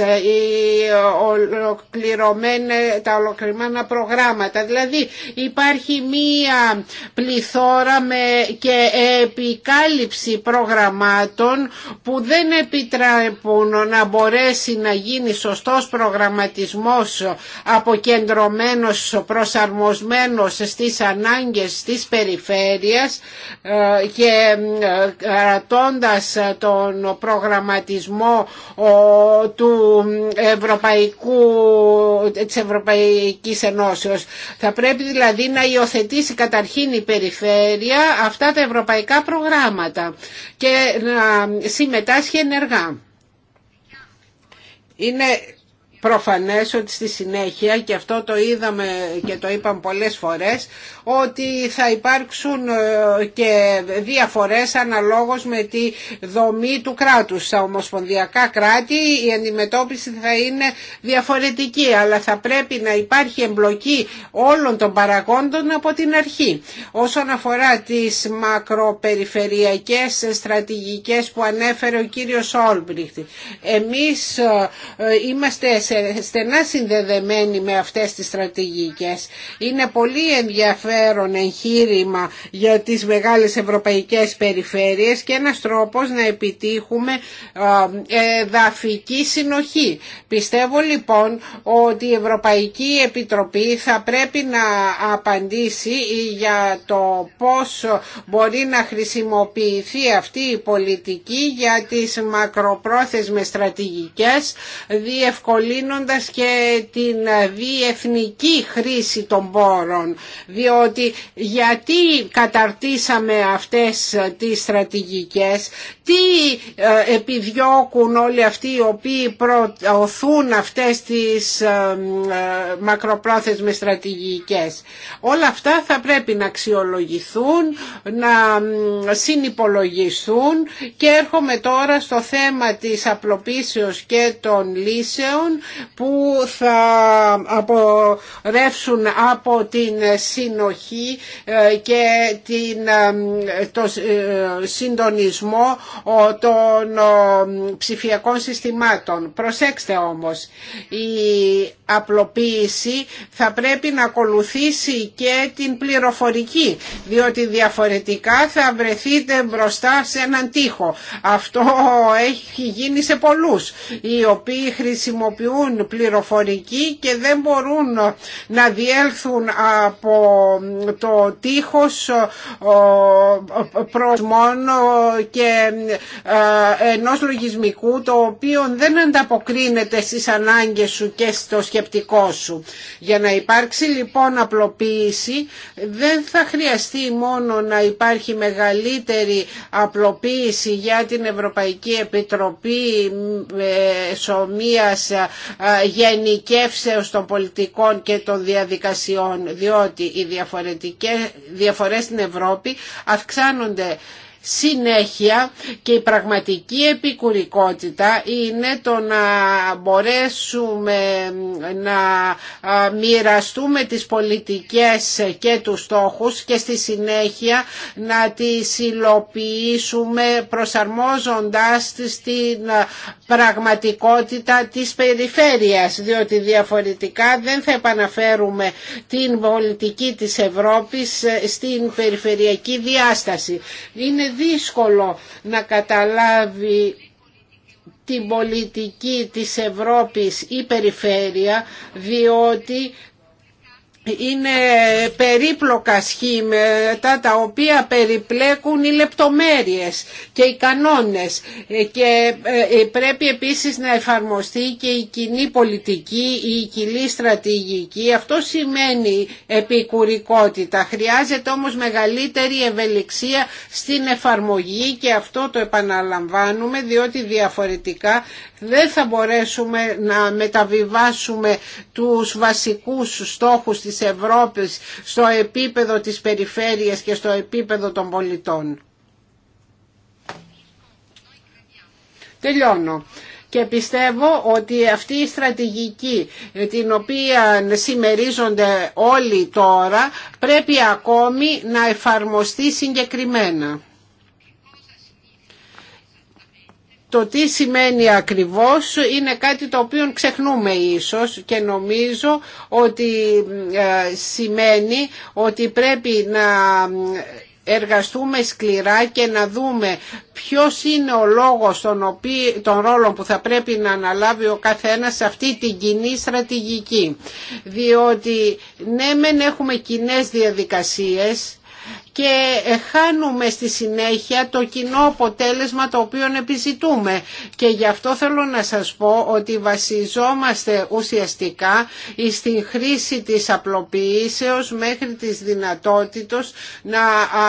τα ολοκληρωμένα προγράμματα. Δηλαδή υπάρχει μία πληθώρα με και επικάλυψη προγραμμάτων που δεν επιτρέπουν να μπορέσει να γίνει σωστός προγραμματισμός αποκεντρωμένος, προσαρμοσμένος στις ανάγκες της περιφέρειας ε, και ε, κρατώντας τον προγραμματισμό του Ευρωπαϊκού, της Ευρωπαϊκής Ενώσεως. Θα πρέπει δηλαδή να υιοθετήσει καταρχήν η περιφέρεια αυτά τα ευρωπαϊκά προγράμματα και να συμμετάσχει ενεργά. Είναι προφανές ότι στη συνέχεια και αυτό το είδαμε και το είπαμε πολλές φορές ότι θα υπάρξουν ε, και διαφορές αναλόγως με τη δομή του κράτους. Στα ομοσπονδιακά κράτη η αντιμετώπιση θα είναι διαφορετική, αλλά θα πρέπει να υπάρχει εμπλοκή όλων των παραγόντων από την αρχή. Όσον αφορά τις μακροπεριφερειακές στρατηγικές που ανέφερε ο κύριος Όλμπριχτ, εμείς ε, είμαστε στενά συνδεδεμένοι με αυτές τις στρατηγικές. Είναι πολύ ενδιαφέρον ενδιαφέρον εγχείρημα για τις μεγάλες ευρωπαϊκές περιφέρειες και ένας τρόπος να επιτύχουμε εδαφική συνοχή. Πιστεύω λοιπόν ότι η Ευρωπαϊκή Επιτροπή θα πρέπει να απαντήσει για το πώς μπορεί να χρησιμοποιηθεί αυτή η πολιτική για τις μακροπρόθεσμες στρατηγικές διευκολύνοντας και την διεθνική χρήση των πόρων διότι ότι γιατί καταρτήσαμε αυτές τις στρατηγικές, τι ε, επιδιώκουν όλοι αυτοί οι οποίοι προωθούν αυτές τις ε, ε, μακροπρόθεσμες στρατηγικές. Όλα αυτά θα πρέπει να αξιολογηθούν, να συνυπολογιστούν και έρχομαι τώρα στο θέμα της απλοποίησεως και των λύσεων που θα απορρεύσουν από την συνοχή ε, και την, ε, το ε, συντονισμό των ψηφιακών συστημάτων. Προσέξτε όμως, η απλοποίηση θα πρέπει να ακολουθήσει και την πληροφορική, διότι διαφορετικά θα βρεθείτε μπροστά σε έναν τοίχο. Αυτό έχει γίνει σε πολλούς, οι οποίοι χρησιμοποιούν πληροφορική και δεν μπορούν να διέλθουν από το τείχος προς μόνο και ενός λογισμικού το οποίο δεν ανταποκρίνεται στις ανάγκες σου και στο σκεπτικό σου. Για να υπάρξει λοιπόν απλοποίηση δεν θα χρειαστεί μόνο να υπάρχει μεγαλύτερη απλοποίηση για την Ευρωπαϊκή Επιτροπή Σομίας Γενικεύσεως των Πολιτικών και των Διαδικασιών διότι η διαφορά διαφορετικές διαφορές στην Ευρώπη αυξάνονται συνέχεια και η πραγματική επικουρικότητα είναι το να μπορέσουμε να μοιραστούμε τις πολιτικές και τους στόχους και στη συνέχεια να τις υλοποιήσουμε προσαρμόζοντας την στην πραγματικότητα της περιφέρειας διότι διαφορετικά δεν θα επαναφέρουμε την πολιτική της Ευρώπης στην περιφερειακή διάσταση. Είναι δύσκολο να καταλάβει την πολιτική της Ευρώπης η περιφέρεια διότι είναι περίπλοκα σχήματα τα οποία περιπλέκουν οι λεπτομέρειες και οι κανόνες και ε, ε, πρέπει επίσης να εφαρμοστεί και η κοινή πολιτική, η κοινή στρατηγική. Αυτό σημαίνει επικουρικότητα. Χρειάζεται όμως μεγαλύτερη ευελιξία στην εφαρμογή και αυτό το επαναλαμβάνουμε διότι διαφορετικά δεν θα μπορέσουμε να μεταβιβάσουμε τους βασικούς στόχους της της Ευρώπης στο επίπεδο της περιφέρειας και στο επίπεδο των πολιτών. Τελειώνω. Και πιστεύω ότι αυτή η στρατηγική την οποία συμμερίζονται όλοι τώρα πρέπει ακόμη να εφαρμοστεί συγκεκριμένα. το τι σημαίνει ακριβώς είναι κάτι το οποίο ξεχνούμε ίσως και νομίζω ότι ε, σημαίνει ότι πρέπει να εργαστούμε σκληρά και να δούμε ποιος είναι ο λόγος των, οποί... των ρόλων που θα πρέπει να αναλάβει ο καθένας σε αυτή την κοινή στρατηγική. Διότι ναι μεν έχουμε κοινέ διαδικασίες και ε, χάνουμε στη συνέχεια το κοινό αποτέλεσμα το οποίο επιζητούμε. Και γι' αυτό θέλω να σας πω ότι βασιζόμαστε ουσιαστικά στην χρήση της απλοποιήσεως μέχρι της δυνατότητος να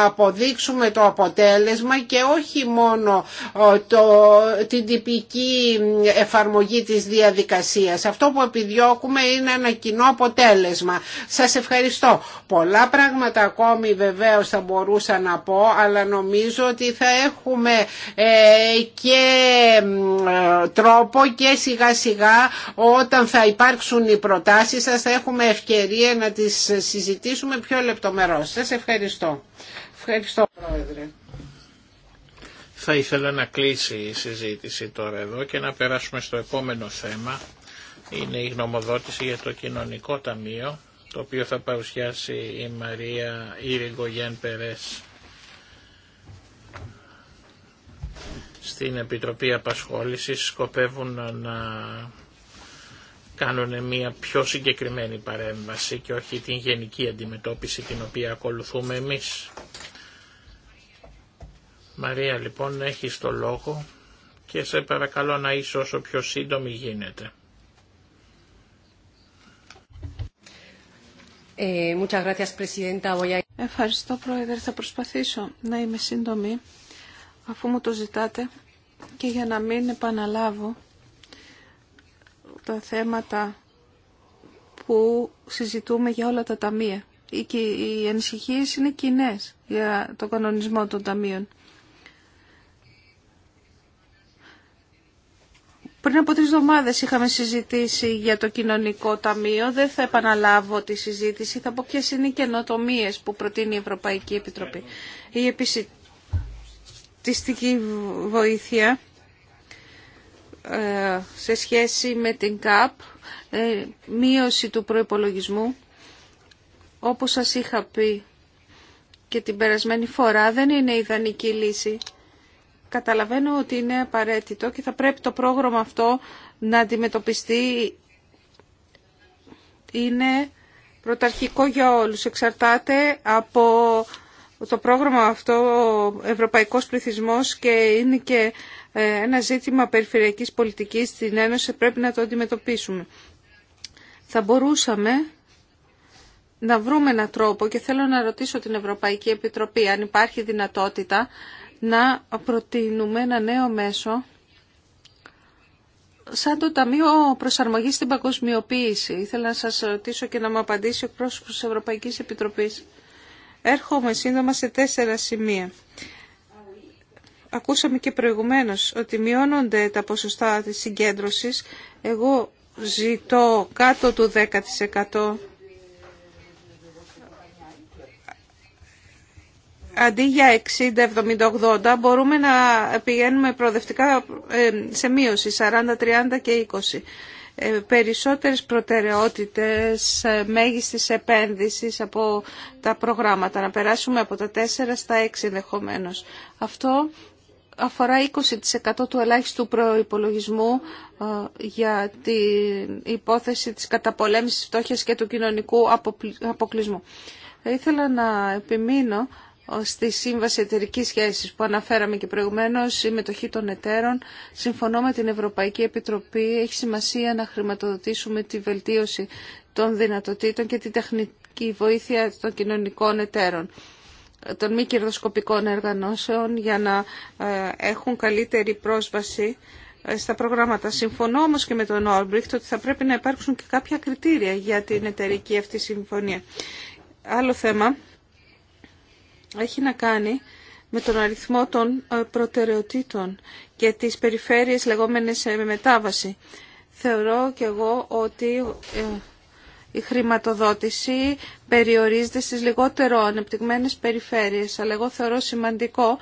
αποδείξουμε το αποτέλεσμα και όχι μόνο το, την τυπική εφαρμογή της διαδικασίας. Αυτό που επιδιώκουμε είναι ένα κοινό αποτέλεσμα. Σας ευχαριστώ. Πολλά πράγματα ακόμη βεβαίως θα μπορούσα να πω αλλά νομίζω ότι θα έχουμε ε, και τρόπο και σιγά σιγά όταν θα υπάρξουν οι προτάσεις σας θα έχουμε ευκαιρία να τις συζητήσουμε πιο λεπτομερώς. Σας ευχαριστώ. Ευχαριστώ Πρόεδρε. Θα ήθελα να κλείσει η συζήτηση τώρα εδώ και να περάσουμε στο επόμενο θέμα. Είναι η γνωμοδότηση για το κοινωνικό ταμείο το οποίο θα παρουσιάσει η Μαρία Ιριγκογιάν Περές στην Επιτροπή Απασχόλησης σκοπεύουν να κάνουν μια πιο συγκεκριμένη παρέμβαση και όχι την γενική αντιμετώπιση την οποία ακολουθούμε εμείς. Μαρία λοιπόν έχει το λόγο και σε παρακαλώ να είσαι όσο πιο σύντομη γίνεται. Ε, Ευχαριστώ, Πρόεδρε. Θα προσπαθήσω να είμαι σύντομη, αφού μου το ζητάτε, και για να μην επαναλάβω τα θέματα που συζητούμε για όλα τα ταμεία. Οι ανησυχίε είναι κοινέ για το κανονισμό των ταμείων. Πριν από τρεις εβδομάδες είχαμε συζητήσει για το κοινωνικό ταμείο. Δεν θα επαναλάβω τη συζήτηση. Θα πω ποιε είναι οι καινοτομίε που προτείνει η Ευρωπαϊκή Επιτροπή. Η επιστημιστική βοήθεια ε, σε σχέση με την ΚΑΠ, ε, μείωση του προϋπολογισμού, όπως σας είχα πει και την περασμένη φορά, δεν είναι ιδανική λύση Καταλαβαίνω ότι είναι απαραίτητο και θα πρέπει το πρόγραμμα αυτό να αντιμετωπιστεί. Είναι πρωταρχικό για όλους. Εξαρτάται από το πρόγραμμα αυτό ο Ευρωπαϊκός Πληθυσμός και είναι και ε, ένα ζήτημα περιφερειακής πολιτικής στην Ένωση. Πρέπει να το αντιμετωπίσουμε. Θα μπορούσαμε να βρούμε έναν τρόπο και θέλω να ρωτήσω την Ευρωπαϊκή Επιτροπή αν υπάρχει δυνατότητα να προτείνουμε ένα νέο μέσο σαν το Ταμείο Προσαρμογής στην Παγκοσμιοποίηση. Ήθελα να σας ρωτήσω και να μου απαντήσει ο πρόσωπος της Ευρωπαϊκής Επιτροπής. Έρχομαι σύντομα σε τέσσερα σημεία. Ακούσαμε και προηγουμένως ότι μειώνονται τα ποσοστά της συγκέντρωσης. Εγώ ζητώ κάτω του 10% αντί για 60, 70, 80 μπορούμε να πηγαίνουμε προοδευτικά ε, σε μείωση 40, 30 και 20 ε, περισσότερες προτεραιότητες ε, μέγιστης επένδυσης από τα προγράμματα, να περάσουμε από τα 4 στα 6 ενδεχομένω. Αυτό αφορά 20% του ελάχιστου προϋπολογισμού για την υπόθεση της καταπολέμησης φτώχειας και του κοινωνικού αποκλεισμού. Θα ήθελα να επιμείνω στη Σύμβαση εταιρική Σχέσης που αναφέραμε και προηγουμένως, η μετοχή των εταίρων. Συμφωνώ με την Ευρωπαϊκή Επιτροπή, έχει σημασία να χρηματοδοτήσουμε τη βελτίωση των δυνατοτήτων και τη τεχνική βοήθεια των κοινωνικών εταίρων των μη κερδοσκοπικών εργανώσεων για να ε, έχουν καλύτερη πρόσβαση ε, στα προγράμματα. Συμφωνώ όμω και με τον Όλμπριχτ ότι θα πρέπει να υπάρξουν και κάποια κριτήρια για την εταιρική αυτή συμφωνία. Άλλο θέμα έχει να κάνει με τον αριθμό των ε, προτεραιοτήτων και τις περιφέρειες λεγόμενες ε, με μετάβαση. Θεωρώ και εγώ ότι ε, η χρηματοδότηση περιορίζεται στις λιγότερο ανεπτυγμένες περιφέρειες. Αλλά εγώ θεωρώ σημαντικό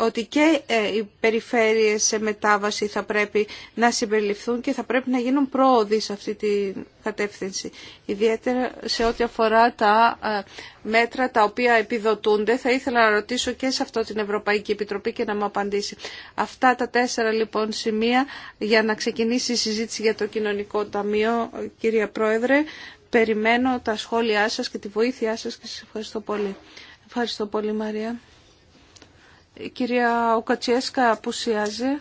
ότι και ε, οι περιφέρειες σε μετάβαση θα πρέπει να συμπεριληφθούν και θα πρέπει να γίνουν πρόοδοι σε αυτή την κατεύθυνση. Ιδιαίτερα σε ό,τι αφορά τα ε, μέτρα τα οποία επιδοτούνται. Θα ήθελα να ρωτήσω και σε αυτό την Ευρωπαϊκή Επιτροπή και να μου απαντήσει. Αυτά τα τέσσερα λοιπόν σημεία για να ξεκινήσει η συζήτηση για το Κοινωνικό Ταμείο, κυρία Πρόεδρε περιμένω τα σχόλιά σας και τη βοήθειά σας και σας ευχαριστώ πολύ. Ευχαριστώ πολύ Μαρία. Η κυρία Οκατσιέσκα απουσιάζει,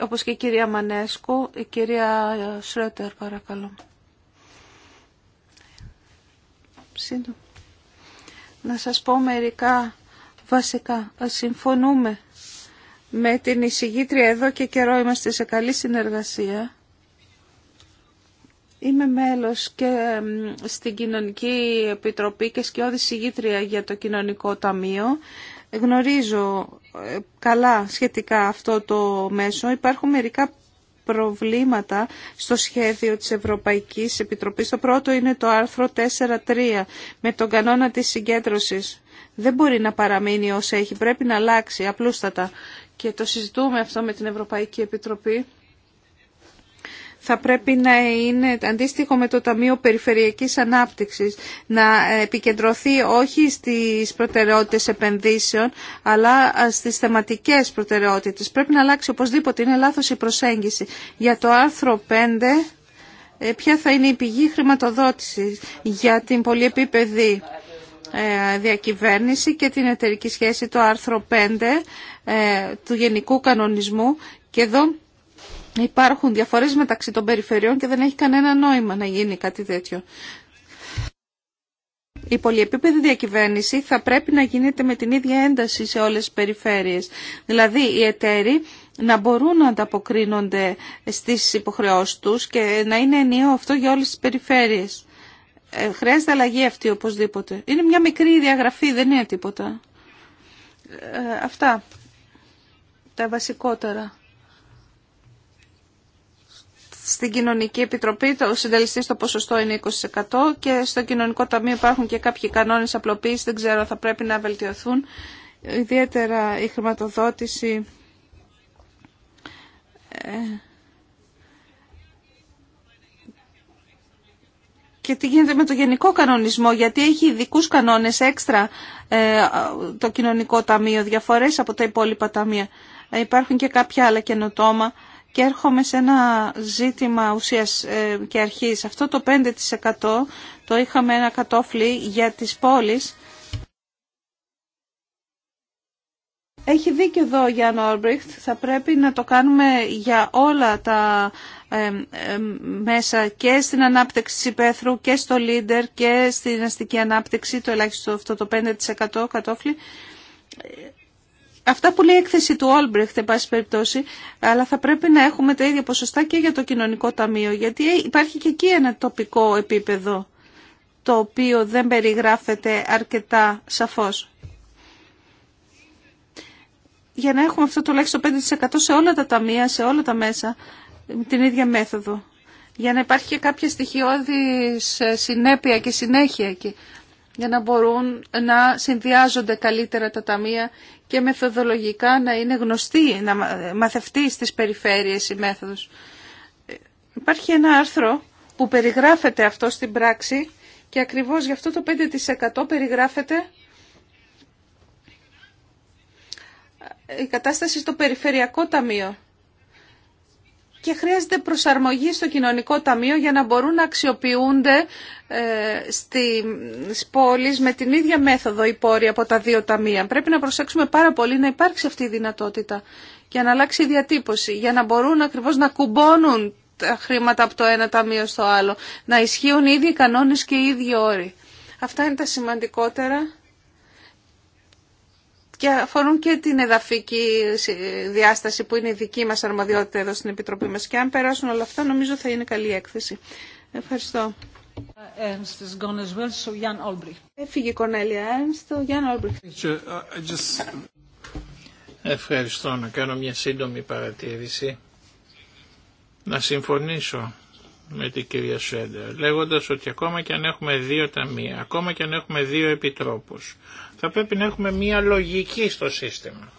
όπως και η κυρία Μανέσκου. Η κυρία Σρέτερ παρακαλώ. Σύντομα. Να σας πω μερικά βασικά. Συμφωνούμε με την εισηγήτρια εδώ και καιρό είμαστε σε καλή συνεργασία Είμαι μέλος και στην Κοινωνική Επιτροπή και σκιώδη συγγήτρια για το Κοινωνικό Ταμείο. Γνωρίζω ε, καλά σχετικά αυτό το μέσο. Υπάρχουν μερικά προβλήματα στο σχέδιο της Ευρωπαϊκής Επιτροπής. Το πρώτο είναι το άρθρο 4.3 με τον κανόνα της συγκέντρωσης. Δεν μπορεί να παραμείνει όσο έχει, πρέπει να αλλάξει απλούστατα. Και το συζητούμε αυτό με την Ευρωπαϊκή Επιτροπή θα πρέπει να είναι αντίστοιχο με το Ταμείο Περιφερειακής Ανάπτυξης, να επικεντρωθεί όχι στις προτεραιότητες επενδύσεων, αλλά στις θεματικές προτεραιότητες. Πρέπει να αλλάξει οπωσδήποτε, είναι λάθος η προσέγγιση. Για το άρθρο 5... Ε, ποια θα είναι η πηγή χρηματοδότησης για την πολυεπίπεδη ε, διακυβέρνηση και την εταιρική σχέση το άρθρο 5 ε, του Γενικού Κανονισμού και εδώ Υπάρχουν διαφορές μεταξύ των περιφερειών και δεν έχει κανένα νόημα να γίνει κάτι τέτοιο. Η πολυεπίπεδη διακυβέρνηση θα πρέπει να γίνεται με την ίδια ένταση σε όλες τις περιφέρειες. Δηλαδή οι εταίροι να μπορούν να ανταποκρίνονται στις υποχρεώσεις τους και να είναι ενίο αυτό για όλες τις περιφέρειες. Ε, χρειάζεται αλλαγή αυτή οπωσδήποτε. Είναι μια μικρή διαγραφή, δεν είναι τίποτα. Ε, αυτά τα βασικότερα στην Κοινωνική Επιτροπή το συντελεστή στο ποσοστό είναι 20% και στο Κοινωνικό Ταμείο υπάρχουν και κάποιοι κανόνες απλοποίησης, δεν ξέρω, θα πρέπει να βελτιωθούν. Ιδιαίτερα η χρηματοδότηση ε, και τι γίνεται με το γενικό κανονισμό, γιατί έχει ειδικού κανόνες έξτρα ε, το κοινωνικό ταμείο, διαφορές από τα υπόλοιπα ταμεία. Ε, υπάρχουν και κάποια άλλα καινοτόμα και έρχομαι σε ένα ζήτημα ουσίας ε, και αρχής. Αυτό το 5% το είχαμε ένα κατόφλι για τις πόλεις. Έχει δίκιο εδώ ο Γιάννο Όρμπριχτ. Θα πρέπει να το κάνουμε για όλα τα ε, ε, μέσα και στην ανάπτυξη της υπαίθρου και στο Λίντερ και στην αστική ανάπτυξη, το ελάχιστο αυτό το 5% κατόφλι. Αυτά που λέει η έκθεση του Όλμπρεχτ, εν πάση περιπτώσει, αλλά θα πρέπει να έχουμε τα ίδια ποσοστά και για το κοινωνικό ταμείο, γιατί υπάρχει και εκεί ένα τοπικό επίπεδο, το οποίο δεν περιγράφεται αρκετά σαφώς. Για να έχουμε αυτό το τουλάχιστον 5% σε όλα τα ταμεία, σε όλα τα μέσα, με την ίδια μέθοδο. Για να υπάρχει και κάποια στοιχειώδη συνέπεια και συνέχεια εκεί για να μπορούν να συνδυάζονται καλύτερα τα ταμεία και μεθοδολογικά να είναι γνωστή, να μαθευτεί στις περιφέρειες η μέθοδος. Υπάρχει ένα άρθρο που περιγράφεται αυτό στην πράξη και ακριβώς γι' αυτό το 5% περιγράφεται η κατάσταση στο Περιφερειακό Ταμείο και χρειάζεται προσαρμογή στο κοινωνικό ταμείο για να μπορούν να αξιοποιούνται ε, στις πόλεις με την ίδια μέθοδο οι πόροι από τα δύο ταμεία. Πρέπει να προσέξουμε πάρα πολύ να υπάρξει αυτή η δυνατότητα και να αλλάξει η διατύπωση, για να μπορούν ακριβώς να κουμπώνουν τα χρήματα από το ένα ταμείο στο άλλο, να ισχύουν οι ίδιοι κανόνες και οι ίδιοι όροι. Αυτά είναι τα σημαντικότερα και αφορούν και την εδαφική διάσταση που είναι η δική μας αρμοδιότητα εδώ στην Επιτροπή μας. Και αν περάσουν όλα αυτά νομίζω θα είναι καλή έκθεση. Ευχαριστώ. Ε, Έφυγε η Κονέλια ο Ευχαριστώ να κάνω μια σύντομη παρατήρηση. Να συμφωνήσω με την κυρία Σέντερ, λέγοντας ότι ακόμα και αν έχουμε δύο ταμεία, ακόμα και αν έχουμε δύο επιτρόπους, θα πρέπει να έχουμε μία λογική στο σύστημα.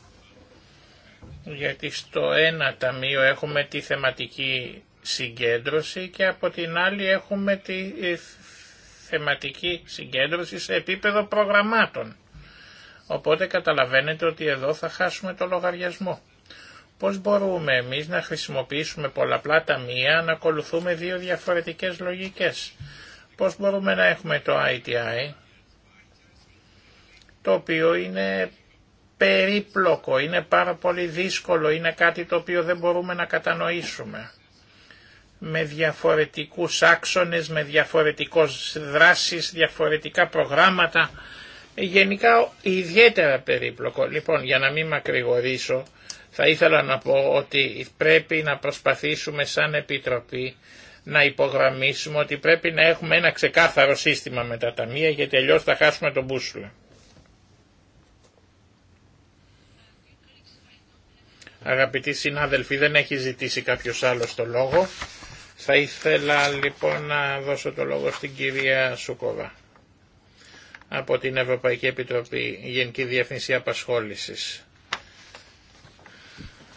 Γιατί στο ένα ταμείο έχουμε τη θεματική συγκέντρωση και από την άλλη έχουμε τη ε, θεματική συγκέντρωση σε επίπεδο προγραμμάτων. Οπότε καταλαβαίνετε ότι εδώ θα χάσουμε το λογαριασμό. Πώς μπορούμε εμείς να χρησιμοποιήσουμε πολλαπλά ταμεία να ακολουθούμε δύο διαφορετικές λογικές. Πώς μπορούμε να έχουμε το ITI το οποίο είναι περίπλοκο, είναι πάρα πολύ δύσκολο, είναι κάτι το οποίο δεν μπορούμε να κατανοήσουμε. Με διαφορετικούς άξονες, με διαφορετικές δράσεις, διαφορετικά προγράμματα, γενικά ιδιαίτερα περίπλοκο. Λοιπόν, για να μην μακρηγορήσω, θα ήθελα να πω ότι πρέπει να προσπαθήσουμε σαν Επιτροπή να υπογραμμίσουμε ότι πρέπει να έχουμε ένα ξεκάθαρο σύστημα με τα ταμεία γιατί αλλιώς θα χάσουμε τον μπούσουλα. Αγαπητοί συνάδελφοι, δεν έχει ζητήσει κάποιος άλλος το λόγο. Θα ήθελα λοιπόν να δώσω το λόγο στην κυρία Σούκοβα από την Ευρωπαϊκή Επιτροπή Γενική Διεύθυνση Απασχόλησης.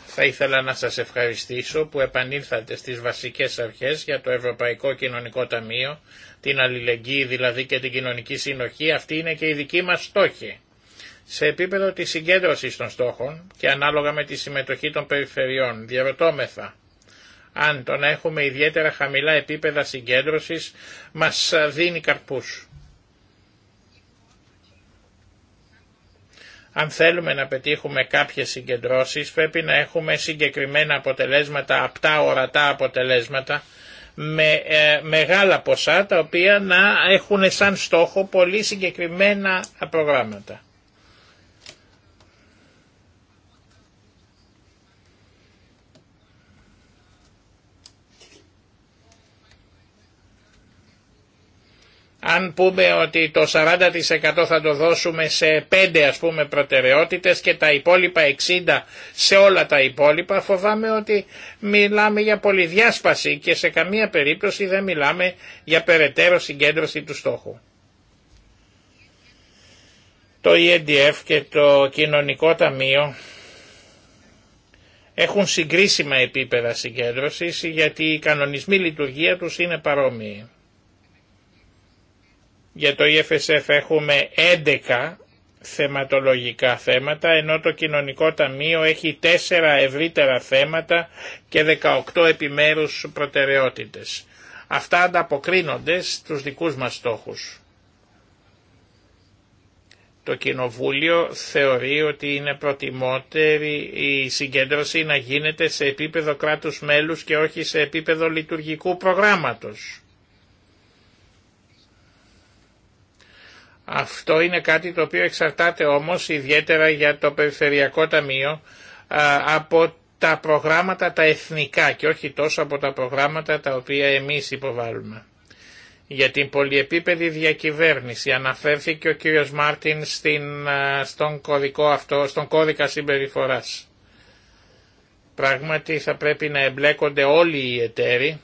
Θα ήθελα να σας ευχαριστήσω που επανήλθατε στις βασικές αρχές για το Ευρωπαϊκό Κοινωνικό Ταμείο, την αλληλεγγύη δηλαδή και την κοινωνική συνοχή. Αυτή είναι και η δική μας στόχη. Σε επίπεδο της συγκέντρωσης των στόχων και ανάλογα με τη συμμετοχή των περιφερειών, διαρωτώμεθα αν το να έχουμε ιδιαίτερα χαμηλά επίπεδα συγκέντρωσης μας δίνει καρπούς. Αν θέλουμε να πετύχουμε κάποιες συγκεντρώσεις πρέπει να έχουμε συγκεκριμένα αποτελέσματα, απτά ορατά αποτελέσματα με ε, μεγάλα ποσά τα οποία να έχουν σαν στόχο πολύ συγκεκριμένα προγράμματα. αν πούμε ότι το 40% θα το δώσουμε σε 5 ας πούμε προτεραιότητες και τα υπόλοιπα 60 σε όλα τα υπόλοιπα φοβάμαι ότι μιλάμε για πολυδιάσπαση και σε καμία περίπτωση δεν μιλάμε για περαιτέρω συγκέντρωση του στόχου. Το EDF και το Κοινωνικό Ταμείο έχουν συγκρίσιμα επίπεδα συγκέντρωσης γιατί οι κανονισμοί λειτουργία τους είναι παρόμοιοι. Για το EFSF έχουμε 11 θεματολογικά θέματα, ενώ το Κοινωνικό Ταμείο έχει 4 ευρύτερα θέματα και 18 επιμέρους προτεραιότητες. Αυτά ανταποκρίνονται στους δικούς μας στόχους. Το Κοινοβούλιο θεωρεί ότι είναι προτιμότερη η συγκέντρωση να γίνεται σε επίπεδο κράτους μέλους και όχι σε επίπεδο λειτουργικού προγράμματος. Αυτό είναι κάτι το οποίο εξαρτάται όμως ιδιαίτερα για το Περιφερειακό Ταμείο από τα προγράμματα τα εθνικά και όχι τόσο από τα προγράμματα τα οποία εμείς υποβάλλουμε. Για την πολυεπίπεδη διακυβέρνηση αναφέρθηκε ο κύριος Μάρτιν στην, στον, κωδικό αυτό, στον κώδικα συμπεριφοράς. Πράγματι θα πρέπει να εμπλέκονται όλοι οι εταίροι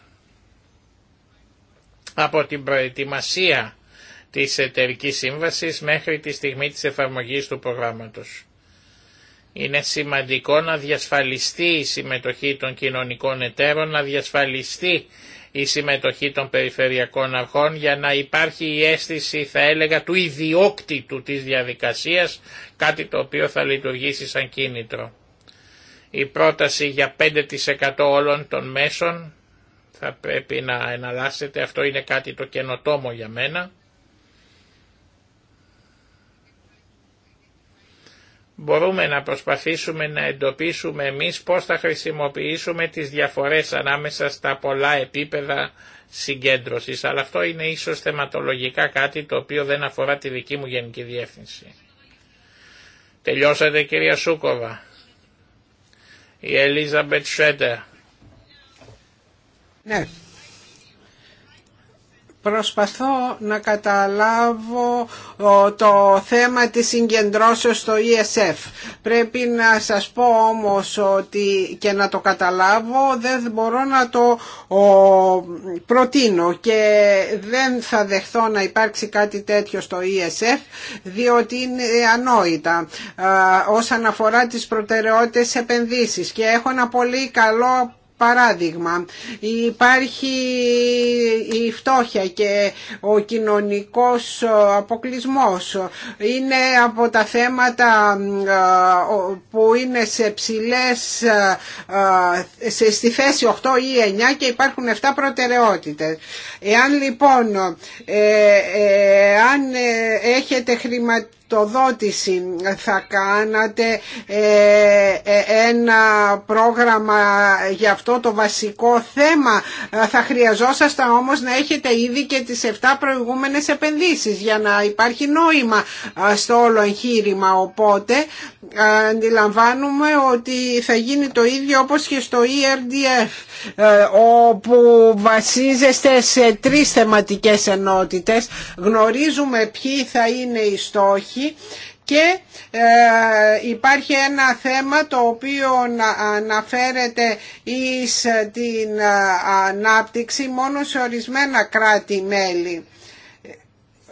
από την προετοιμασία της εταιρικής σύμβασης μέχρι τη στιγμή της εφαρμογής του προγράμματος. Είναι σημαντικό να διασφαλιστεί η συμμετοχή των κοινωνικών εταίρων, να διασφαλιστεί η συμμετοχή των περιφερειακών αρχών για να υπάρχει η αίσθηση θα έλεγα του ιδιόκτητου της διαδικασίας, κάτι το οποίο θα λειτουργήσει σαν κίνητρο. Η πρόταση για 5% όλων των μέσων θα πρέπει να εναλλάσσεται, αυτό είναι κάτι το καινοτόμο για μένα. μπορούμε να προσπαθήσουμε να εντοπίσουμε εμείς πώς θα χρησιμοποιήσουμε τις διαφορές ανάμεσα στα πολλά επίπεδα συγκέντρωσης, αλλά αυτό είναι ίσως θεματολογικά κάτι το οποίο δεν αφορά τη δική μου γενική διεύθυνση. Τελειώσατε κυρία Σούκοβα. Η Ελίζαμπετ Μπετσέντερ. Ναι. Προσπαθώ να καταλάβω το θέμα της συγκεντρώσεως στο ESF. Πρέπει να σας πω όμως ότι και να το καταλάβω δεν μπορώ να το προτείνω και δεν θα δεχθώ να υπάρξει κάτι τέτοιο στο ESF διότι είναι ανόητα ε, όσον αφορά τις προτεραιότητες επενδύσεις και έχω ένα πολύ καλό Παράδειγμα, υπάρχει η φτώχεια και ο κοινωνικός αποκλεισμός. Είναι από τα θέματα ε, που είναι σε ψηλές, ε, σε, στη θέση 8 ή 9 και υπάρχουν 7 προτεραιότητες. Εάν λοιπόν, ε, ε αν έχετε χρηματικά χρηματοδότηση. Θα κάνατε ε, ε, ένα πρόγραμμα για αυτό το βασικό θέμα. Θα χρειαζόσασταν όμως να έχετε ήδη και τις 7 προηγούμενες επενδύσεις για να υπάρχει νόημα στο όλο εγχείρημα. Οπότε αντιλαμβάνουμε ότι θα γίνει το ίδιο όπως και στο ERDF ε, όπου βασίζεστε σε τρεις θεματικές ενότητες. Γνωρίζουμε ποιοι θα είναι οι στόχοι και ε, υπάρχει ένα θέμα το οποίο αναφέρεται εις ε, την ε, ανάπτυξη μόνο σε ορισμένα κράτη-μέλη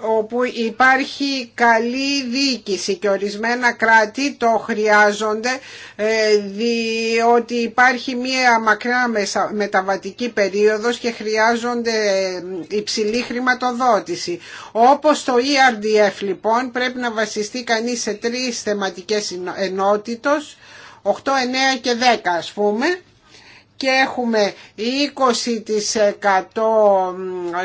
όπου υπάρχει καλή διοίκηση και ορισμένα κράτη το χρειάζονται ε, διότι υπάρχει μία μακρά μεταβατική περίοδος και χρειάζονται ε, υψηλή χρηματοδότηση. Όπως το ERDF λοιπόν πρέπει να βασιστεί κανείς σε τρεις θεματικές ενότητες 8, 9 και 10 ας πούμε και έχουμε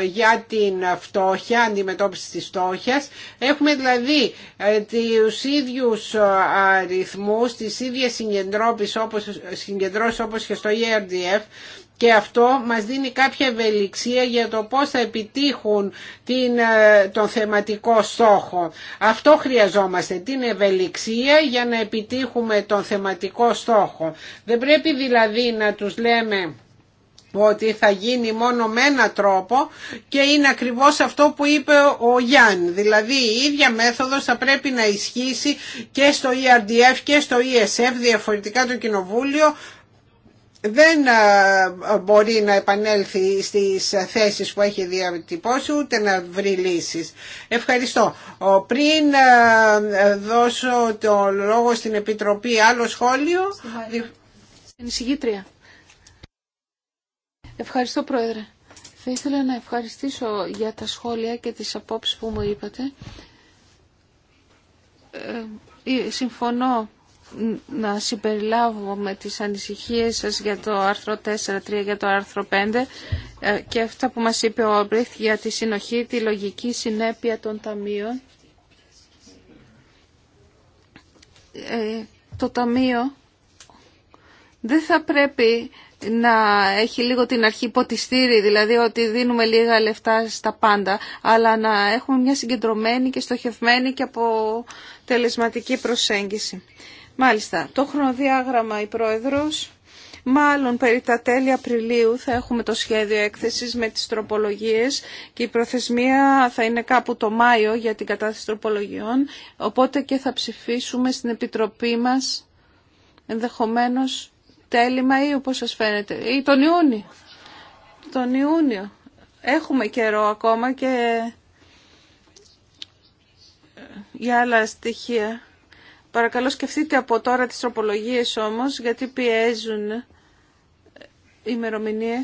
20% για την φτώχεια, αντιμετώπιση της φτώχειας. Έχουμε δηλαδή ε, τους ίδιους ε, αριθμούς, τις ίδιες συγκεντρώσεις όπως και στο ERDF και αυτό μας δίνει κάποια ευελιξία για το πώς θα επιτύχουν την, ε, τον θεματικό στόχο. Αυτό χρειαζόμαστε, την ευελιξία για να επιτύχουμε τον θεματικό στόχο. Δεν πρέπει δηλαδή να τους λέμε ότι θα γίνει μόνο με ένα τρόπο και είναι ακριβώς αυτό που είπε ο Γιάννη. Δηλαδή η ίδια μέθοδος θα πρέπει να ισχύσει και στο ERDF και στο ESF, διαφορετικά το Κοινοβούλιο δεν ε, μπορεί να επανέλθει στις θέσεις που έχει διατυπώσει ούτε να βρει λύσεις. Ευχαριστώ. Πριν ε, δώσω το λόγο στην Επιτροπή, άλλο σχόλιο. εισηγήτρια. Ευχαριστώ Πρόεδρε. Θα ήθελα να ευχαριστήσω για τα σχόλια και τις απόψεις που μου είπατε. Ε, ε συμφωνώ να συμπεριλάβω με τις ανησυχίες σας για το άρθρο 4, 3 για το άρθρο 5 ε, και αυτά που μας είπε ο Άμπριθ για τη συνοχή, τη λογική συνέπεια των ταμείων. Ε, το ταμείο δεν θα πρέπει να έχει λίγο την αρχή ποτιστήρι, δηλαδή ότι δίνουμε λίγα λεφτά στα πάντα, αλλά να έχουμε μια συγκεντρωμένη και στοχευμένη και αποτελεσματική προσέγγιση. Μάλιστα, το χρονοδιάγραμμα η Πρόεδρος, μάλλον περί τα τέλη Απριλίου θα έχουμε το σχέδιο έκθεσης με τις τροπολογίες και η προθεσμία θα είναι κάπου το Μάιο για την κατάθεση τροπολογιών, οπότε και θα ψηφίσουμε στην Επιτροπή μας ενδεχομένως τέλη Μαΐου, όπως σας φαίνεται, ή τον Ιούνιο. Τον Ιούνιο. Έχουμε καιρό ακόμα και για άλλα στοιχεία. Παρακαλώ σκεφτείτε από τώρα τις τροπολογίες όμως, γιατί πιέζουν οι ημερομηνίε.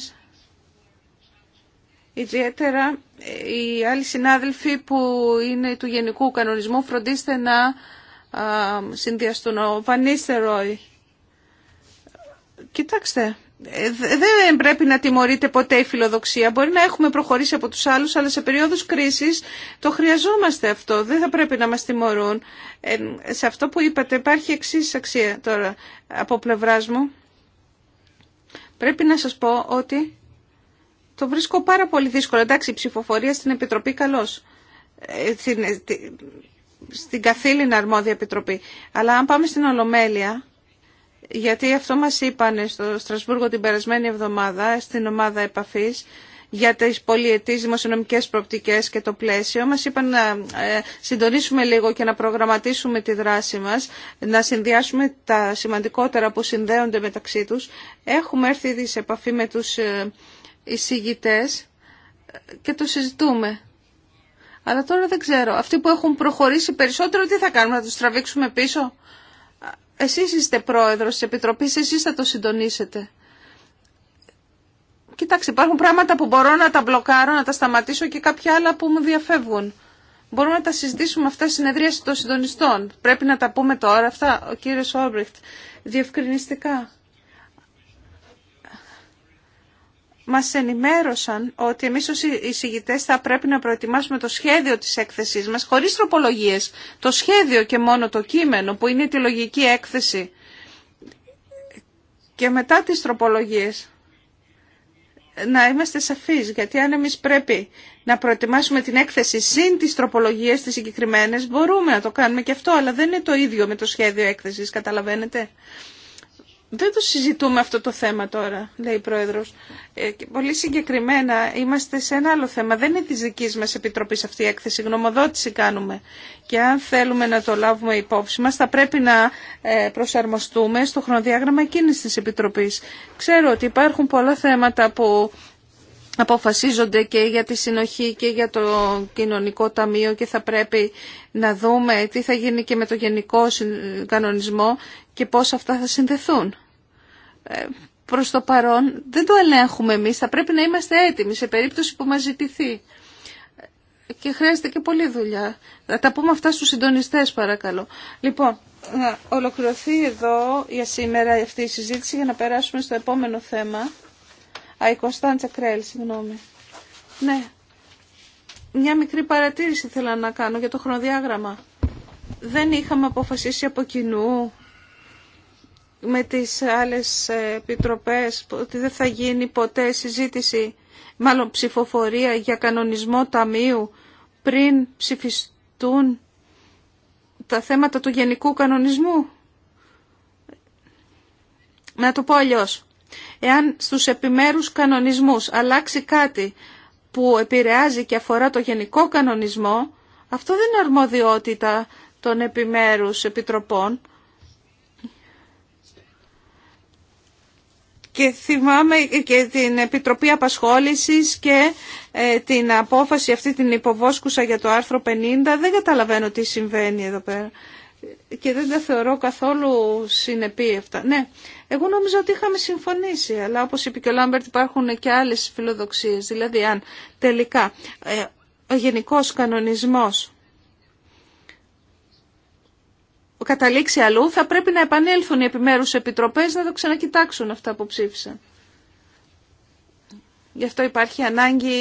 Ιδιαίτερα ε, οι άλλοι συνάδελφοι που είναι του Γενικού Κανονισμού φροντίστε να συνδυαστούν. Ο Βανίστεροι. Κοιτάξτε, ε, δεν πρέπει να τιμωρείται ποτέ η φιλοδοξία. Μπορεί να έχουμε προχωρήσει από τους άλλους, αλλά σε περίοδους κρίσης το χρειαζόμαστε αυτό. Δεν θα πρέπει να μας τιμωρούν. Ε, σε αυτό που είπατε υπάρχει εξή αξία τώρα από πλευράς μου. Πρέπει να σας πω ότι το βρίσκω πάρα πολύ δύσκολο. Εντάξει, η ψηφοφορία στην Επιτροπή καλώς. Ε, στην, στην καθήλυνα αρμόδια Επιτροπή. Αλλά αν πάμε στην Ολομέλεια γιατί αυτό μας είπαν στο Στρασβούργο την περασμένη εβδομάδα στην ομάδα επαφής για τις πολιετήσεις δημοσιονομικές προοπτικές και το πλαίσιο. Μας είπαν να ε, συντονίσουμε λίγο και να προγραμματίσουμε τη δράση μας, να συνδυάσουμε τα σημαντικότερα που συνδέονται μεταξύ τους. Έχουμε έρθει ήδη σε επαφή με τους ε, εισηγητές ε, και το συζητούμε. Αλλά τώρα δεν ξέρω. Αυτοί που έχουν προχωρήσει περισσότερο, τι θα κάνουμε, να τους τραβήξουμε πίσω. Εσείς είστε πρόεδρος της Επιτροπής, εσείς θα το συντονίσετε. Κοιτάξτε, υπάρχουν πράγματα που μπορώ να τα μπλοκάρω, να τα σταματήσω και κάποια άλλα που μου διαφεύγουν. Μπορούμε να τα συζητήσουμε αυτά στη συνεδρίαση των συντονιστών. Πρέπει να τα πούμε τώρα αυτά, ο κύριος Όμπριχτ, διευκρινιστικά. μας ενημέρωσαν ότι εμείς ως εισηγητές θα πρέπει να προετοιμάσουμε το σχέδιο της έκθεσής μας, χωρίς τροπολογίες, το σχέδιο και μόνο το κείμενο που είναι τη λογική έκθεση και μετά τις τροπολογίες να είμαστε σαφείς, γιατί αν εμείς πρέπει να προετοιμάσουμε την έκθεση συν τις τροπολογίες τις συγκεκριμένες, μπορούμε να το κάνουμε και αυτό, αλλά δεν είναι το ίδιο με το σχέδιο έκθεσης, καταλαβαίνετε. Δεν το συζητούμε αυτό το θέμα τώρα, λέει η Πρόεδρος. Ε, πολύ συγκεκριμένα είμαστε σε ένα άλλο θέμα. Δεν είναι τη δική μα επιτροπή αυτή η έκθεση. Γνωμοδότηση κάνουμε. Και αν θέλουμε να το λάβουμε υπόψη μας, θα πρέπει να ε, προσαρμοστούμε στο χρονοδιάγραμμα εκείνη τη Επιτροπής. Ξέρω ότι υπάρχουν πολλά θέματα που να αποφασίζονται και για τη συνοχή και για το κοινωνικό ταμείο και θα πρέπει να δούμε τι θα γίνει και με το γενικό κανονισμό και πώς αυτά θα συνδεθούν. Ε, προς το παρόν δεν το ελέγχουμε εμείς, θα πρέπει να είμαστε έτοιμοι σε περίπτωση που μας ζητηθεί. Και χρειάζεται και πολλή δουλειά. Θα τα πούμε αυτά στους συντονιστές παρακαλώ. Λοιπόν, να ολοκληρωθεί εδώ για σήμερα αυτή η συζήτηση για να περάσουμε στο επόμενο θέμα. Α, η Κωνσταντσα Κρέλ, συγγνώμη. Ναι. Μια μικρή παρατήρηση θέλω να κάνω για το χρονοδιάγραμμα. Δεν είχαμε αποφασίσει από κοινού με τις άλλες επιτροπές ότι δεν θα γίνει ποτέ συζήτηση, μάλλον ψηφοφορία για κανονισμό ταμείου πριν ψηφιστούν τα θέματα του γενικού κανονισμού. Να το πω αλλιώς. Εάν στους επιμέρους κανονισμούς αλλάξει κάτι που επηρεάζει και αφορά το γενικό κανονισμό, αυτό δεν είναι αρμοδιότητα των επιμέρους επιτροπών. Και θυμάμαι και την Επιτροπή Απασχόλησης και ε, την απόφαση αυτή την υποβόσκουσα για το άρθρο 50. Δεν καταλαβαίνω τι συμβαίνει εδώ πέρα και δεν τα θεωρώ καθόλου συνεπή αυτά. Ναι, εγώ νόμιζα ότι είχαμε συμφωνήσει, αλλά όπως είπε και ο Λάμπερτ υπάρχουν και άλλες φιλοδοξίες. Δηλαδή αν τελικά ε, ο γενικός κανονισμός καταλήξει αλλού, θα πρέπει να επανέλθουν οι επιμέρους επιτροπές να το ξανακοιτάξουν αυτά που ψήφισαν. Γι' αυτό υπάρχει ανάγκη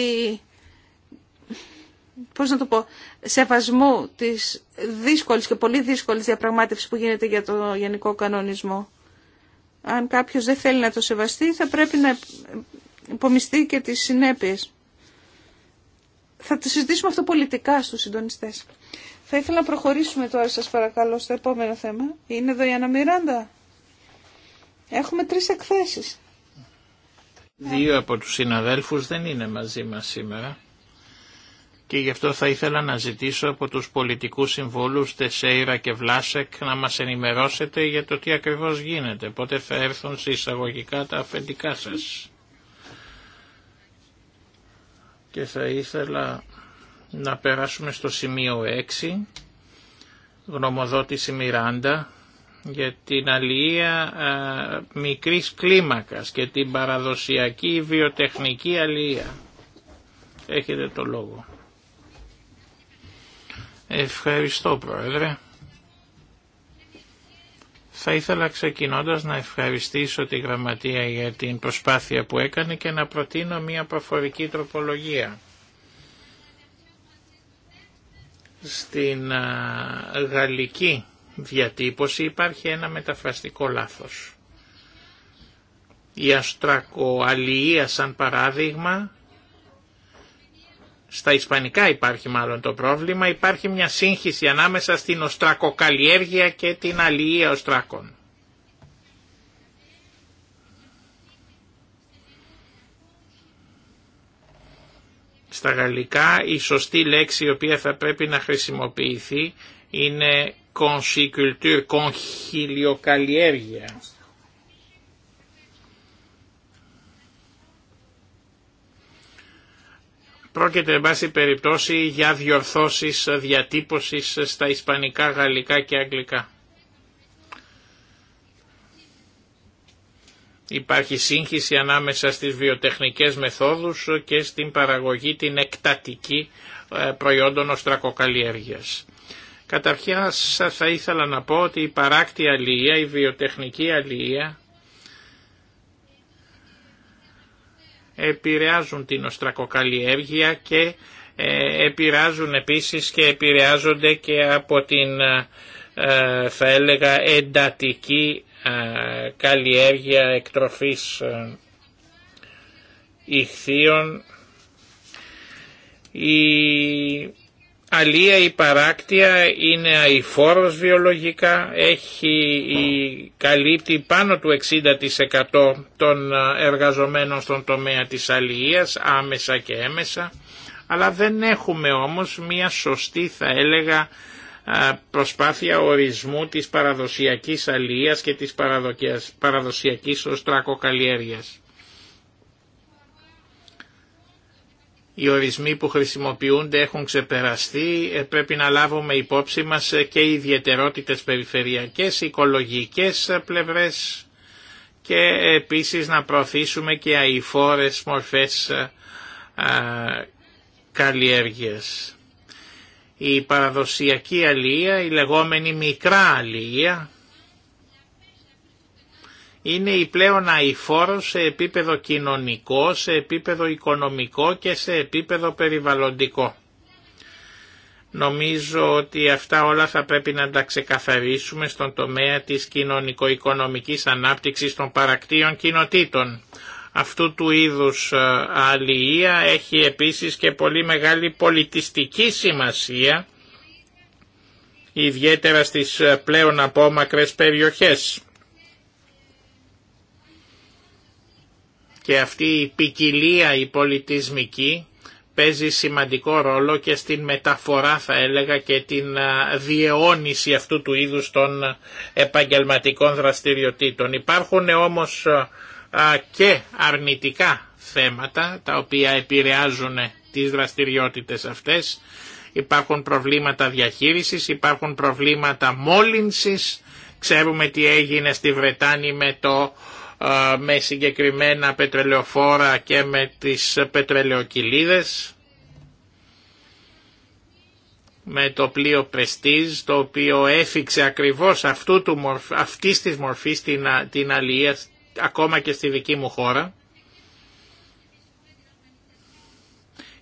πώς να το πω, σεβασμού της δύσκολης και πολύ δύσκολης διαπραγμάτευσης που γίνεται για το γενικό κανονισμό. Αν κάποιος δεν θέλει να το σεβαστεί θα πρέπει να υπομειστεί και τις συνέπειες. Θα το συζητήσουμε αυτό πολιτικά στους συντονιστές. Θα ήθελα να προχωρήσουμε τώρα σας παρακαλώ στο επόμενο θέμα. Είναι εδώ η Αναμυράντα. Έχουμε τρεις εκθέσεις. Δύο από τους συναδέλφους δεν είναι μαζί μας σήμερα και γι' αυτό θα ήθελα να ζητήσω από τους πολιτικούς συμβούλους Τεσέιρα και Βλάσεκ να μας ενημερώσετε για το τι ακριβώς γίνεται, πότε θα έρθουν σε εισαγωγικά τα αφεντικά σας. Και θα ήθελα να περάσουμε στο σημείο 6, γνωμοδότηση Μιράντα, για την αλληλεία μικρής κλίμακας και την παραδοσιακή βιοτεχνική αλληλεία. Έχετε το λόγο. Ευχαριστώ Πρόεδρε. Θα ήθελα ξεκινώντας να ευχαριστήσω τη Γραμματεία για την προσπάθεια που έκανε και να προτείνω μια προφορική τροπολογία. Στην γαλλική διατύπωση υπάρχει ένα μεταφραστικό λάθος. Η αστρακοαλία σαν παράδειγμα στα ισπανικά υπάρχει μάλλον το πρόβλημα, υπάρχει μια σύγχυση ανάμεσα στην οστρακοκαλλιέργεια και την αλληλεία οστράκων. Στα γαλλικά η σωστή λέξη η οποία θα πρέπει να χρησιμοποιηθεί είναι conchiculture, conchiliοκαλλιέργεια. Πρόκειται, εν πάση περιπτώσει, για διορθώσεις διατύπωσης στα ισπανικά, γαλλικά και αγγλικά. Υπάρχει σύγχυση ανάμεσα στις βιοτεχνικές μεθόδους και στην παραγωγή την εκτατική ε, προϊόντων οστρακοκαλλιέργειας. Καταρχήν θα ήθελα να πω ότι η παράκτη αλληλεία, η βιοτεχνική αλληλεία επηρεάζουν την οστρακοκαλλιέργεια και ε, επηρεάζουν επίσης και επηρεάζονται και από την ε, θα έλεγα εντατική ε, καλλιέργεια εκτροφής ηχθείων. Αλία η παράκτια είναι αηφόρος βιολογικά, έχει καλύπτει πάνω του 60% των εργαζομένων στον τομέα της αλίας, άμεσα και έμεσα, αλλά δεν έχουμε όμως μία σωστή θα έλεγα προσπάθεια ορισμού της παραδοσιακής αλίας και της παραδοσιακής οστρακοκαλλιέργειας. οι ορισμοί που χρησιμοποιούνται έχουν ξεπεραστεί, ε, πρέπει να λάβουμε υπόψη μας ε, και οι ιδιαιτερότητες περιφερειακές, οικολογικές ε, πλευρές και επίσης να προωθήσουμε και αηφόρες μορφές καλλιέργειας. Η παραδοσιακή αλληλεία, η λεγόμενη μικρά αλληλεία, είναι η πλέον αηφόρο σε επίπεδο κοινωνικό, σε επίπεδο οικονομικό και σε επίπεδο περιβαλλοντικό. Νομίζω ότι αυτά όλα θα πρέπει να τα ξεκαθαρίσουμε στον τομέα της κοινωνικο-οικονομικής ανάπτυξης των παρακτήων κοινοτήτων. Αυτού του είδους ε, αλληλεία έχει επίσης και πολύ μεγάλη πολιτιστική σημασία, ιδιαίτερα στις ε, πλέον απόμακρες περιοχές. και αυτή η ποικιλία η πολιτισμική παίζει σημαντικό ρόλο και στην μεταφορά θα έλεγα και την διαιώνιση αυτού του είδους των επαγγελματικών δραστηριοτήτων. Υπάρχουν όμως και αρνητικά θέματα τα οποία επηρεάζουν τις δραστηριότητες αυτές. Υπάρχουν προβλήματα διαχείρισης, υπάρχουν προβλήματα μόλυνσης. Ξέρουμε τι έγινε στη Βρετάνη με το με συγκεκριμένα πετρελαιοφόρα και με τις πετρελαιοκυλίδες με το πλοίο Πρεστίζ το οποίο έφυξε ακριβώς αυτού του μορφ, αυτής της μορφής την, αλληλεία ακόμα και στη δική μου χώρα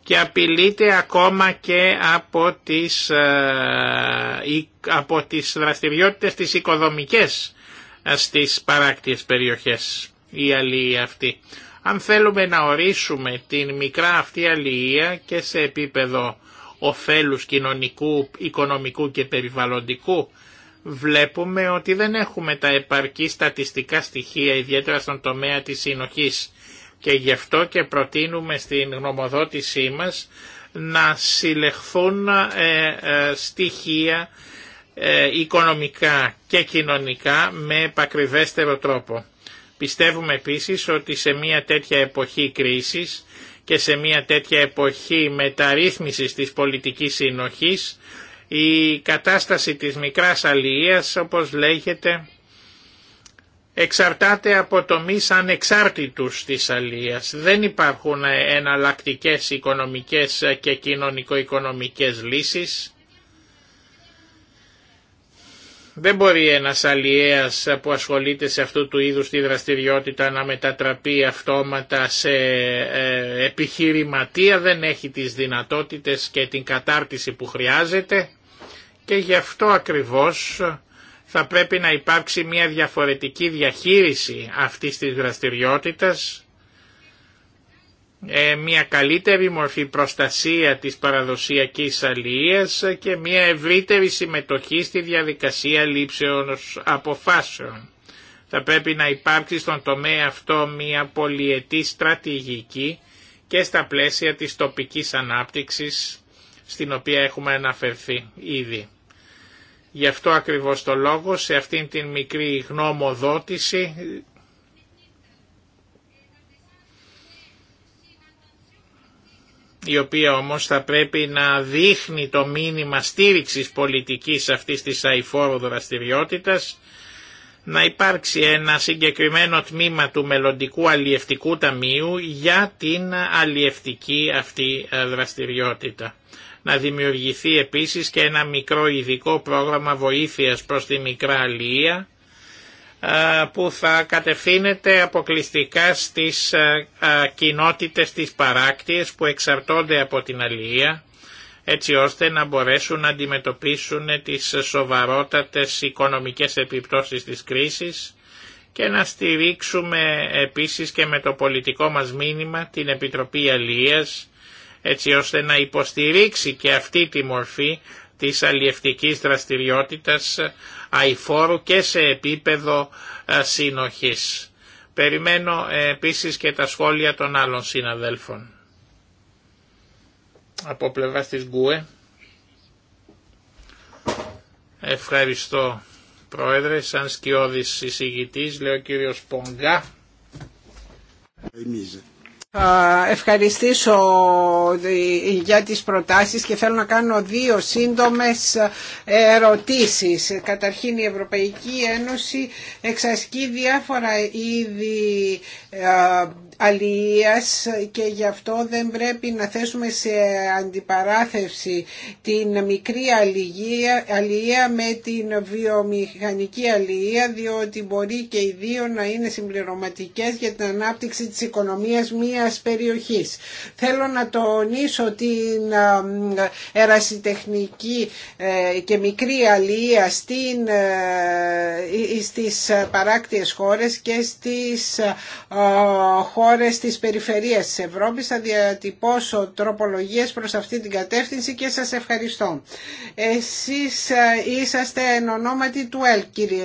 και απειλείται ακόμα και από τις, ε, από τις δραστηριότητες τις οικοδομικές στις παράκτιες περιοχές η αλληλεία αυτή. Αν θέλουμε να ορίσουμε την μικρά αυτή αλληλεία και σε επίπεδο ωφέλους κοινωνικού, οικονομικού και περιβαλλοντικού, βλέπουμε ότι δεν έχουμε τα επαρκή στατιστικά στοιχεία, ιδιαίτερα στον τομέα της συνοχής. Και γι' αυτό και προτείνουμε στην γνωμοδότησή μας να συλλεχθούν ε, ε στοιχεία ε, οικονομικά και κοινωνικά με επακριβέστερο τρόπο. Πιστεύουμε επίσης ότι σε μια τέτοια εποχή κρίσης και σε μια τέτοια εποχή μεταρρύθμισης της πολιτικής συνοχής η κατάσταση της μικράς αλληλείας όπως λέγεται εξαρτάται από τομείς ανεξάρτητους της αλληλείας. Δεν υπάρχουν εναλλακτικές οικονομικές και κοινωνικο-οικονομικές λύσεις. Δεν μπορεί ένας αλλιέας που ασχολείται σε αυτού του είδους τη δραστηριότητα να μετατραπεί αυτόματα σε ε, επιχειρηματία, δεν έχει τις δυνατότητες και την κατάρτιση που χρειάζεται και γι' αυτό ακριβώς θα πρέπει να υπάρξει μια διαφορετική διαχείριση αυτής της δραστηριότητας ε, μια καλύτερη μορφή προστασία της παραδοσιακής αλληλείας και μια ευρύτερη συμμετοχή στη διαδικασία λήψεων αποφάσεων. Θα πρέπει να υπάρξει στον τομέα αυτό μια πολυετή στρατηγική και στα πλαίσια της τοπικής ανάπτυξης στην οποία έχουμε αναφερθεί ήδη. Γι' αυτό ακριβώς το λόγο σε αυτήν την μικρή γνώμοδότηση η οποία όμως θα πρέπει να δείχνει το μήνυμα στήριξης πολιτικής αυτής της αηφόρου δραστηριότητας, να υπάρξει ένα συγκεκριμένο τμήμα του μελλοντικού αλλιευτικού ταμείου για την αλλιευτική αυτή ε, δραστηριότητα. Να δημιουργηθεί επίσης και ένα μικρό ειδικό πρόγραμμα βοήθειας προς τη μικρά αλληλεία, ε, που θα κατευθύνεται αποκλειστικά στις ε, ε, κοινότητες της παράκτιες που εξαρτώνται από την αλληλεία έτσι ώστε να μπορέσουν να αντιμετωπίσουν τις σοβαρότατες οικονομικές επιπτώσεις της κρίσης και να στηρίξουμε επίσης και με το πολιτικό μας μήνυμα την Επιτροπή Αλληλείας έτσι ώστε να υποστηρίξει και αυτή τη μορφή της αλλιευτικής δραστηριότητας ε, αηφόρου και σε επίπεδο ε, συνοχής. Περιμένω ε, επίσης και τα σχόλια των άλλων συναδέλφων. Από πλευρά της Γκουε. Ευχαριστώ Πρόεδρε, σαν σκιώδης συζητητής, λέει ο κύριος Πονγκά ευχαριστήσω ε, για τις προτάσεις και θέλω να κάνω δύο σύντομες ε, ερωτήσεις. Καταρχήν η Ευρωπαϊκή Ένωση εξασκεί διάφορα είδη ε, αλληλείας και γι' αυτό δεν πρέπει να θέσουμε σε αντιπαράθεση την μικρή αλληλεία με την βιομηχανική αλληλεία διότι μπορεί και οι δύο να είναι συμπληρωματικές για την ανάπτυξη της οικονομίας μιας περιοχής. Θέλω να τονίσω την ερασιτεχνική ε, και μικρή αλληλεία στην, ε, στις παράκτιες χώρες και στις χώρες χώρες της περιφερείας της Ευρώπης. Θα διατυπώσω τροπολογίες προς αυτή την κατεύθυνση και σας ευχαριστώ. Εσείς ε, είσαστε εν ονόματι του ΕΛ, κύριε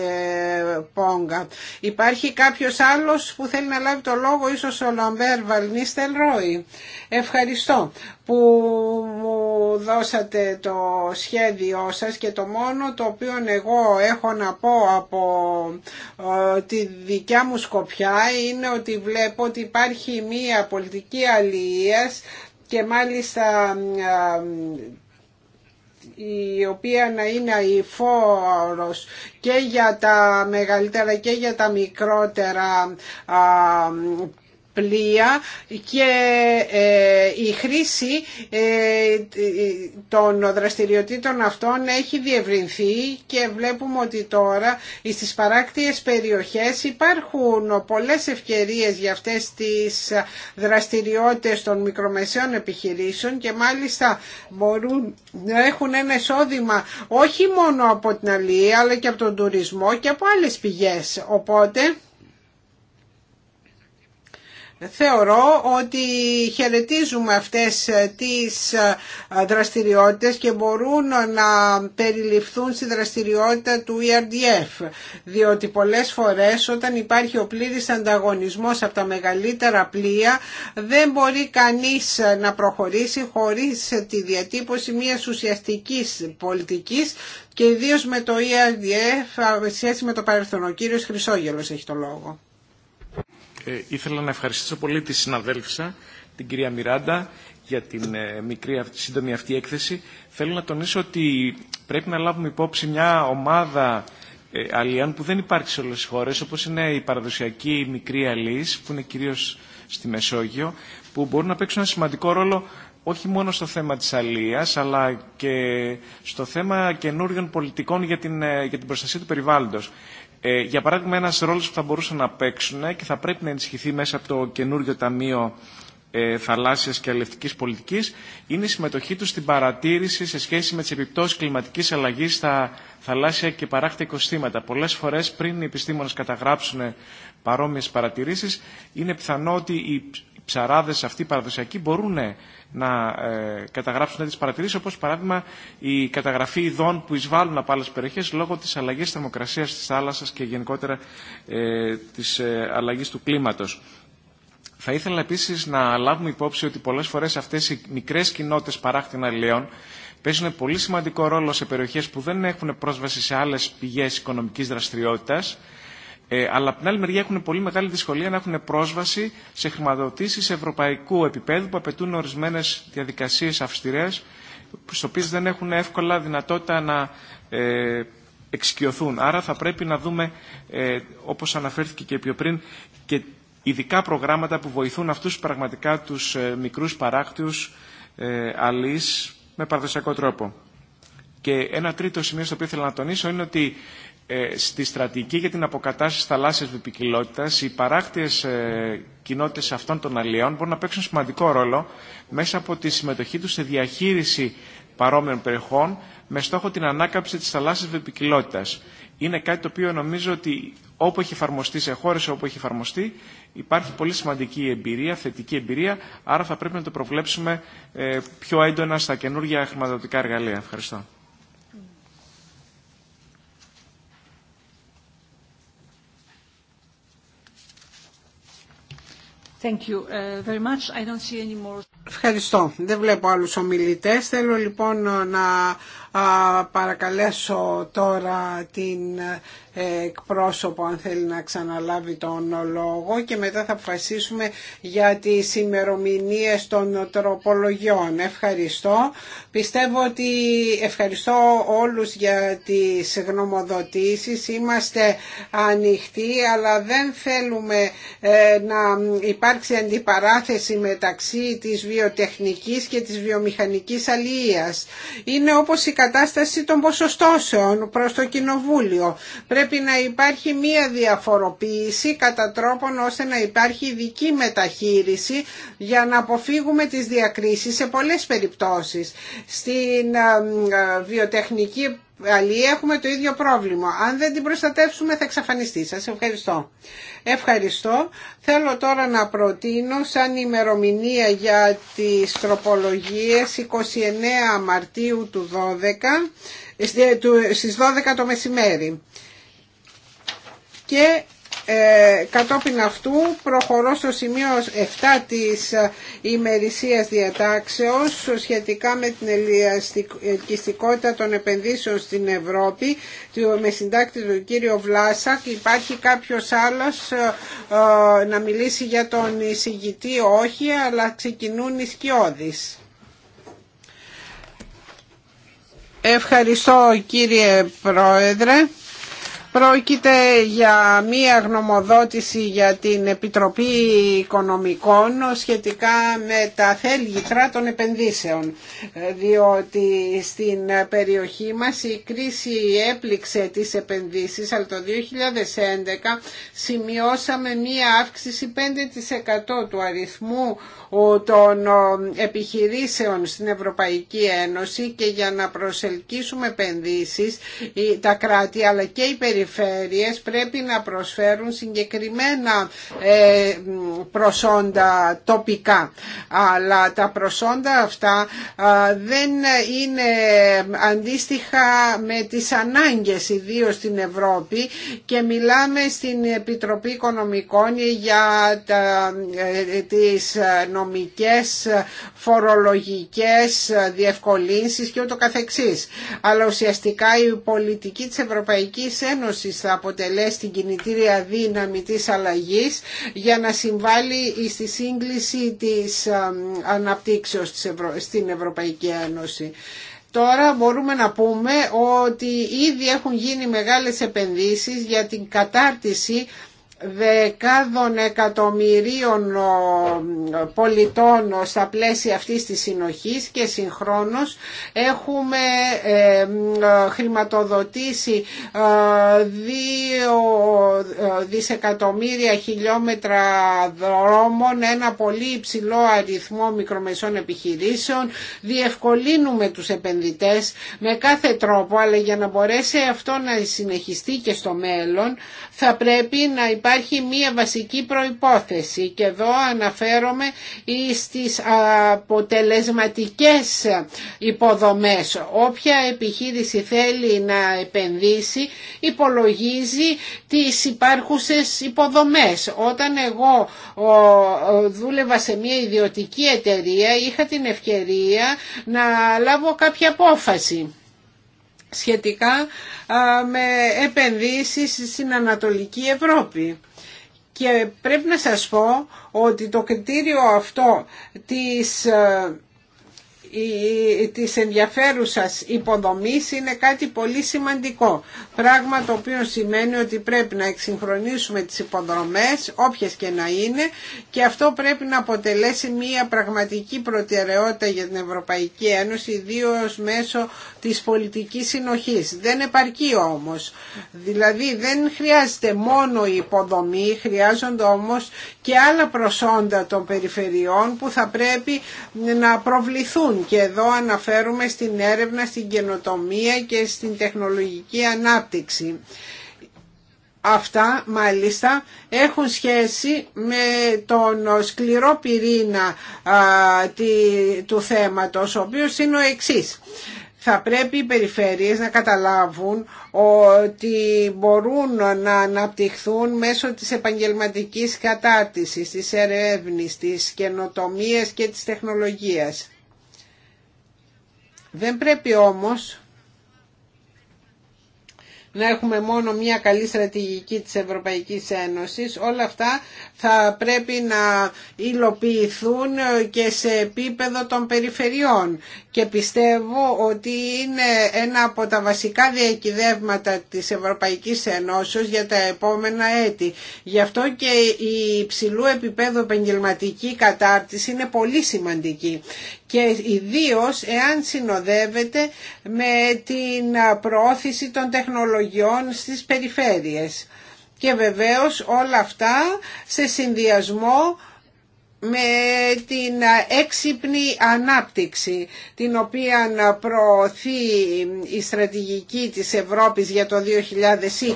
Πόγκα. Υπάρχει κάποιος άλλος που θέλει να λάβει το λόγο, ίσως ο Λαμπέρ Βαλνίστελ Ρόι. Ευχαριστώ που μου δώσατε το σχέδιό σας και το μόνο το οποίο εγώ έχω να πω από ε, τη δικιά μου σκοπιά είναι ότι βλέπω ότι υπάρχει μία πολιτική αλληλείας και μάλιστα ε, η οποία να είναι η φόρος και για τα μεγαλύτερα και για τα μικρότερα ε, πλοία και ε, η χρήση ε, των δραστηριοτήτων αυτών έχει διευρυνθεί και βλέπουμε ότι τώρα στις παράκτιες περιοχές υπάρχουν πολλές ευκαιρίες για αυτές τις δραστηριότητες των μικρομεσαίων επιχειρήσεων και μάλιστα μπορούν να έχουν ένα εισόδημα όχι μόνο από την αλληλεία αλλά και από τον τουρισμό και από άλλες πηγές. Οπότε Θεωρώ ότι χαιρετίζουμε αυτές ε, τις ε, δραστηριότητες και μπορούν να περιληφθούν στη δραστηριότητα του ERDF, διότι πολλές φορές όταν υπάρχει ο πλήρης ανταγωνισμός από τα μεγαλύτερα πλοία δεν μπορεί κανείς ε, να προχωρήσει χωρίς τη διατύπωση μιας ουσιαστικής πολιτικής και ιδίως με το ERDF σχέση με το παρελθόν. Ο κύριος Χρυσόγελος έχει το λόγο. Ε, ήθελα να ευχαριστήσω πολύ τη συναδέλφισσα, την κυρία Μιράντα, για την ε, μικρή σύντομη αυτή έκθεση. Θέλω να τονίσω ότι πρέπει να λάβουμε υπόψη μια ομάδα ε, αλλιών που δεν υπάρχει σε όλες τις χώρες, όπως είναι η παραδοσιακή μικρή αλής, που είναι κυρίως στη Μεσόγειο, που μπορούν να παίξουν ένα σημαντικό ρόλο όχι μόνο στο θέμα της αλίας, αλλά και στο θέμα καινούριων πολιτικών για την, για την προστασία του περιβάλλοντος. Ε, για παράδειγμα, ένα ρόλο που θα μπορούσαν να παίξουν και θα πρέπει να ενισχυθεί μέσα από το καινούριο Ταμείο ε, Θαλάσσιας και Αλληλευτικής πολιτική είναι η συμμετοχή του στην παρατήρηση σε σχέση με τι επιπτώσεις κλιματική αλλαγή στα θαλάσσια και παράκτα οικοστήματα. Πολλέ φορέ πριν οι επιστήμονε καταγράψουν παρόμοιε παρατηρήσει, είναι πιθανό ότι ψαράδες αυτοί παραδοσιακοί μπορούν ε, να ε, καταγράψουν τις παρατηρήσεις, όπως παράδειγμα η καταγραφή ειδών που εισβάλλουν από άλλες περιοχές λόγω της αλλαγής θερμοκρασίας της θάλασσας και γενικότερα ε, της αλλαγής του κλίματος. Θα ήθελα επίσης να λάβουμε υπόψη ότι πολλές φορές αυτές οι μικρές κοινότητες παράκτηνα ελαιών παίζουν πολύ σημαντικό ρόλο σε περιοχές που δεν έχουν πρόσβαση σε άλλες πηγές οικονομικής δραστηριότητας ε, αλλά από την άλλη μεριά έχουν πολύ μεγάλη δυσκολία να έχουν πρόσβαση σε χρηματοδοτήσει ευρωπαϊκού επίπεδου που απαιτούν ορισμένε διαδικασίε αυστηρέ, στι οποίε δεν έχουν εύκολα δυνατότητα να ε, εξοικειωθούν. Άρα θα πρέπει να δούμε, ε, όπω αναφέρθηκε και πιο πριν, και ειδικά προγράμματα που βοηθούν αυτού πραγματικά του ε, μικρού παράκτιου ε, αλείς, με παραδοσιακό τρόπο. Και ένα τρίτο σημείο στο οποίο ήθελα να τονίσω είναι ότι ε, στη στρατηγική για την αποκατάσταση θαλάσσιας βιπικιλότητας, οι παράκτιες ε, κοινότητες αυτών των αλλιών μπορούν να παίξουν σημαντικό ρόλο μέσα από τη συμμετοχή τους σε διαχείριση παρόμοιων περιοχών με στόχο την ανάκαμψη της θαλάσσιας βιπικιλότητας. Είναι κάτι το οποίο νομίζω ότι όπου έχει εφαρμοστεί, σε χώρε όπου έχει εφαρμοστεί, υπάρχει πολύ σημαντική εμπειρία, θετική εμπειρία, άρα θα πρέπει να το προβλέψουμε ε, πιο έντονα στα καινούργια χρηματοδοτικά εργαλεία. Ευχαριστώ. Thank you uh, very much. I don't see any more... Ευχαριστώ. Δεν βλέπω άλλους ομιλητές. Θέλω λοιπόν ε, να παρακαλέσω τώρα την ε, εκπρόσωπο αν θέλει να ξαναλάβει τον λόγο και μετά θα αποφασίσουμε για τις ημερομηνίε των τροπολογιών. Ευχαριστώ. Πιστεύω ότι ευχαριστώ όλους για τις γνωμοδοτήσεις. Είμαστε ανοιχτοί αλλά δεν θέλουμε ε, να υπάρξει αντιπαράθεση μεταξύ της βιοτεχνικής και της βιομηχανικής αλληλείας. Είναι όπως η κατάσταση των ποσοστώσεων προς το Κοινοβούλιο. Πρέπει να υπάρχει μία διαφοροποίηση κατά τρόπον ώστε να υπάρχει ειδική μεταχείριση για να αποφύγουμε τις διακρίσεις σε πολλές περιπτώσεις. Στην ε, ε, βιοτεχνική Αλλοί έχουμε το ίδιο πρόβλημα. Αν δεν την προστατεύσουμε θα εξαφανιστεί. Σας ευχαριστώ. Ευχαριστώ. Θέλω τώρα να προτείνω σαν ημερομηνία για τις τροπολογίες 29 Μαρτίου του 12, ε, στις 12 το μεσημέρι. Και ε, κατόπιν αυτού προχωρώ στο σημείο 7 της ε, ημερησίας διατάξεως σχετικά με την ελκυστικότητα των επενδύσεων στην Ευρώπη με συντάκτη του κύριο Βλάσακ υπάρχει κάποιος άλλος ε, να μιλήσει για τον εισηγητή όχι αλλά ξεκινούν οι σκιώδεις. Ευχαριστώ κύριε Πρόεδρε. Πρόκειται για μία γνωμοδότηση για την Επιτροπή Οικονομικών σχετικά με τα θέλγητρα των επενδύσεων, διότι στην περιοχή μας η κρίση έπληξε τις επενδύσεις, αλλά το 2011 σημειώσαμε μία αύξηση 5% του αριθμού των επιχειρήσεων στην Ευρωπαϊκή Ένωση και για να προσελκύσουμε επενδύσεις τα κράτη αλλά και οι περιφέρειες πρέπει να προσφέρουν συγκεκριμένα ε, προσόντα τοπικά. Αλλά τα προσόντα αυτά δεν είναι αντίστοιχα με τις ανάγκες ιδίω στην Ευρώπη και μιλάμε στην Επιτροπή Οικονομικών για ε, ε, τις οικονομικές, φορολογικές διευκολύνσεις και ούτω καθεξής. Αλλά ουσιαστικά η πολιτική της Ευρωπαϊκής Ένωσης θα αποτελέσει την κινητήρια δύναμη της αλλαγής για να συμβάλλει στη σύγκληση της αναπτύξεως στην Ευρωπαϊκή Ένωση. Τώρα μπορούμε να πούμε ότι ήδη έχουν γίνει μεγάλες επενδύσεις για την κατάρτιση δεκάδων εκατομμυρίων πολιτών στα πλαίσια αυτής της συνοχής και συγχρόνως έχουμε ε, χρηματοδοτήσει ε, δύο ε, δισεκατομμύρια χιλιόμετρα δρόμων, ένα πολύ υψηλό αριθμό μικρομεσών επιχειρήσεων, διευκολύνουμε τους επενδυτές με κάθε τρόπο, αλλά για να μπορέσει αυτό να συνεχιστεί και στο μέλλον θα πρέπει να υπάρχει υπάρχει μία βασική προϋπόθεση και εδώ αναφέρομαι στις αποτελεσματικές υποδομές. Όποια επιχείρηση θέλει να επενδύσει υπολογίζει τις υπάρχουσες υποδομές. Όταν εγώ δούλευα σε μία ιδιωτική εταιρεία είχα την ευκαιρία να λάβω κάποια απόφαση σχετικά με επενδύσεις στην Ανατολική Ευρώπη. Και πρέπει να σας πω ότι το κριτήριο αυτό της της ενδιαφέρουσας υποδομής είναι κάτι πολύ σημαντικό. Πράγμα το οποίο σημαίνει ότι πρέπει να εξυγχρονίσουμε τις υποδρομές, όποιες και να είναι, και αυτό πρέπει να αποτελέσει μια πραγματική προτεραιότητα για την Ευρωπαϊκή Ένωση, ιδίω μέσω της πολιτικής συνοχής. Δεν επαρκεί όμως. Δηλαδή δεν χρειάζεται μόνο η υποδομή, χρειάζονται όμως και άλλα προσόντα των περιφερειών που θα πρέπει να προβληθούν και εδώ αναφέρουμε στην έρευνα, στην καινοτομία και στην τεχνολογική ανάπτυξη. Αυτά μάλιστα έχουν σχέση με τον σκληρό πυρήνα του θέματος, ο οποίος είναι ο εξής. Θα πρέπει οι περιφέρειες να καταλάβουν ότι μπορούν να αναπτυχθούν μέσω της επαγγελματικής κατάρτισης, της ερεύνης, της καινοτομίας και της τεχνολογίας. Δεν πρέπει όμως να έχουμε μόνο μια καλή στρατηγική της Ευρωπαϊκής Ένωσης. Όλα αυτά θα πρέπει να υλοποιηθούν και σε επίπεδο των περιφερειών. Και πιστεύω ότι είναι ένα από τα βασικά διακυδεύματα της Ευρωπαϊκής Ένωσης για τα επόμενα έτη. Γι' αυτό και η υψηλού επίπεδο επαγγελματική κατάρτιση είναι πολύ σημαντική και ιδίως εάν συνοδεύεται με την προώθηση των τεχνολογιών στις περιφέρειες. Και βεβαίως όλα αυτά σε συνδυασμό με την έξυπνη ανάπτυξη την οποία προωθεί η στρατηγική της Ευρώπης για το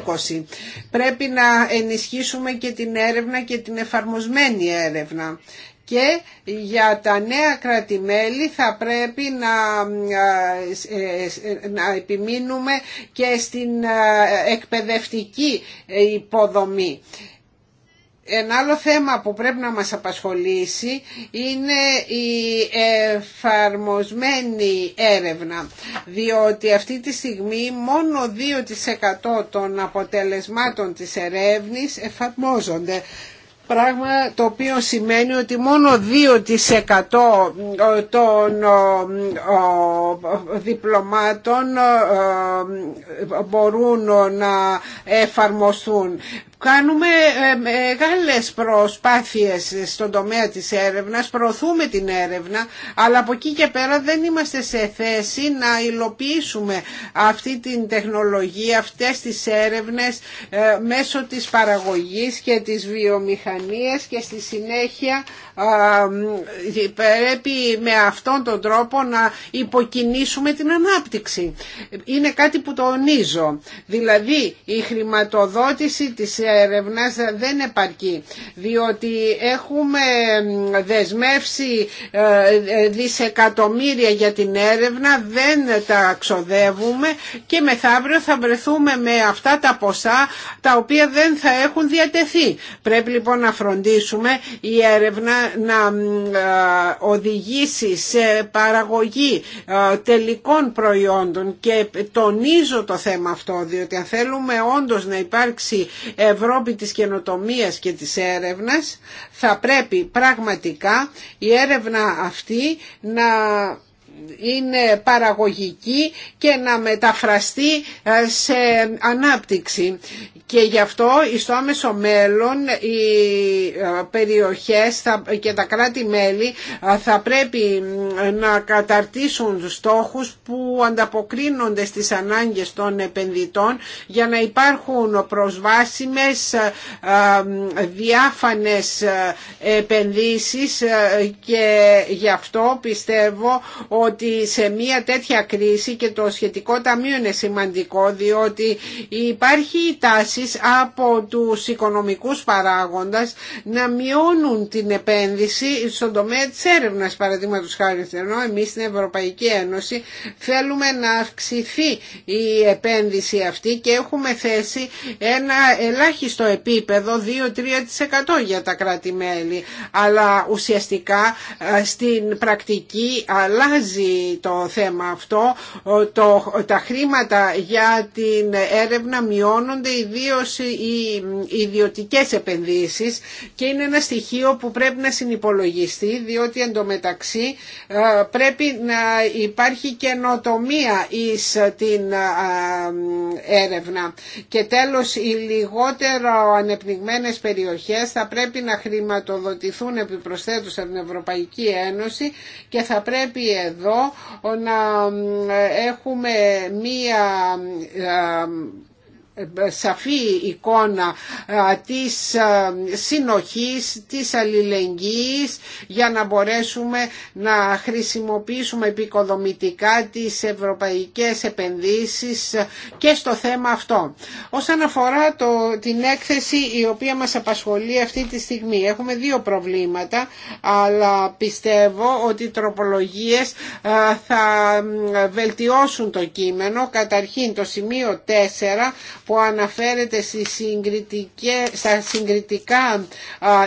2020. Πρέπει να ενισχύσουμε και την έρευνα και την εφαρμοσμένη έρευνα και για τα νέα κρατημέλη θα πρέπει να, ε, ε, να επιμείνουμε και στην ε, εκπαιδευτική υποδομή. Ένα άλλο θέμα που πρέπει να μας απασχολήσει είναι η εφαρμοσμένη έρευνα, διότι αυτή τη στιγμή μόνο 2% των αποτελεσμάτων της ερεύνης εφαρμόζονται πράγμα το οποίο σημαίνει ότι μόνο 2% ε, των ε, ε, διπλωμάτων μπορούν να εφαρμοστούν. Κάνουμε ε, μεγάλες προσπάθειες στον τομέα της έρευνας, προωθούμε την έρευνα, αλλά από εκεί και πέρα δεν είμαστε σε θέση να υλοποιήσουμε αυτή την τεχνολογία, αυτές τις έρευνες ε, μέσω της παραγωγής και της βιομηχανίας και στη συνέχεια πρέπει με αυτόν τον τρόπο να υποκινήσουμε την ανάπτυξη. Είναι κάτι που τονίζω. Δηλαδή η χρηματοδότηση έρευνας δεν επαρκεί διότι έχουμε δεσμεύσει ε, ε, δισεκατομμύρια για την έρευνα δεν τα ξοδεύουμε και μεθαύριο θα βρεθούμε με αυτά τα ποσά τα οποία δεν θα έχουν διατεθεί. Πρέπει λοιπόν να φροντίσουμε η έρευνα να ε, οδηγήσει σε παραγωγή τελικών προϊόντων και τονίζω το θέμα αυτό διότι αν θέλουμε όντως να υπάρξει Ευρώπη της καινοτομίας και της έρευνας θα πρέπει πραγματικά η έρευνα αυτή να είναι παραγωγική και να μεταφραστεί ε, σε ανάπτυξη. Και γι' αυτό στο άμεσο μέλλον οι ε, περιοχές και τα κράτη-μέλη ε, θα πρέπει να καταρτήσουν στόχους που ανταποκρίνονται στις ανάγκες των επενδυτών για να υπάρχουν προσβάσιμες διάφανες επενδύσεις και γι' αυτό πιστεύω ότι ότι σε μια τέτοια κρίση και το σχετικό ταμείο είναι σημαντικό διότι υπάρχει η τάση από τους οικονομικούς παράγοντας να μειώνουν την επένδυση στον τομέα της έρευνας παραδείγματος χάρη ενώ εμείς στην Ευρωπαϊκή Ένωση θέλουμε να αυξηθεί η επένδυση αυτή και έχουμε θέσει ένα ελάχιστο επίπεδο 2-3% για τα κράτη-μέλη αλλά ουσιαστικά ε, στην πρακτική αλλάζει το θέμα αυτό. Το, τα χρήματα για την έρευνα μειώνονται ιδίω οι ιδιωτικές επενδύσεις και είναι ένα στοιχείο που πρέπει να συνυπολογιστεί διότι εντωμεταξύ ε, πρέπει να υπάρχει καινοτομία εις την ε, έρευνα. Και τέλος οι λιγότερο ανεπνιγμένες περιοχές θα πρέπει να χρηματοδοτηθούν επιπροσθέτως από την Ευρωπαϊκή Ένωση και θα πρέπει εδώ εδώ να έχουμε μία σαφή εικόνα της συνοχής, της αλληλεγγύης για να μπορέσουμε να χρησιμοποιήσουμε επικοδομητικά τις ευρωπαϊκές επενδύσεις και στο θέμα αυτό. Όσον αφορά το, την έκθεση η οποία μας απασχολεί αυτή τη στιγμή έχουμε δύο προβλήματα αλλά πιστεύω ότι οι τροπολογίες θα βελτιώσουν το κείμενο. Καταρχήν το σημείο 4 που αναφέρεται στα συγκριτικά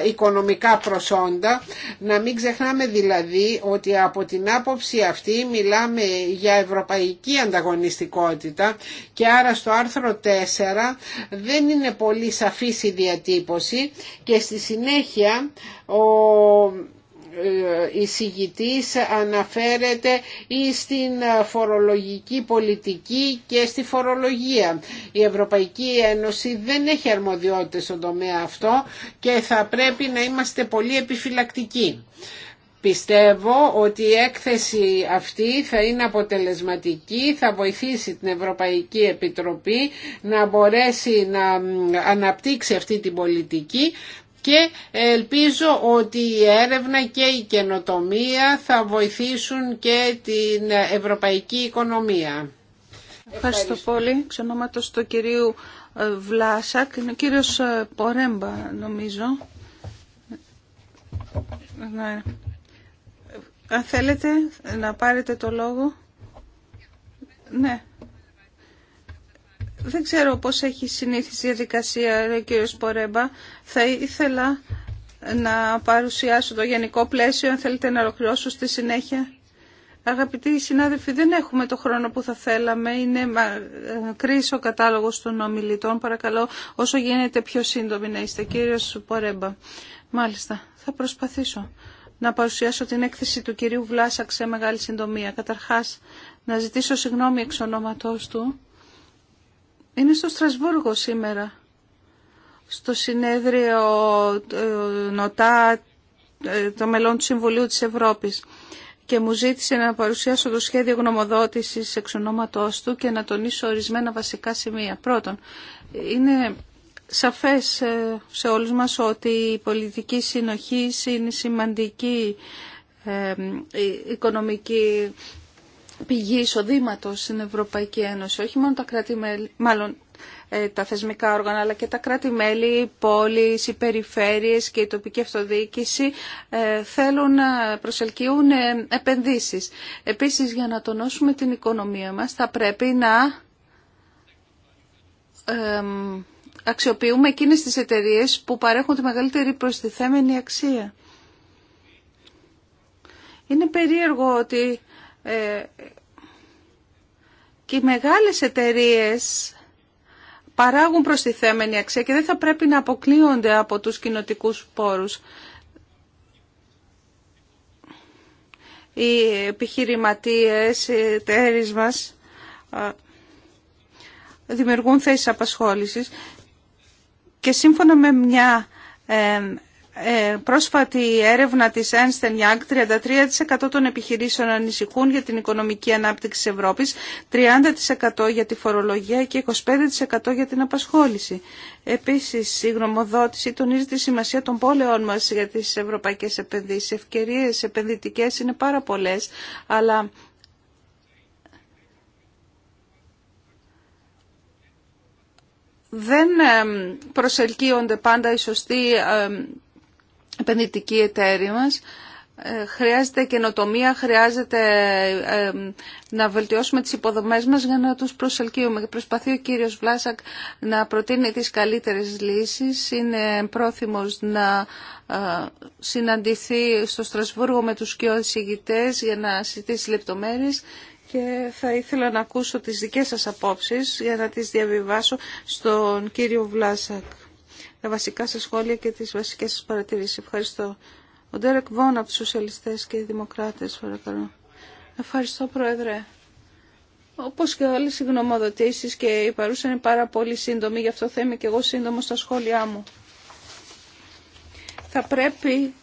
οικονομικά προσόντα. Να μην ξεχνάμε δηλαδή ότι από την άποψη αυτή μιλάμε για ευρωπαϊκή ανταγωνιστικότητα και άρα στο άρθρο 4 δεν είναι πολύ σαφής η διατύπωση και στη συνέχεια ο ε, εισηγητής αναφέρεται ή στην φορολογική πολιτική και στη φορολογία. Η Ευρωπαϊκή Ένωση δεν έχει αρμοδιότητες στον τομέα αυτό και θα πρέπει να είμαστε πολύ επιφυλακτικοί. Πιστεύω ότι η έκθεση αυτή θα είναι αποτελεσματική, θα βοηθήσει την Ευρωπαϊκή Επιτροπή να μπορέσει να αναπτύξει αυτή την πολιτική και ελπίζω ότι η έρευνα και η καινοτομία θα βοηθήσουν και την ευρωπαϊκή οικονομία. Ευχαριστώ, πολύ. Ξενόματος του κυρίου ε, Βλάσακ, είναι ο κύριος ε, Πορέμπα νομίζω. Ναι. Αν θέλετε να πάρετε το λόγο. Ναι. Δεν ξέρω πώς έχει συνήθιση η διαδικασία ο κύριος Πορέμπα. Θα ήθελα να παρουσιάσω το γενικό πλαίσιο, αν θέλετε να ολοκληρώσω στη συνέχεια. Αγαπητοί συνάδελφοι, δεν έχουμε το χρόνο που θα θέλαμε. Είναι κρίσο ο κατάλογος των ομιλητών. Παρακαλώ, όσο γίνεται πιο σύντομη να είστε. Κύριος Πορέμπα. Μάλιστα, θα προσπαθήσω να παρουσιάσω την έκθεση του κυρίου Βλάσαξ σε μεγάλη συντομία. Καταρχάς, να ζητήσω συγγνώμη εξ του είναι στο Στρασβούργο σήμερα, στο συνέδριο Νοτά ε, των μελών του Συμβουλίου της Ευρώπης και μου ζήτησε να παρουσιάσω το σχέδιο γνωμοδότησης εξ ονόματός του και να τονίσω ορισμένα βασικά σημεία. Πρώτον, είναι σαφές ε, σε όλους μας ότι η πολιτική συνοχή είναι σημαντική ε, οικονομική πηγή εισοδήματο στην Ευρωπαϊκή Ένωση, όχι μόνο τα κράτη-μέλη, μάλλον ε, τα θεσμικά όργανα, αλλά και τα κράτη-μέλη, οι πόλεις, οι περιφέρειες και η τοπική αυτοδιοίκηση ε, θέλουν να προσελκύουν ε, επενδύσεις. Επίσης, για να τονώσουμε την οικονομία μας, θα πρέπει να αξιοποιούμε εκείνες τις εταιρείες που παρέχουν τη μεγαλύτερη προστιθέμενη αξία. Είναι περίεργο ότι ε, και οι μεγάλες εταιρείες παράγουν προστιθέμενη αξία και δεν θα πρέπει να αποκλείονται από τους κοινοτικού πόρους. Οι επιχειρηματίες, οι εταιρείες μας δημιουργούν θέσεις απασχόλησης και σύμφωνα με μια ε, ε, πρόσφατη έρευνα της Ernst Young, 33% των επιχειρήσεων ανησυχούν για την οικονομική ανάπτυξη της Ευρώπης, 30% για τη φορολογία και 25% για την απασχόληση. Επίσης, η γνωμοδότηση τονίζει τη σημασία των πόλεων μας για τις ευρωπαϊκές επενδύσεις. Ευκαιρίες επενδυτικές είναι πάρα πολλές, αλλά δεν προσελκύονται πάντα οι σωστοί επενδυτική εταιρία μας. Ε, χρειάζεται καινοτομία, χρειάζεται ε, να βελτιώσουμε τις υποδομές μας για να τους προσελκύουμε. Προσπαθεί ο κύριος Βλάσακ να προτείνει τις καλύτερες λύσεις. Είναι πρόθυμος να ε, συναντηθεί στο Στρασβούργο με τους κοιόδης για να συζητήσει λεπτομέρειες και θα ήθελα να ακούσω τις δικές σας απόψεις για να τις διαβιβάσω στον κύριο Βλάσακ τα βασικά σας σχόλια και τις βασικές σας παρατηρήσεις. Ευχαριστώ. Ο Ντέρεκ Βόν από τους Σοσιαλιστές και οι Δημοκράτες, παρακαλώ. Ευχαριστώ, Πρόεδρε. Όπως και όλες οι γνωμοδοτήσεις και η παρούσα είναι πάρα πολύ σύντομη, γι' αυτό θα είμαι και εγώ σύντομο στα σχόλιά μου. Θα πρέπει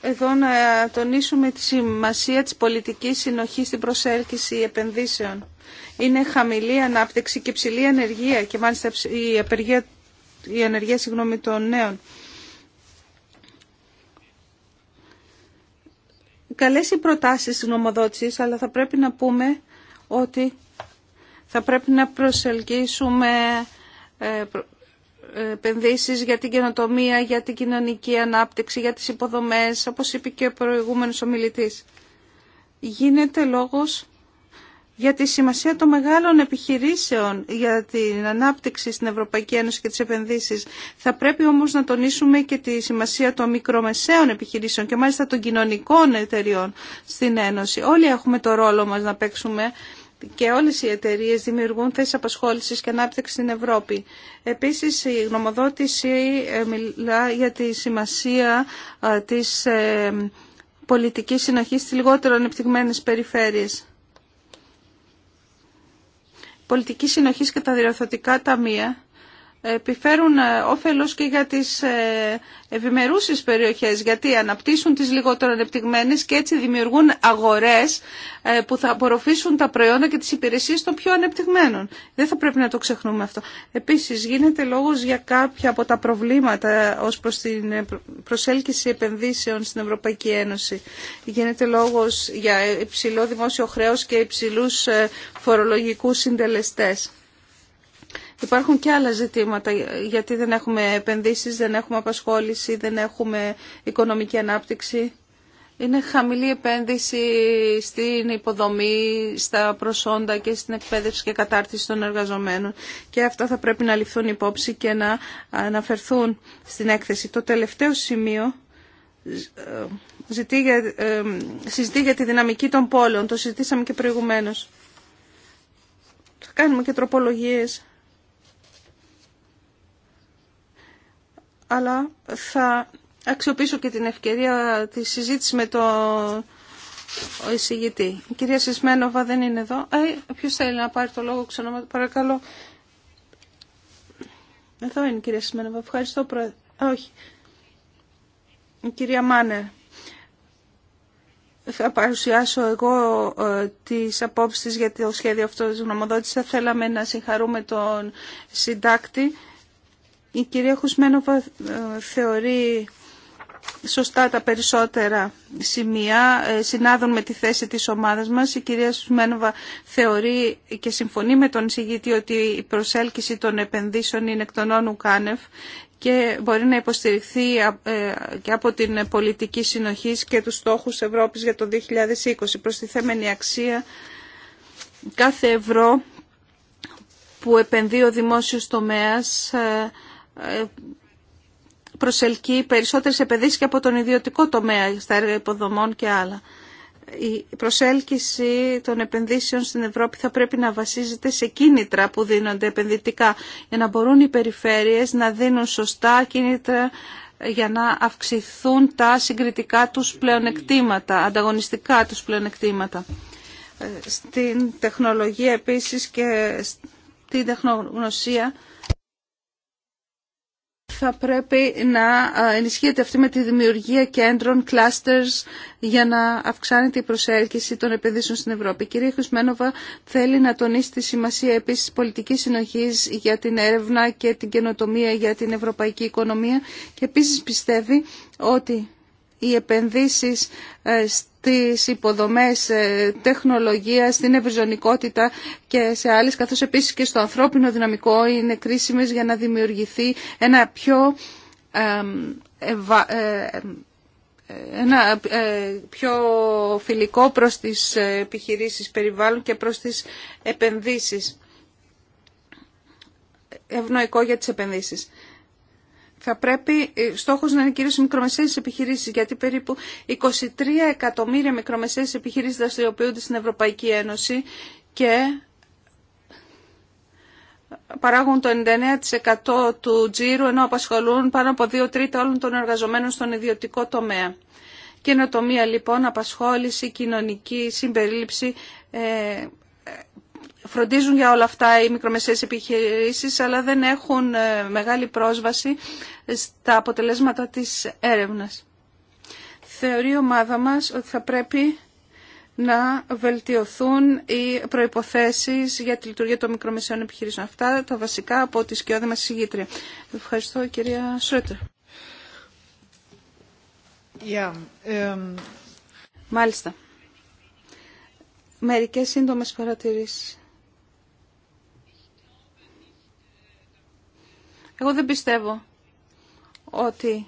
εδώ να τονίσουμε τη σημασία της πολιτικής συνοχής στην προσέλκυση επενδύσεων. Είναι χαμηλή ανάπτυξη και ψηλή ανεργία και μάλιστα η απεργία η ενέργεια συγγνώμη, των νέων. Καλές οι προτάσεις νομοδότησης, αλλά θα πρέπει να πούμε ότι θα πρέπει να προσελκύσουμε ε, ε, επενδύσεις για την καινοτομία, για την κοινωνική ανάπτυξη, για τις υποδομές, όπως είπε και ο προηγούμενος ομιλητής. Γίνεται λόγος για τη σημασία των μεγάλων επιχειρήσεων για την ανάπτυξη στην Ευρωπαϊκή Ένωση και τις επενδύσεις. Θα πρέπει όμως να τονίσουμε και τη σημασία των μικρομεσαίων επιχειρήσεων και μάλιστα των κοινωνικών εταιριών στην Ένωση. Όλοι έχουμε το ρόλο μας να παίξουμε και όλες οι εταιρείες δημιουργούν θέσεις απασχόλησης και ανάπτυξη στην Ευρώπη. Επίσης η γνωμοδότηση ε, μιλά για τη σημασία ε, της ε, πολιτικής συνοχής στις λιγότερο ανεπτυγμένες περιφέρειες πολιτική συνοχής και τα διορθωτικά ταμεία επιφέρουν ε, όφελος και για τις ε, ευημερούσεις περιοχές γιατί αναπτύσσουν τις λιγότερο ανεπτυγμένες και έτσι δημιουργούν αγορές ε, που θα απορροφήσουν τα προϊόντα και τις υπηρεσίες των πιο ανεπτυγμένων. Δεν θα πρέπει να το ξεχνούμε αυτό. Επίσης γίνεται λόγος για κάποια από τα προβλήματα ως προς την προσέλκυση επενδύσεων στην Ευρωπαϊκή Ένωση. Γίνεται λόγος για υψηλό δημόσιο χρέος και υψηλούς φορολογικούς συντελεστές. Υπάρχουν και άλλα ζητήματα γιατί δεν έχουμε επενδύσεις, δεν έχουμε απασχόληση, δεν έχουμε οικονομική ανάπτυξη. Είναι χαμηλή επένδυση στην υποδομή, στα προσόντα και στην εκπαίδευση και κατάρτιση των εργαζομένων. Και αυτά θα πρέπει να ληφθούν υπόψη και να αναφερθούν στην έκθεση. Το τελευταίο σημείο ε, ε, συζητεί για, τη δυναμική των πόλεων. Το συζητήσαμε και προηγουμένως. Θα κάνουμε και τροπολογίες αλλά θα αξιοποιήσω και την ευκαιρία της συζήτηση με τον ο εισηγητή. Η κυρία Σισμένοβα δεν είναι εδώ. Ε, ποιος θέλει να πάρει το λόγο ξανά, παρακαλώ. Εδώ είναι η κυρία Σισμένοβα. Ευχαριστώ, πρόεδρε. όχι. Η κυρία Μάνερ. Θα παρουσιάσω εγώ ε, τις απόψεις για το σχέδιο αυτό της γνωμοδότησης. Θα θέλαμε να συγχαρούμε τον συντάκτη η κυρία Χουσμένοβα ε, θεωρεί σωστά τα περισσότερα σημεία ε, συνάδουν με τη θέση της ομάδας μας. Η κυρία Σουσμένοβα θεωρεί και συμφωνεί με τον συγγήτη ότι η προσέλκυση των επενδύσεων είναι εκ των όνου κάνευ και μπορεί να υποστηριχθεί ε, και από την πολιτική συνοχή και τους στόχους Ευρώπης για το 2020. Προστιθέμενη αξία κάθε ευρώ που επενδύει ο δημόσιος τομέας προσελκύει περισσότερες επενδύσεις και από τον ιδιωτικό τομέα στα έργα υποδομών και άλλα. Η προσέλκυση των επενδύσεων στην Ευρώπη θα πρέπει να βασίζεται σε κίνητρα που δίνονται επενδυτικά για να μπορούν οι περιφέρειες να δίνουν σωστά κίνητρα για να αυξηθούν τα συγκριτικά τους πλεονεκτήματα, ανταγωνιστικά τους πλεονεκτήματα. Ε, στην τεχνολογία επίσης και στην τεχνογνωσία θα πρέπει να ενισχύεται αυτή με τη δημιουργία κέντρων, clusters, για να αυξάνεται η προσέλκυση των επενδύσεων στην Ευρώπη. Η κυρία Χρυσμένοβα θέλει να τονίσει τη σημασία επίσης πολιτικής συνοχής για την έρευνα και την καινοτομία για την ευρωπαϊκή οικονομία και επίσης πιστεύει ότι οι επενδύσεις ε, στις υποδομές ε, τεχνολογίας, στην ευρυζωνικότητα και σε άλλες, καθώς επίσης και στο ανθρώπινο δυναμικό είναι κρίσιμες για να δημιουργηθεί ένα πιο, ε, ε, φιλικό προς τις επιχειρήσεις περιβάλλον και προς τις επενδύσεις. Ευνοϊκό για τις επενδύσεις θα πρέπει ε, στόχος να είναι κυρίως οι μικρομεσαίες επιχειρήσεις, γιατί περίπου 23 εκατομμύρια μικρομεσαίες επιχειρήσεις δραστηριοποιούνται στην Ευρωπαϊκή Ένωση και παράγουν το 99% του τζίρου, ενώ απασχολούν πάνω από 2 τρίτα όλων των εργαζομένων στον ιδιωτικό τομέα. Καινοτομία λοιπόν, απασχόληση, κοινωνική συμπερίληψη, ε, φροντίζουν για όλα αυτά οι μικρομεσαίες επιχειρήσεις, αλλά δεν έχουν ε, μεγάλη πρόσβαση στα αποτελέσματα της έρευνας. Θεωρεί η ομάδα μας ότι θα πρέπει να βελτιωθούν οι προϋποθέσεις για τη λειτουργία των μικρομεσαίων επιχειρήσεων. Αυτά τα βασικά από τη σκιώδη μας συγγήτρια. Ευχαριστώ κυρία Σρέτερ. Um, Μάλιστα. Μερικές σύντομες παρατηρήσεις. Εγώ δεν πιστεύω ότι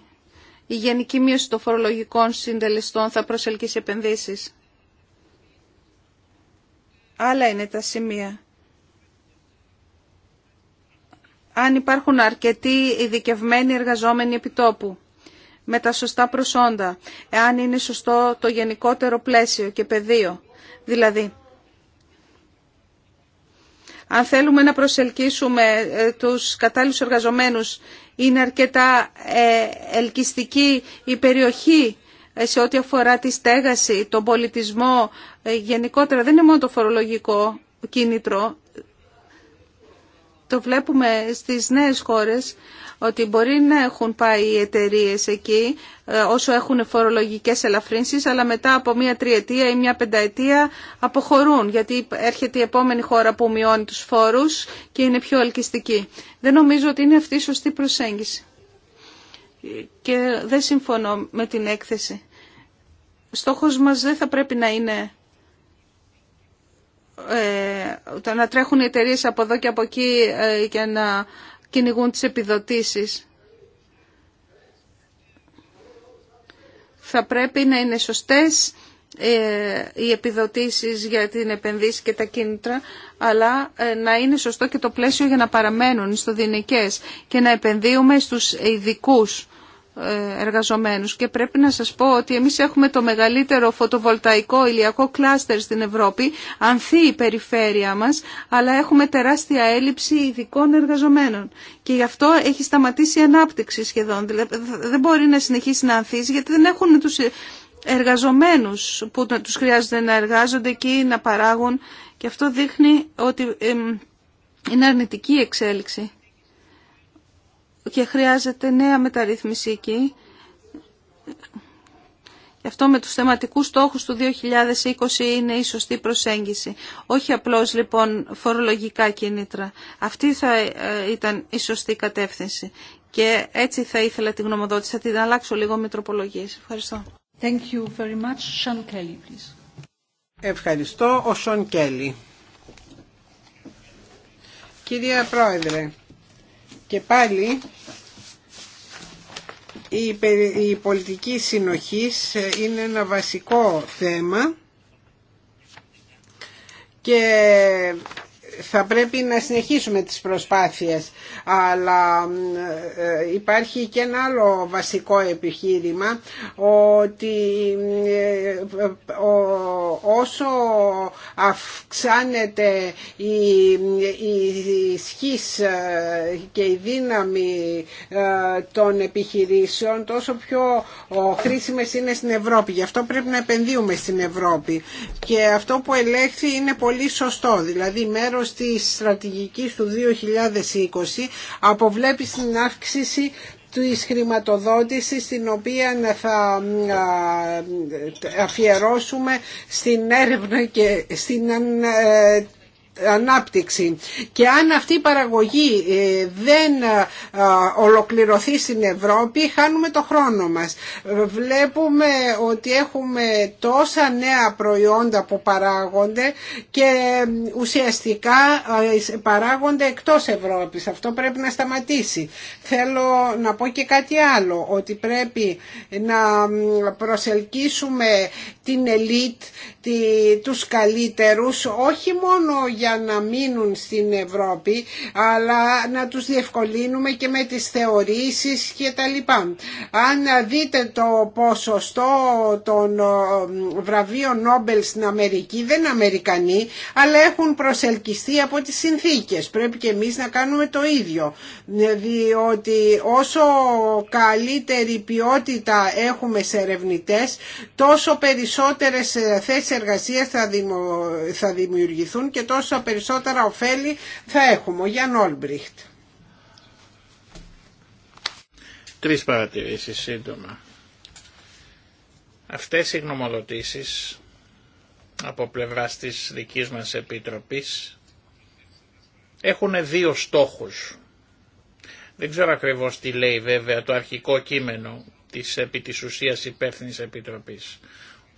η γενική μείωση των φορολογικών συντελεστών θα προσελκύσει επενδύσεις. Άλλα είναι τα σημεία. Αν υπάρχουν αρκετοί ειδικευμένοι εργαζόμενοι επιτόπου με τα σωστά προσόντα, εάν είναι σωστό το γενικότερο πλαίσιο και πεδίο. Δηλαδή, αν θέλουμε να προσελκύσουμε ε, τους κατάλληλους εργαζομένους, είναι αρκετά ε, ελκυστική η περιοχή ε, σε ό,τι αφορά τη στέγαση, τον πολιτισμό, γενικότερα δεν είναι μόνο το φορολογικό κίνητρο. Το βλέπουμε στις νέες χώρες ότι μπορεί να έχουν πάει οι εταιρείε εκεί ε, όσο έχουν φορολογικές ελαφρύνσεις, αλλά μετά από μια τριετία ή μια πενταετία αποχωρούν, γιατί έρχεται η επόμενη χώρα που μειώνει τους φόρους και είναι πιο ελκυστική. Δεν νομίζω ότι είναι αυτή η σωστή προσέγγιση. Και δεν συμφωνώ με την έκθεση. Στόχος μας δεν θα πρέπει να είναι ε, να τρέχουν οι εταιρείε από εδώ και από εκεί ε, και να κυνηγούν τις επιδοτήσεις. Θα πρέπει να είναι σωστές ε, οι επιδοτήσεις για την επενδύση και τα κίνητρα, αλλά ε, να είναι σωστό και το πλαίσιο για να παραμένουν στο δυνικές και να επενδύουμε στους ειδικούς ε, εργαζομένους και πρέπει να σας πω ότι εμείς έχουμε το μεγαλύτερο φωτοβολταϊκό ηλιακό κλάστερ στην Ευρώπη, ανθεί η περιφέρεια μας, αλλά έχουμε τεράστια έλλειψη ειδικών εργαζομένων και γι' αυτό έχει σταματήσει η ανάπτυξη σχεδόν. Δεν μπορεί να συνεχίσει να ανθίζει γιατί δεν έχουν τους εργαζομένους που τους χρειάζονται να εργάζονται εκεί, να παράγουν και αυτό δείχνει ότι είναι αρνητική εξέλιξη και χρειάζεται νέα μεταρρύθμιση εκεί. Γι' αυτό με τους θεματικούς στόχους του 2020 είναι η σωστή προσέγγιση. Όχι απλώς λοιπόν φορολογικά κίνητρα. Αυτή θα ε, ήταν η σωστή κατεύθυνση. Και έτσι θα ήθελα την γνωμοδότηση. Θα την αλλάξω λίγο με τροπολογίες. Ευχαριστώ. Thank you very much. Sean Kelly, please. Ευχαριστώ. Ο Σον Κέλλη. Κυρία Πρόεδρε, και πάλι η πολιτική συνοχής ε, είναι ένα βασικό θέμα και θα πρέπει να συνεχίσουμε τις προσπάθειες αλλά ε, ε, υπάρχει και ένα άλλο βασικό επιχείρημα ότι ε, όσο αυξάνεται η ισχύς και η δύναμη των επιχειρήσεων τόσο πιο χρήσιμες είναι στην Ευρώπη γι' αυτό πρέπει να επενδύουμε στην Ευρώπη και αυτό που ελέγχθη είναι πολύ σωστό δηλαδή μέρος Τη στρατηγική στρατηγικής του 2020 αποβλέπει στην αύξηση τη χρηματοδότηση την οποία θα αφιερώσουμε στην έρευνα και στην ε, ανάπτυξη. Και αν αυτή η παραγωγή ε, δεν ε, ε, ολοκληρωθεί στην Ευρώπη, χάνουμε το χρόνο μας. Βλέπουμε ότι έχουμε τόσα νέα προϊόντα που παράγονται και ουσιαστικά παράγονται εκτός Ευρώπης. Αυτό πρέπει να σταματήσει. Θέλω να πω και κάτι άλλο, ότι πρέπει να προσελκύσουμε την ελίτ, τους καλύτερους, όχι μόνο για να μείνουν στην Ευρώπη αλλά να τους διευκολύνουμε και με τις θεωρήσεις και τα λοιπά. Αν δείτε το ποσοστό των ε, βραβείων Νόμπελ στην Αμερική δεν είναι Αμερικανοί αλλά έχουν προσελκυστεί από τις συνθήκες. Πρέπει και εμείς να κάνουμε το ίδιο διότι όσο καλύτερη ποιότητα έχουμε σε ερευνητές τόσο περισσότερες ε, θέσεις εργασίας θα δημιουργηθούν και τόσο τα περισσότερα ωφέλη θα έχουμε. Ο Γιάνν Όλμπριχτ. Τρεις παρατηρήσεις σύντομα. Αυτές οι γνωμοδοτήσεις από πλευράς της δικής μας Επιτροπής έχουν δύο στόχους. Δεν ξέρω ακριβώς τι λέει βέβαια το αρχικό κείμενο της επί της ουσίας υπεύθυνης Επιτροπής.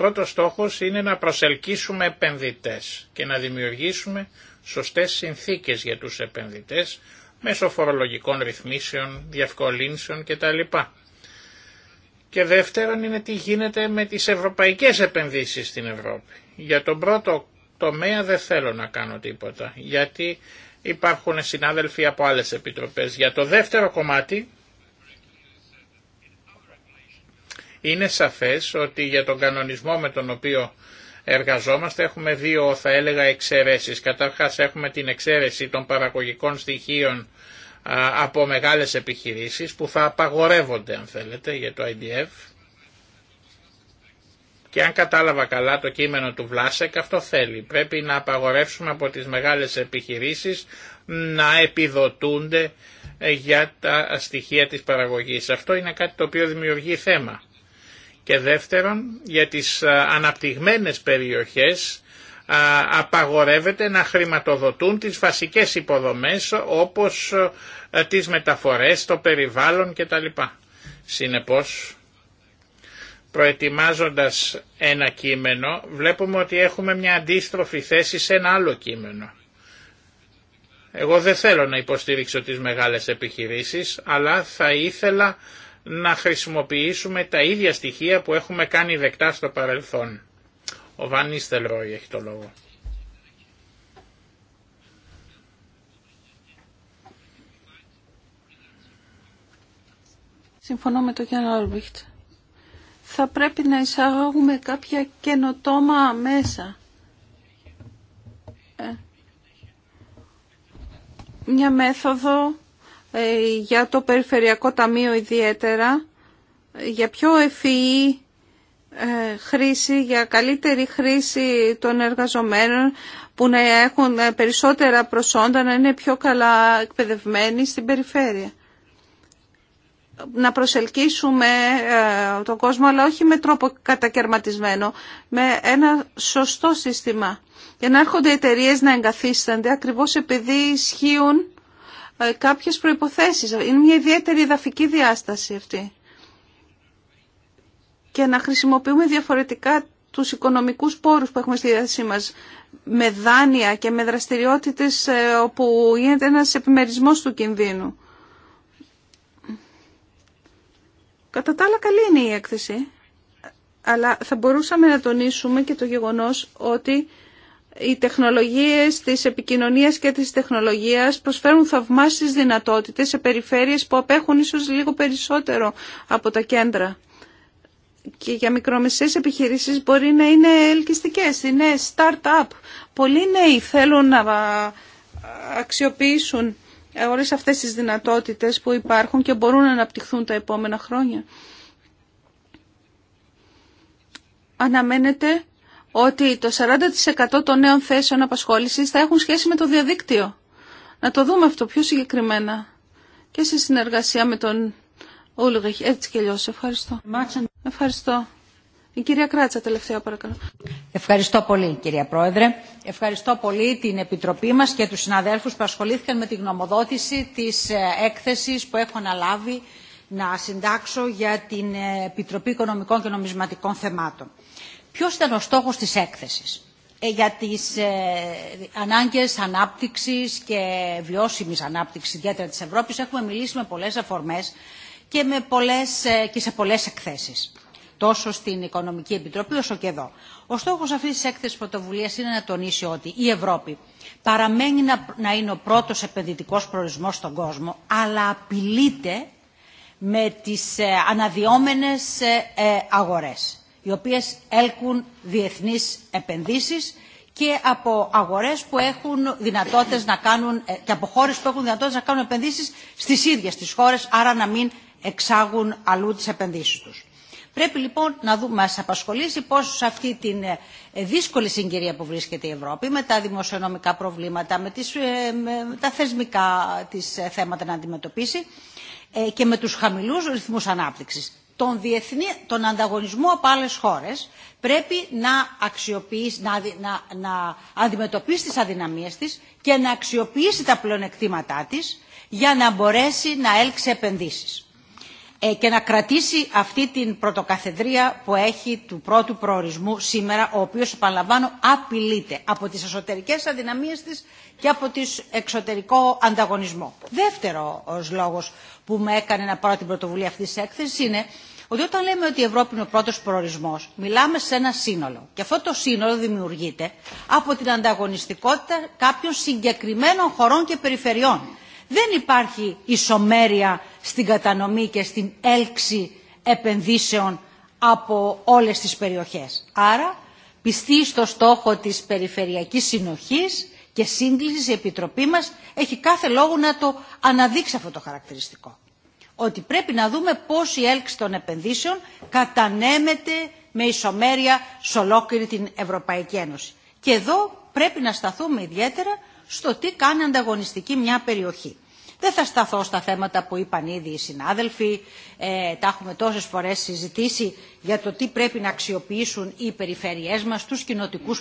Πρώτος στόχος είναι να προσελκύσουμε επενδυτές και να δημιουργήσουμε σωστές συνθήκες για τους επενδυτές μέσω φορολογικών ρυθμίσεων, διευκολύνσεων κτλ. Και δεύτερον είναι τι γίνεται με τις ευρωπαϊκές επενδύσεις στην Ευρώπη. Για τον πρώτο τομέα δεν θέλω να κάνω τίποτα, γιατί υπάρχουν συνάδελφοι από άλλες επιτροπές. Για το δεύτερο κομμάτι Είναι σαφές ότι για τον κανονισμό με τον οποίο εργαζόμαστε έχουμε δύο θα έλεγα εξαιρέσεις. Καταρχάς έχουμε την εξαίρεση των παραγωγικών στοιχείων από μεγάλες επιχειρήσεις που θα απαγορεύονται αν θέλετε για το IDF και αν κατάλαβα καλά το κείμενο του Βλάσεκ αυτό θέλει. Πρέπει να απαγορεύσουμε από τις μεγάλες επιχειρήσεις να επιδοτούνται για τα στοιχεία της παραγωγής. Αυτό είναι κάτι το οποίο δημιουργεί θέμα και δεύτερον για τις αναπτυγμένες περιοχές απαγορεύεται να χρηματοδοτούν τις βασικές υποδομές όπως τις μεταφορές, το περιβάλλον κτλ. Συνεπώς, προετοιμάζοντας ένα κείμενο, βλέπουμε ότι έχουμε μια αντίστροφη θέση σε ένα άλλο κείμενο. Εγώ δεν θέλω να υποστηρίξω τις μεγάλες επιχειρήσεις, αλλά θα ήθελα να χρησιμοποιήσουμε τα ίδια στοιχεία που έχουμε κάνει δεκτά στο παρελθόν. Ο Βανίστελ Ρόι έχει το λόγο. Συμφωνώ με τον Γιάννα Όρμπιχτ. Θα πρέπει να εισαγωγούμε κάποια καινοτόμα μέσα. Ε, μια μέθοδο ε, για το Περιφερειακό Ταμείο ιδιαίτερα, για πιο ευφυή ε, χρήση, για καλύτερη χρήση των εργαζομένων που να έχουν ε, περισσότερα προσόντα, να είναι πιο καλά εκπαιδευμένοι στην περιφέρεια. Να προσελκύσουμε τον κόσμο, αλλά όχι με τρόπο κατακαιρματισμένο, με ένα σωστό σύστημα. Για να έρχονται εταιρείε να εγκαθίστανται, ακριβώς επειδή ισχύουν ε, κάποιες προϋποθέσεις. Είναι μια ιδιαίτερη εδαφική διάσταση αυτή. Και να χρησιμοποιούμε διαφορετικά τους οικονομικούς πόρους που έχουμε στη διάθεσή μας με δάνεια και με δραστηριότητες ε, όπου γίνεται ένας επιμερισμός του κινδύνου. Κατά τα άλλα καλή είναι η έκθεση, αλλά θα μπορούσαμε να τονίσουμε και το γεγονός ότι οι τεχνολογίες της επικοινωνίας και της τεχνολογίας προσφέρουν θαυμάσεις δυνατότητες σε περιφέρειες που απέχουν ίσως λίγο περισσότερο από τα κέντρα. Και για μικρομεσαίες επιχειρήσεις μπορεί να είναι ελκυστικές, είναι start-up. Πολλοί νέοι θέλουν να αξιοποιήσουν όλες αυτές τις δυνατότητες που υπάρχουν και μπορούν να αναπτυχθούν τα επόμενα χρόνια. Αναμένεται ότι το 40% των νέων θέσεων απασχόλησης θα έχουν σχέση με το διαδίκτυο. Να το δούμε αυτό πιο συγκεκριμένα και σε συνεργασία με τον Ούλγεχ. Έτσι και αλλιώς. Ευχαριστώ. Ευχαριστώ. Η κυρία Κράτσα τελευταία παρακαλώ. Ευχαριστώ πολύ κυρία Πρόεδρε. Ευχαριστώ πολύ την Επιτροπή μα και του συναδέλφου που ασχολήθηκαν με τη γνωμοδότηση τη ε, έκθεση που έχω αναλάβει να συντάξω για την ε, Επιτροπή Οικονομικών και Νομισματικών Θεμάτων. Ποιος ήταν ο στόχος της έκθεσης ε, για τις ε, ανάγκες ανάπτυξης και βιώσιμης ανάπτυξης ιδιαίτερα της Ευρώπης έχουμε μιλήσει με πολλές αφορμές και, με πολλές, ε, και σε πολλές εκθέσεις τόσο στην Οικονομική Επιτροπή όσο και εδώ. Ο στόχος αυτής της έκθεσης πρωτοβουλίας είναι να τονίσει ότι η Ευρώπη παραμένει να, είναι ο πρώτος επενδυτικός προορισμός στον κόσμο αλλά απειλείται με τις ε, αναδυόμενες ε, αγορές οι οποίες έλκουν διεθνείς επενδύσεις και από αγορές που έχουν δυνατότητες να κάνουν ε, και από χώρες που έχουν δυνατότητες να κάνουν επενδύσεις στις ίδιες τις χώρες, άρα να μην εξάγουν αλλού τις επενδύσεις τους. Πρέπει λοιπόν να δούμε, μας απασχολήσει πώς σε αυτή τη ε, ε, δύσκολη συγκυρία που βρίσκεται η Ευρώπη με τα δημοσιονομικά προβλήματα, με, τις, με τα θεσμικά της θέματα να αντιμετωπίσει και με τους χαμηλούς ρυθμούς ανάπτυξης τον, διεθνή, τον ανταγωνισμό από άλλε χώρε πρέπει να, να, να, να αντιμετωπίσει τι αδυναμίε τη και να αξιοποιήσει τα πλεονεκτήματά τη για να μπορέσει να έλξει επενδύσει. ε, και να κρατήσει αυτή την πρωτοκαθεδρία που έχει του πρώτου προορισμού σήμερα, ο οποίο, επαναλαμβάνω, απειλείται από τι εσωτερικέ αδυναμίε τη και από τον εξωτερικό ανταγωνισμό. Δεύτερο λόγο που με έκανε να πάρω την πρωτοβουλία αυτή τη έκθεση είναι ότι όταν λέμε ότι η Ευρώπη είναι ο πρώτο προορισμό, μιλάμε σε ένα σύνολο. Και αυτό το σύνολο δημιουργείται από την ανταγωνιστικότητα κάποιων συγκεκριμένων χωρών και περιφερειών. Δεν υπάρχει ισομέρεια στην κατανομή και στην έλξη επενδύσεων από όλες τις περιοχές. Άρα, πιστή στο στόχο της περιφερειακής συνοχής και σύγκλησης η Επιτροπή μας έχει κάθε λόγο να το αναδείξει αυτό το χαρακτηριστικό ότι πρέπει να δούμε πώς η έλξη των επενδύσεων κατανέμεται με ισομέρεια σε ολόκληρη την Ευρωπαϊκή Ένωση. Και εδώ πρέπει να σταθούμε ιδιαίτερα στο τι κάνει ανταγωνιστική μια περιοχή. Δεν θα σταθώ στα θέματα που είπαν ήδη οι συνάδελφοι, ε, τα έχουμε τόσες φορές συζητήσει για το τι πρέπει να αξιοποιήσουν οι περιφέρειές μας, τους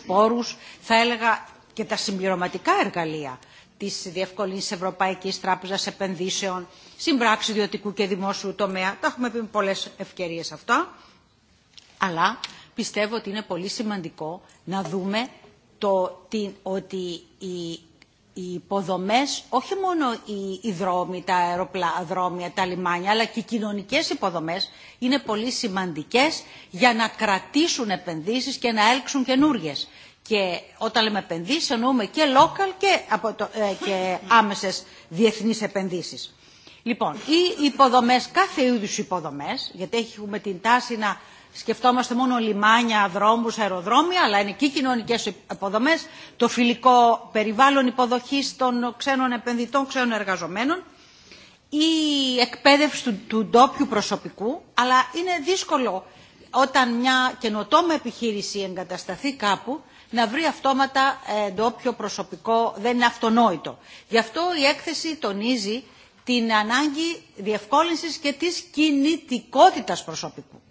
πόρους, θα έλεγα και τα συμπληρωματικά εργαλεία τη διευκολύνση Ευρωπαϊκή Τράπεζα Επενδύσεων, Συμπράξη ιδιωτικού και δημόσιου τομέα. Τα έχουμε πει με πολλές ευκαιρίες αυτά. Αλλά πιστεύω ότι είναι πολύ σημαντικό να δούμε το, ότι οι, οι υποδομές, όχι μόνο οι, οι δρόμοι, τα αεροδρόμια, τα λιμάνια, αλλά και οι κοινωνικές υποδομές είναι πολύ σημαντικές για να κρατήσουν επενδύσεις και να έλξουν καινούριε. Και όταν λέμε επενδύσει εννοούμε και local και, από το, ε, και άμεσες διεθνείς επενδύσεις. Λοιπόν, οι υποδομές, κάθε είδους υποδομές, γιατί έχουμε την τάση να σκεφτόμαστε μόνο λιμάνια, δρόμους, αεροδρόμια, αλλά είναι και οι κοινωνικές υποδομές, το φιλικό περιβάλλον υποδοχής των ξένων επενδυτών, ξένων εργαζομένων, η εκπαίδευση του, του ντόπιου προσωπικού, αλλά είναι δύσκολο όταν μια καινοτόμα επιχείρηση εγκατασταθεί κάπου να βρει αυτόματα ε, το όποιο προσωπικό δεν είναι αυτονόητο. Γι' αυτό η έκθεση τονίζει την ανάγκη διευκόλυνσης και της κινητικότητας προσωπικού.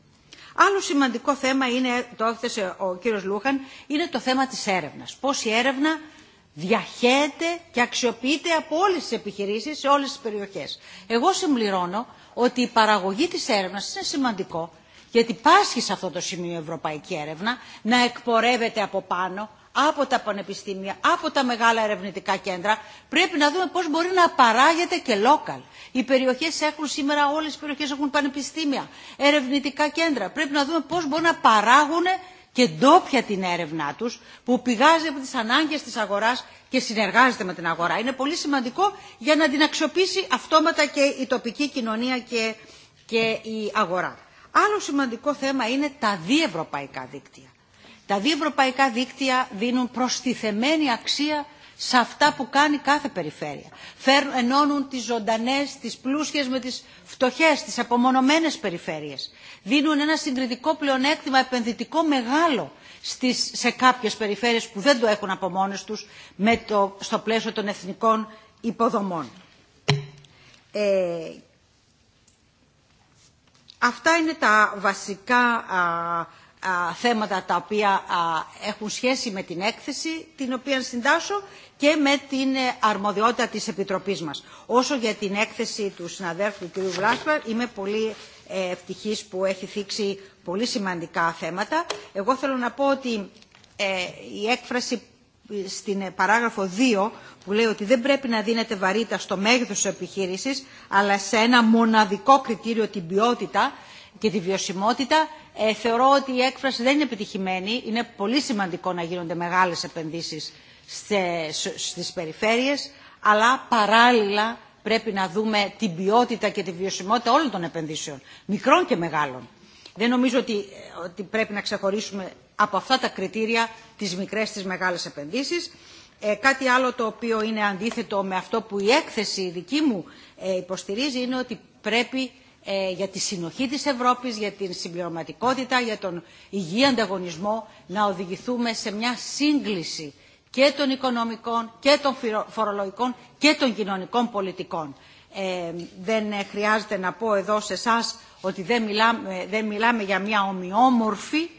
Άλλο σημαντικό θέμα είναι, το έθεσε ο κύριος Λούχαν, είναι το θέμα της έρευνας. Πώς η έρευνα διαχέεται και αξιοποιείται από όλες τις επιχειρήσεις σε όλες τις περιοχές. Εγώ συμπληρώνω ότι η παραγωγή της έρευνας είναι σημαντικό γιατί πάσχει σε αυτό το σημείο η ευρωπαϊκή έρευνα να εκπορεύεται από πάνω, από τα πανεπιστήμια, από τα μεγάλα ερευνητικά κέντρα. Πρέπει να δούμε πώς μπορεί να παράγεται και local. Οι περιοχές έχουν σήμερα, όλες οι περιοχές έχουν πανεπιστήμια, ερευνητικά κέντρα. Πρέπει να δούμε πώς μπορεί να παράγουν και ντόπια την έρευνά τους που πηγάζει από τις ανάγκες της αγοράς και συνεργάζεται με την αγορά. Είναι πολύ σημαντικό για να την αξιοποιήσει αυτόματα και η τοπική κοινωνία και, και η αγορά. Άλλο σημαντικό θέμα είναι τα διευρωπαϊκά δίκτυα. Τα διευρωπαϊκά δίκτυα δίνουν προστιθεμένη αξία σε αυτά που κάνει κάθε περιφέρεια. Φέρουν, ενώνουν τις ζωντανές, τις πλούσιες με τις φτωχές, τις απομονωμένες περιφέρειες. Δίνουν ένα συγκριτικό πλεονέκτημα επενδυτικό μεγάλο στις, σε κάποιες περιφέρειες που δεν το έχουν από μόνες τους με το, στο πλαίσιο των εθνικών υποδομών. Ε, Αυτά είναι τα βασικά θέματα τα οποία έχουν σχέση με την έκθεση την οποία συντάσσω και με την ε, αρμοδιότητα της Επιτροπής μας. Όσο για την έκθεση του συναδέλφου κ. Βλάσπαρ είμαι πολύ ε, ευτυχής που έχει θίξει πολύ σημαντικά θέματα. Εγώ θέλω να πω ότι ε, η έκφραση στην ε, παράγραφο 2 που λέει ότι δεν πρέπει να δίνεται βαρύτητα στο μέγεθος της επιχείρησης αλλά σε ένα μοναδικό κριτήριο την ποιότητα και τη βιωσιμότητα ε, θεωρώ ότι η έκφραση δεν είναι επιτυχημένη. Είναι πολύ σημαντικό να γίνονται μεγάλες επενδύσεις στι στις περιφέρειες αλλά παράλληλα πρέπει να δούμε την ποιότητα και τη βιωσιμότητα όλων των επενδύσεων, μικρών και μεγάλων. Δεν νομίζω ότι, ε, ότι πρέπει να ξεχωρίσουμε από αυτά τα κριτήρια της μικρές, τι μεγάλες επενδύσεις. Ε, κάτι άλλο το οποίο είναι αντίθετο με αυτό που η έκθεση δική μου ε, υποστηρίζει είναι ότι πρέπει ε, για τη συνοχή της Ευρώπης, για την συμπληρωματικότητα, για τον υγιή ανταγωνισμό να οδηγηθούμε σε μια σύγκληση και των οικονομικών και των φορολογικών και των κοινωνικών πολιτικών. δεν χρειάζεται να πω εδώ σε εσά ότι δεν μιλάμε, δεν μιλάμε για μια ομοιόμορφη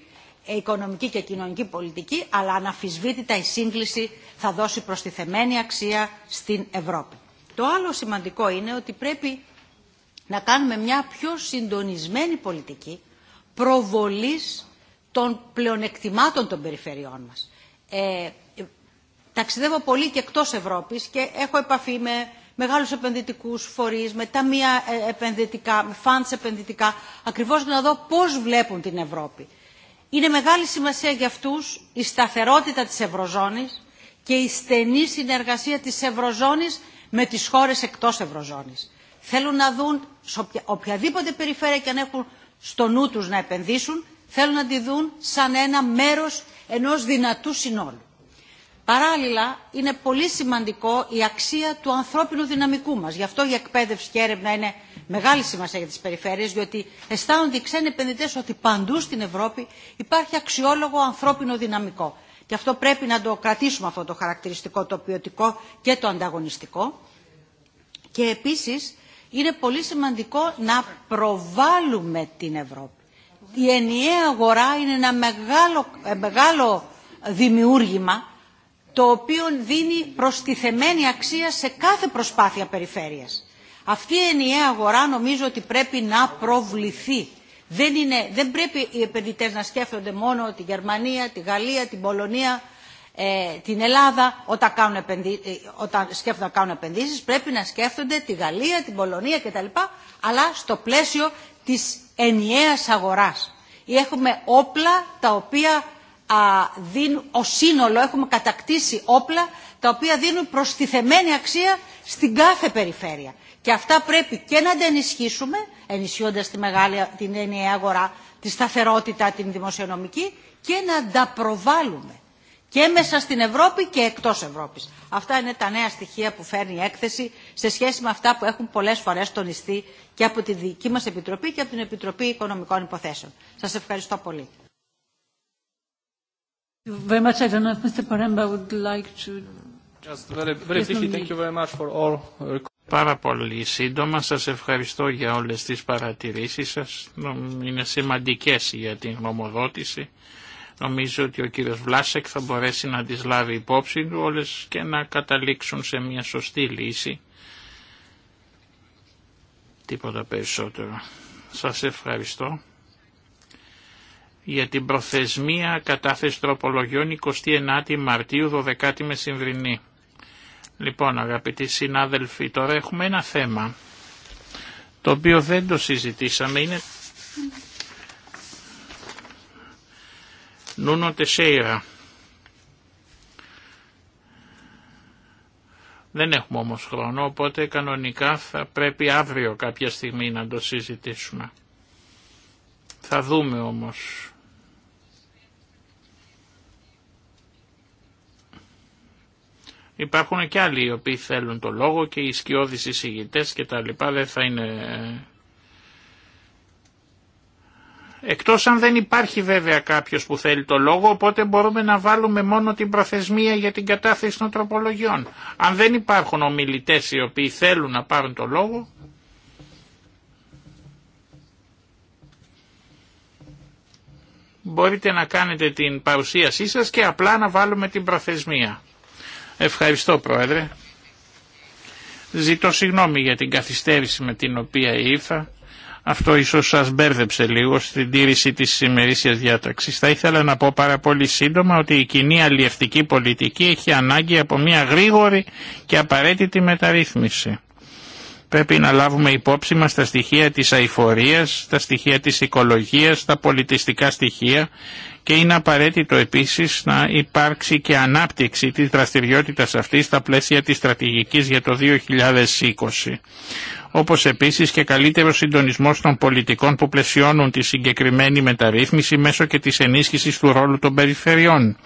ε, οικονομική και κοινωνική πολιτική, αλλά αναφυσβήτητα η σύγκληση θα δώσει προστιθεμένη αξία στην Ευρώπη. Το άλλο σημαντικό είναι ότι πρέπει να κάνουμε μια πιο συντονισμένη πολιτική προβολής των πλεονεκτημάτων των περιφερειών μας. Ε, ταξιδεύω πολύ και εκτός Ευρώπης και έχω επαφή με μεγάλους επενδυτικούς φορείς, με ταμεία ε, επενδυτικά, με φαντς επενδυτικά, ακριβώς να δω πώς βλέπουν την Ευρώπη. Είναι μεγάλη σημασία για αυτούς η σταθερότητα της Ευρωζώνης και η στενή συνεργασία της Ευρωζώνης με τις χώρες εκτός Ευρωζώνης. Θέλουν να δουν σε οποιαδήποτε περιφέρεια και αν έχουν στο νου τους να επενδύσουν, θέλουν να τη δουν σαν ένα μέρος ενός δυνατού συνόλου. Παράλληλα, είναι πολύ σημαντικό η αξία του ανθρώπινου δυναμικού μας. Γι' αυτό η εκπαίδευση και έρευνα είναι μεγάλη σημασία για τις περιφέρειες, διότι αισθάνονται οι ξένοι επενδυτές ότι παντού στην Ευρώπη υπάρχει αξιόλογο ανθρώπινο δυναμικό. Και αυτό πρέπει να το κρατήσουμε αυτό το χαρακτηριστικό, το ποιοτικό και το ανταγωνιστικό. Και επίσης είναι πολύ σημαντικό να προβάλλουμε την Ευρώπη. Η ενιαία αγορά είναι ένα μεγάλο, ε, μεγάλο δημιούργημα το οποίο δίνει προστιθεμένη αξία σε κάθε προσπάθεια περιφέρειας. Αυτή η ενιαία αγορά νομίζω ότι πρέπει να προβληθεί. Δεν, είναι, δεν πρέπει οι επενδυτέ να σκέφτονται μόνο τη Γερμανία, τη Γαλλία, την Πολωνία, ε, την Ελλάδα όταν, κάνουν ε, όταν σκέφτονται να κάνουν επενδύσεις. Πρέπει να σκέφτονται τη Γαλλία, την Πολωνία κτλ. Αλλά στο πλαίσιο της ενιαία αγοράς. Έχουμε όπλα τα οποία α, δίνουν, ο σύνολο, έχουμε κατακτήσει όπλα τα οποία δίνουν προστιθεμένη αξία στην κάθε περιφέρεια. Και αυτά πρέπει και να τα ενισχύσουμε, ενισχύοντας τη μεγάλη, την ενιαία αγορά, τη σταθερότητα, την δημοσιονομική, και να τα προβάλλουμε και μέσα στην Ευρώπη και εκτός Ευρώπης. Αυτά είναι τα νέα στοιχεία που φέρνει η έκθεση σε σχέση με αυτά που έχουν πολλές φορές τονιστεί και από τη δική μας Επιτροπή και από την Επιτροπή Οικονομικών Υποθέσεων. Σας ευχαριστώ πολύ. Πάρα πολύ σύντομα σας ευχαριστώ για όλες τις παρατηρήσεις σας. Είναι σημαντικές για την γνωμοδότηση. Νομίζω ότι ο κύριος Βλάσεκ θα μπορέσει να τις λάβει υπόψη του όλες και να καταλήξουν σε μια σωστή λύση. Τίποτα περισσότερο. Σας ευχαριστώ για την προθεσμία κατάθεση τροπολογιών 29 Μαρτίου 12 μεσημβρινή. Λοιπόν αγαπητοί συνάδελφοι, τώρα έχουμε ένα θέμα το οποίο δεν το συζητήσαμε. Είναι Νούνο Τεσέιρα. Δεν έχουμε όμως χρόνο, οπότε κανονικά θα πρέπει αύριο κάποια στιγμή να το συζητήσουμε. Θα δούμε όμως Υπάρχουν και άλλοι οι οποίοι θέλουν το λόγο και οι σκιώδεις εισηγητές και τα λοιπά δεν θα είναι... Ε, εκτός αν δεν υπάρχει βέβαια κάποιος που θέλει το λόγο, οπότε μπορούμε να βάλουμε μόνο την προθεσμία για την κατάθεση των τροπολογιών. Αν δεν υπάρχουν ομιλητές οι οποίοι θέλουν να πάρουν το λόγο, μπορείτε να κάνετε την παρουσίασή σας και απλά να βάλουμε την προθεσμία. Ευχαριστώ Πρόεδρε. Ζητώ συγγνώμη για την καθυστέρηση με την οποία ήρθα. Αυτό ίσως σας μπέρδεψε λίγο στην τήρηση της σημερίσίας διάταξης. Θα ήθελα να πω πάρα πολύ σύντομα ότι η κοινή αλλιευτική πολιτική έχει ανάγκη από μια γρήγορη και απαραίτητη μεταρρύθμιση. Πρέπει να λάβουμε υπόψη μας τα στοιχεία της αηφορίας, τα στοιχεία της οικολογίας, τα πολιτιστικά στοιχεία και είναι απαραίτητο επίσης να υπάρξει και ανάπτυξη της δραστηριότητας αυτής στα πλαίσια της στρατηγικής για το 2020 όπως επίσης και καλύτερο συντονισμό των πολιτικών που πλαισιώνουν τη συγκεκριμένη μεταρρύθμιση μέσω και της ενίσχυσης του ρόλου των περιφερειών.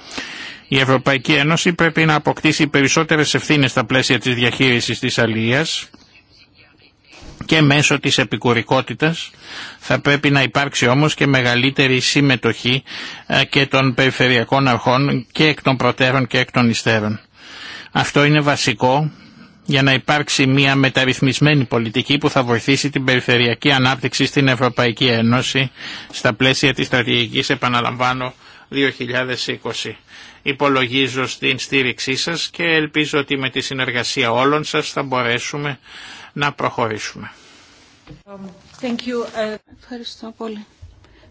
Η Ευρωπαϊκή Ένωση πρέπει να αποκτήσει περισσότερες ευθύνες στα πλαίσια της διαχείρισης της αλίας και μέσω της επικουρικότητας θα πρέπει να υπάρξει όμως και μεγαλύτερη συμμετοχή ε, και των περιφερειακών αρχών και εκ των προτέρων και εκ των υστέρων. Αυτό είναι βασικό για να υπάρξει μια μεταρρυθμισμένη πολιτική που θα βοηθήσει την περιφερειακή ανάπτυξη στην Ευρωπαϊκή Ένωση στα πλαίσια της στρατηγικής επαναλαμβάνω 2020. Υπολογίζω στην στήριξή σας και ελπίζω ότι με τη συνεργασία όλων σας θα μπορέσουμε να προχωρήσουμε. Thank you. Ε, Ευχαριστώ πολύ.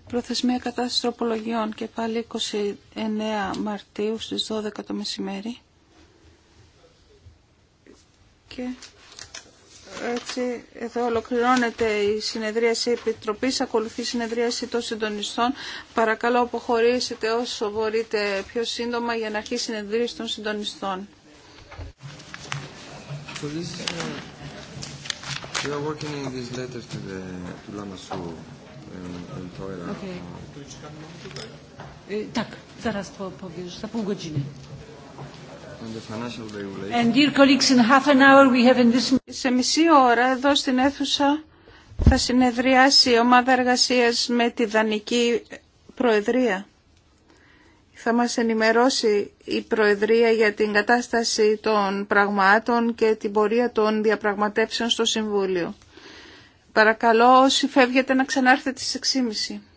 Προθεσμία κατάσταση τροπολογιών και πάλι 29 Μαρτίου στις 12 το μεσημέρι. Και έτσι εδώ ολοκληρώνεται η συνεδρίαση επιτροπής, ακολουθεί η συνεδρίαση των συντονιστών. Παρακαλώ αποχωρήσετε όσο μπορείτε πιο σύντομα για να αρχίσει η συνεδρίαση των συντονιστών. We working in these letters to the Σε μισή ώρα εδώ στην αίθουσα θα συνεδριάσει η ομάδα εργασίας με τη Δανική Προεδρία θα μας ενημερώσει η Προεδρία για την κατάσταση των πραγμάτων και την πορεία των διαπραγματεύσεων στο Συμβούλιο. Παρακαλώ όσοι φεύγετε να ξανάρθετε στις 6.30.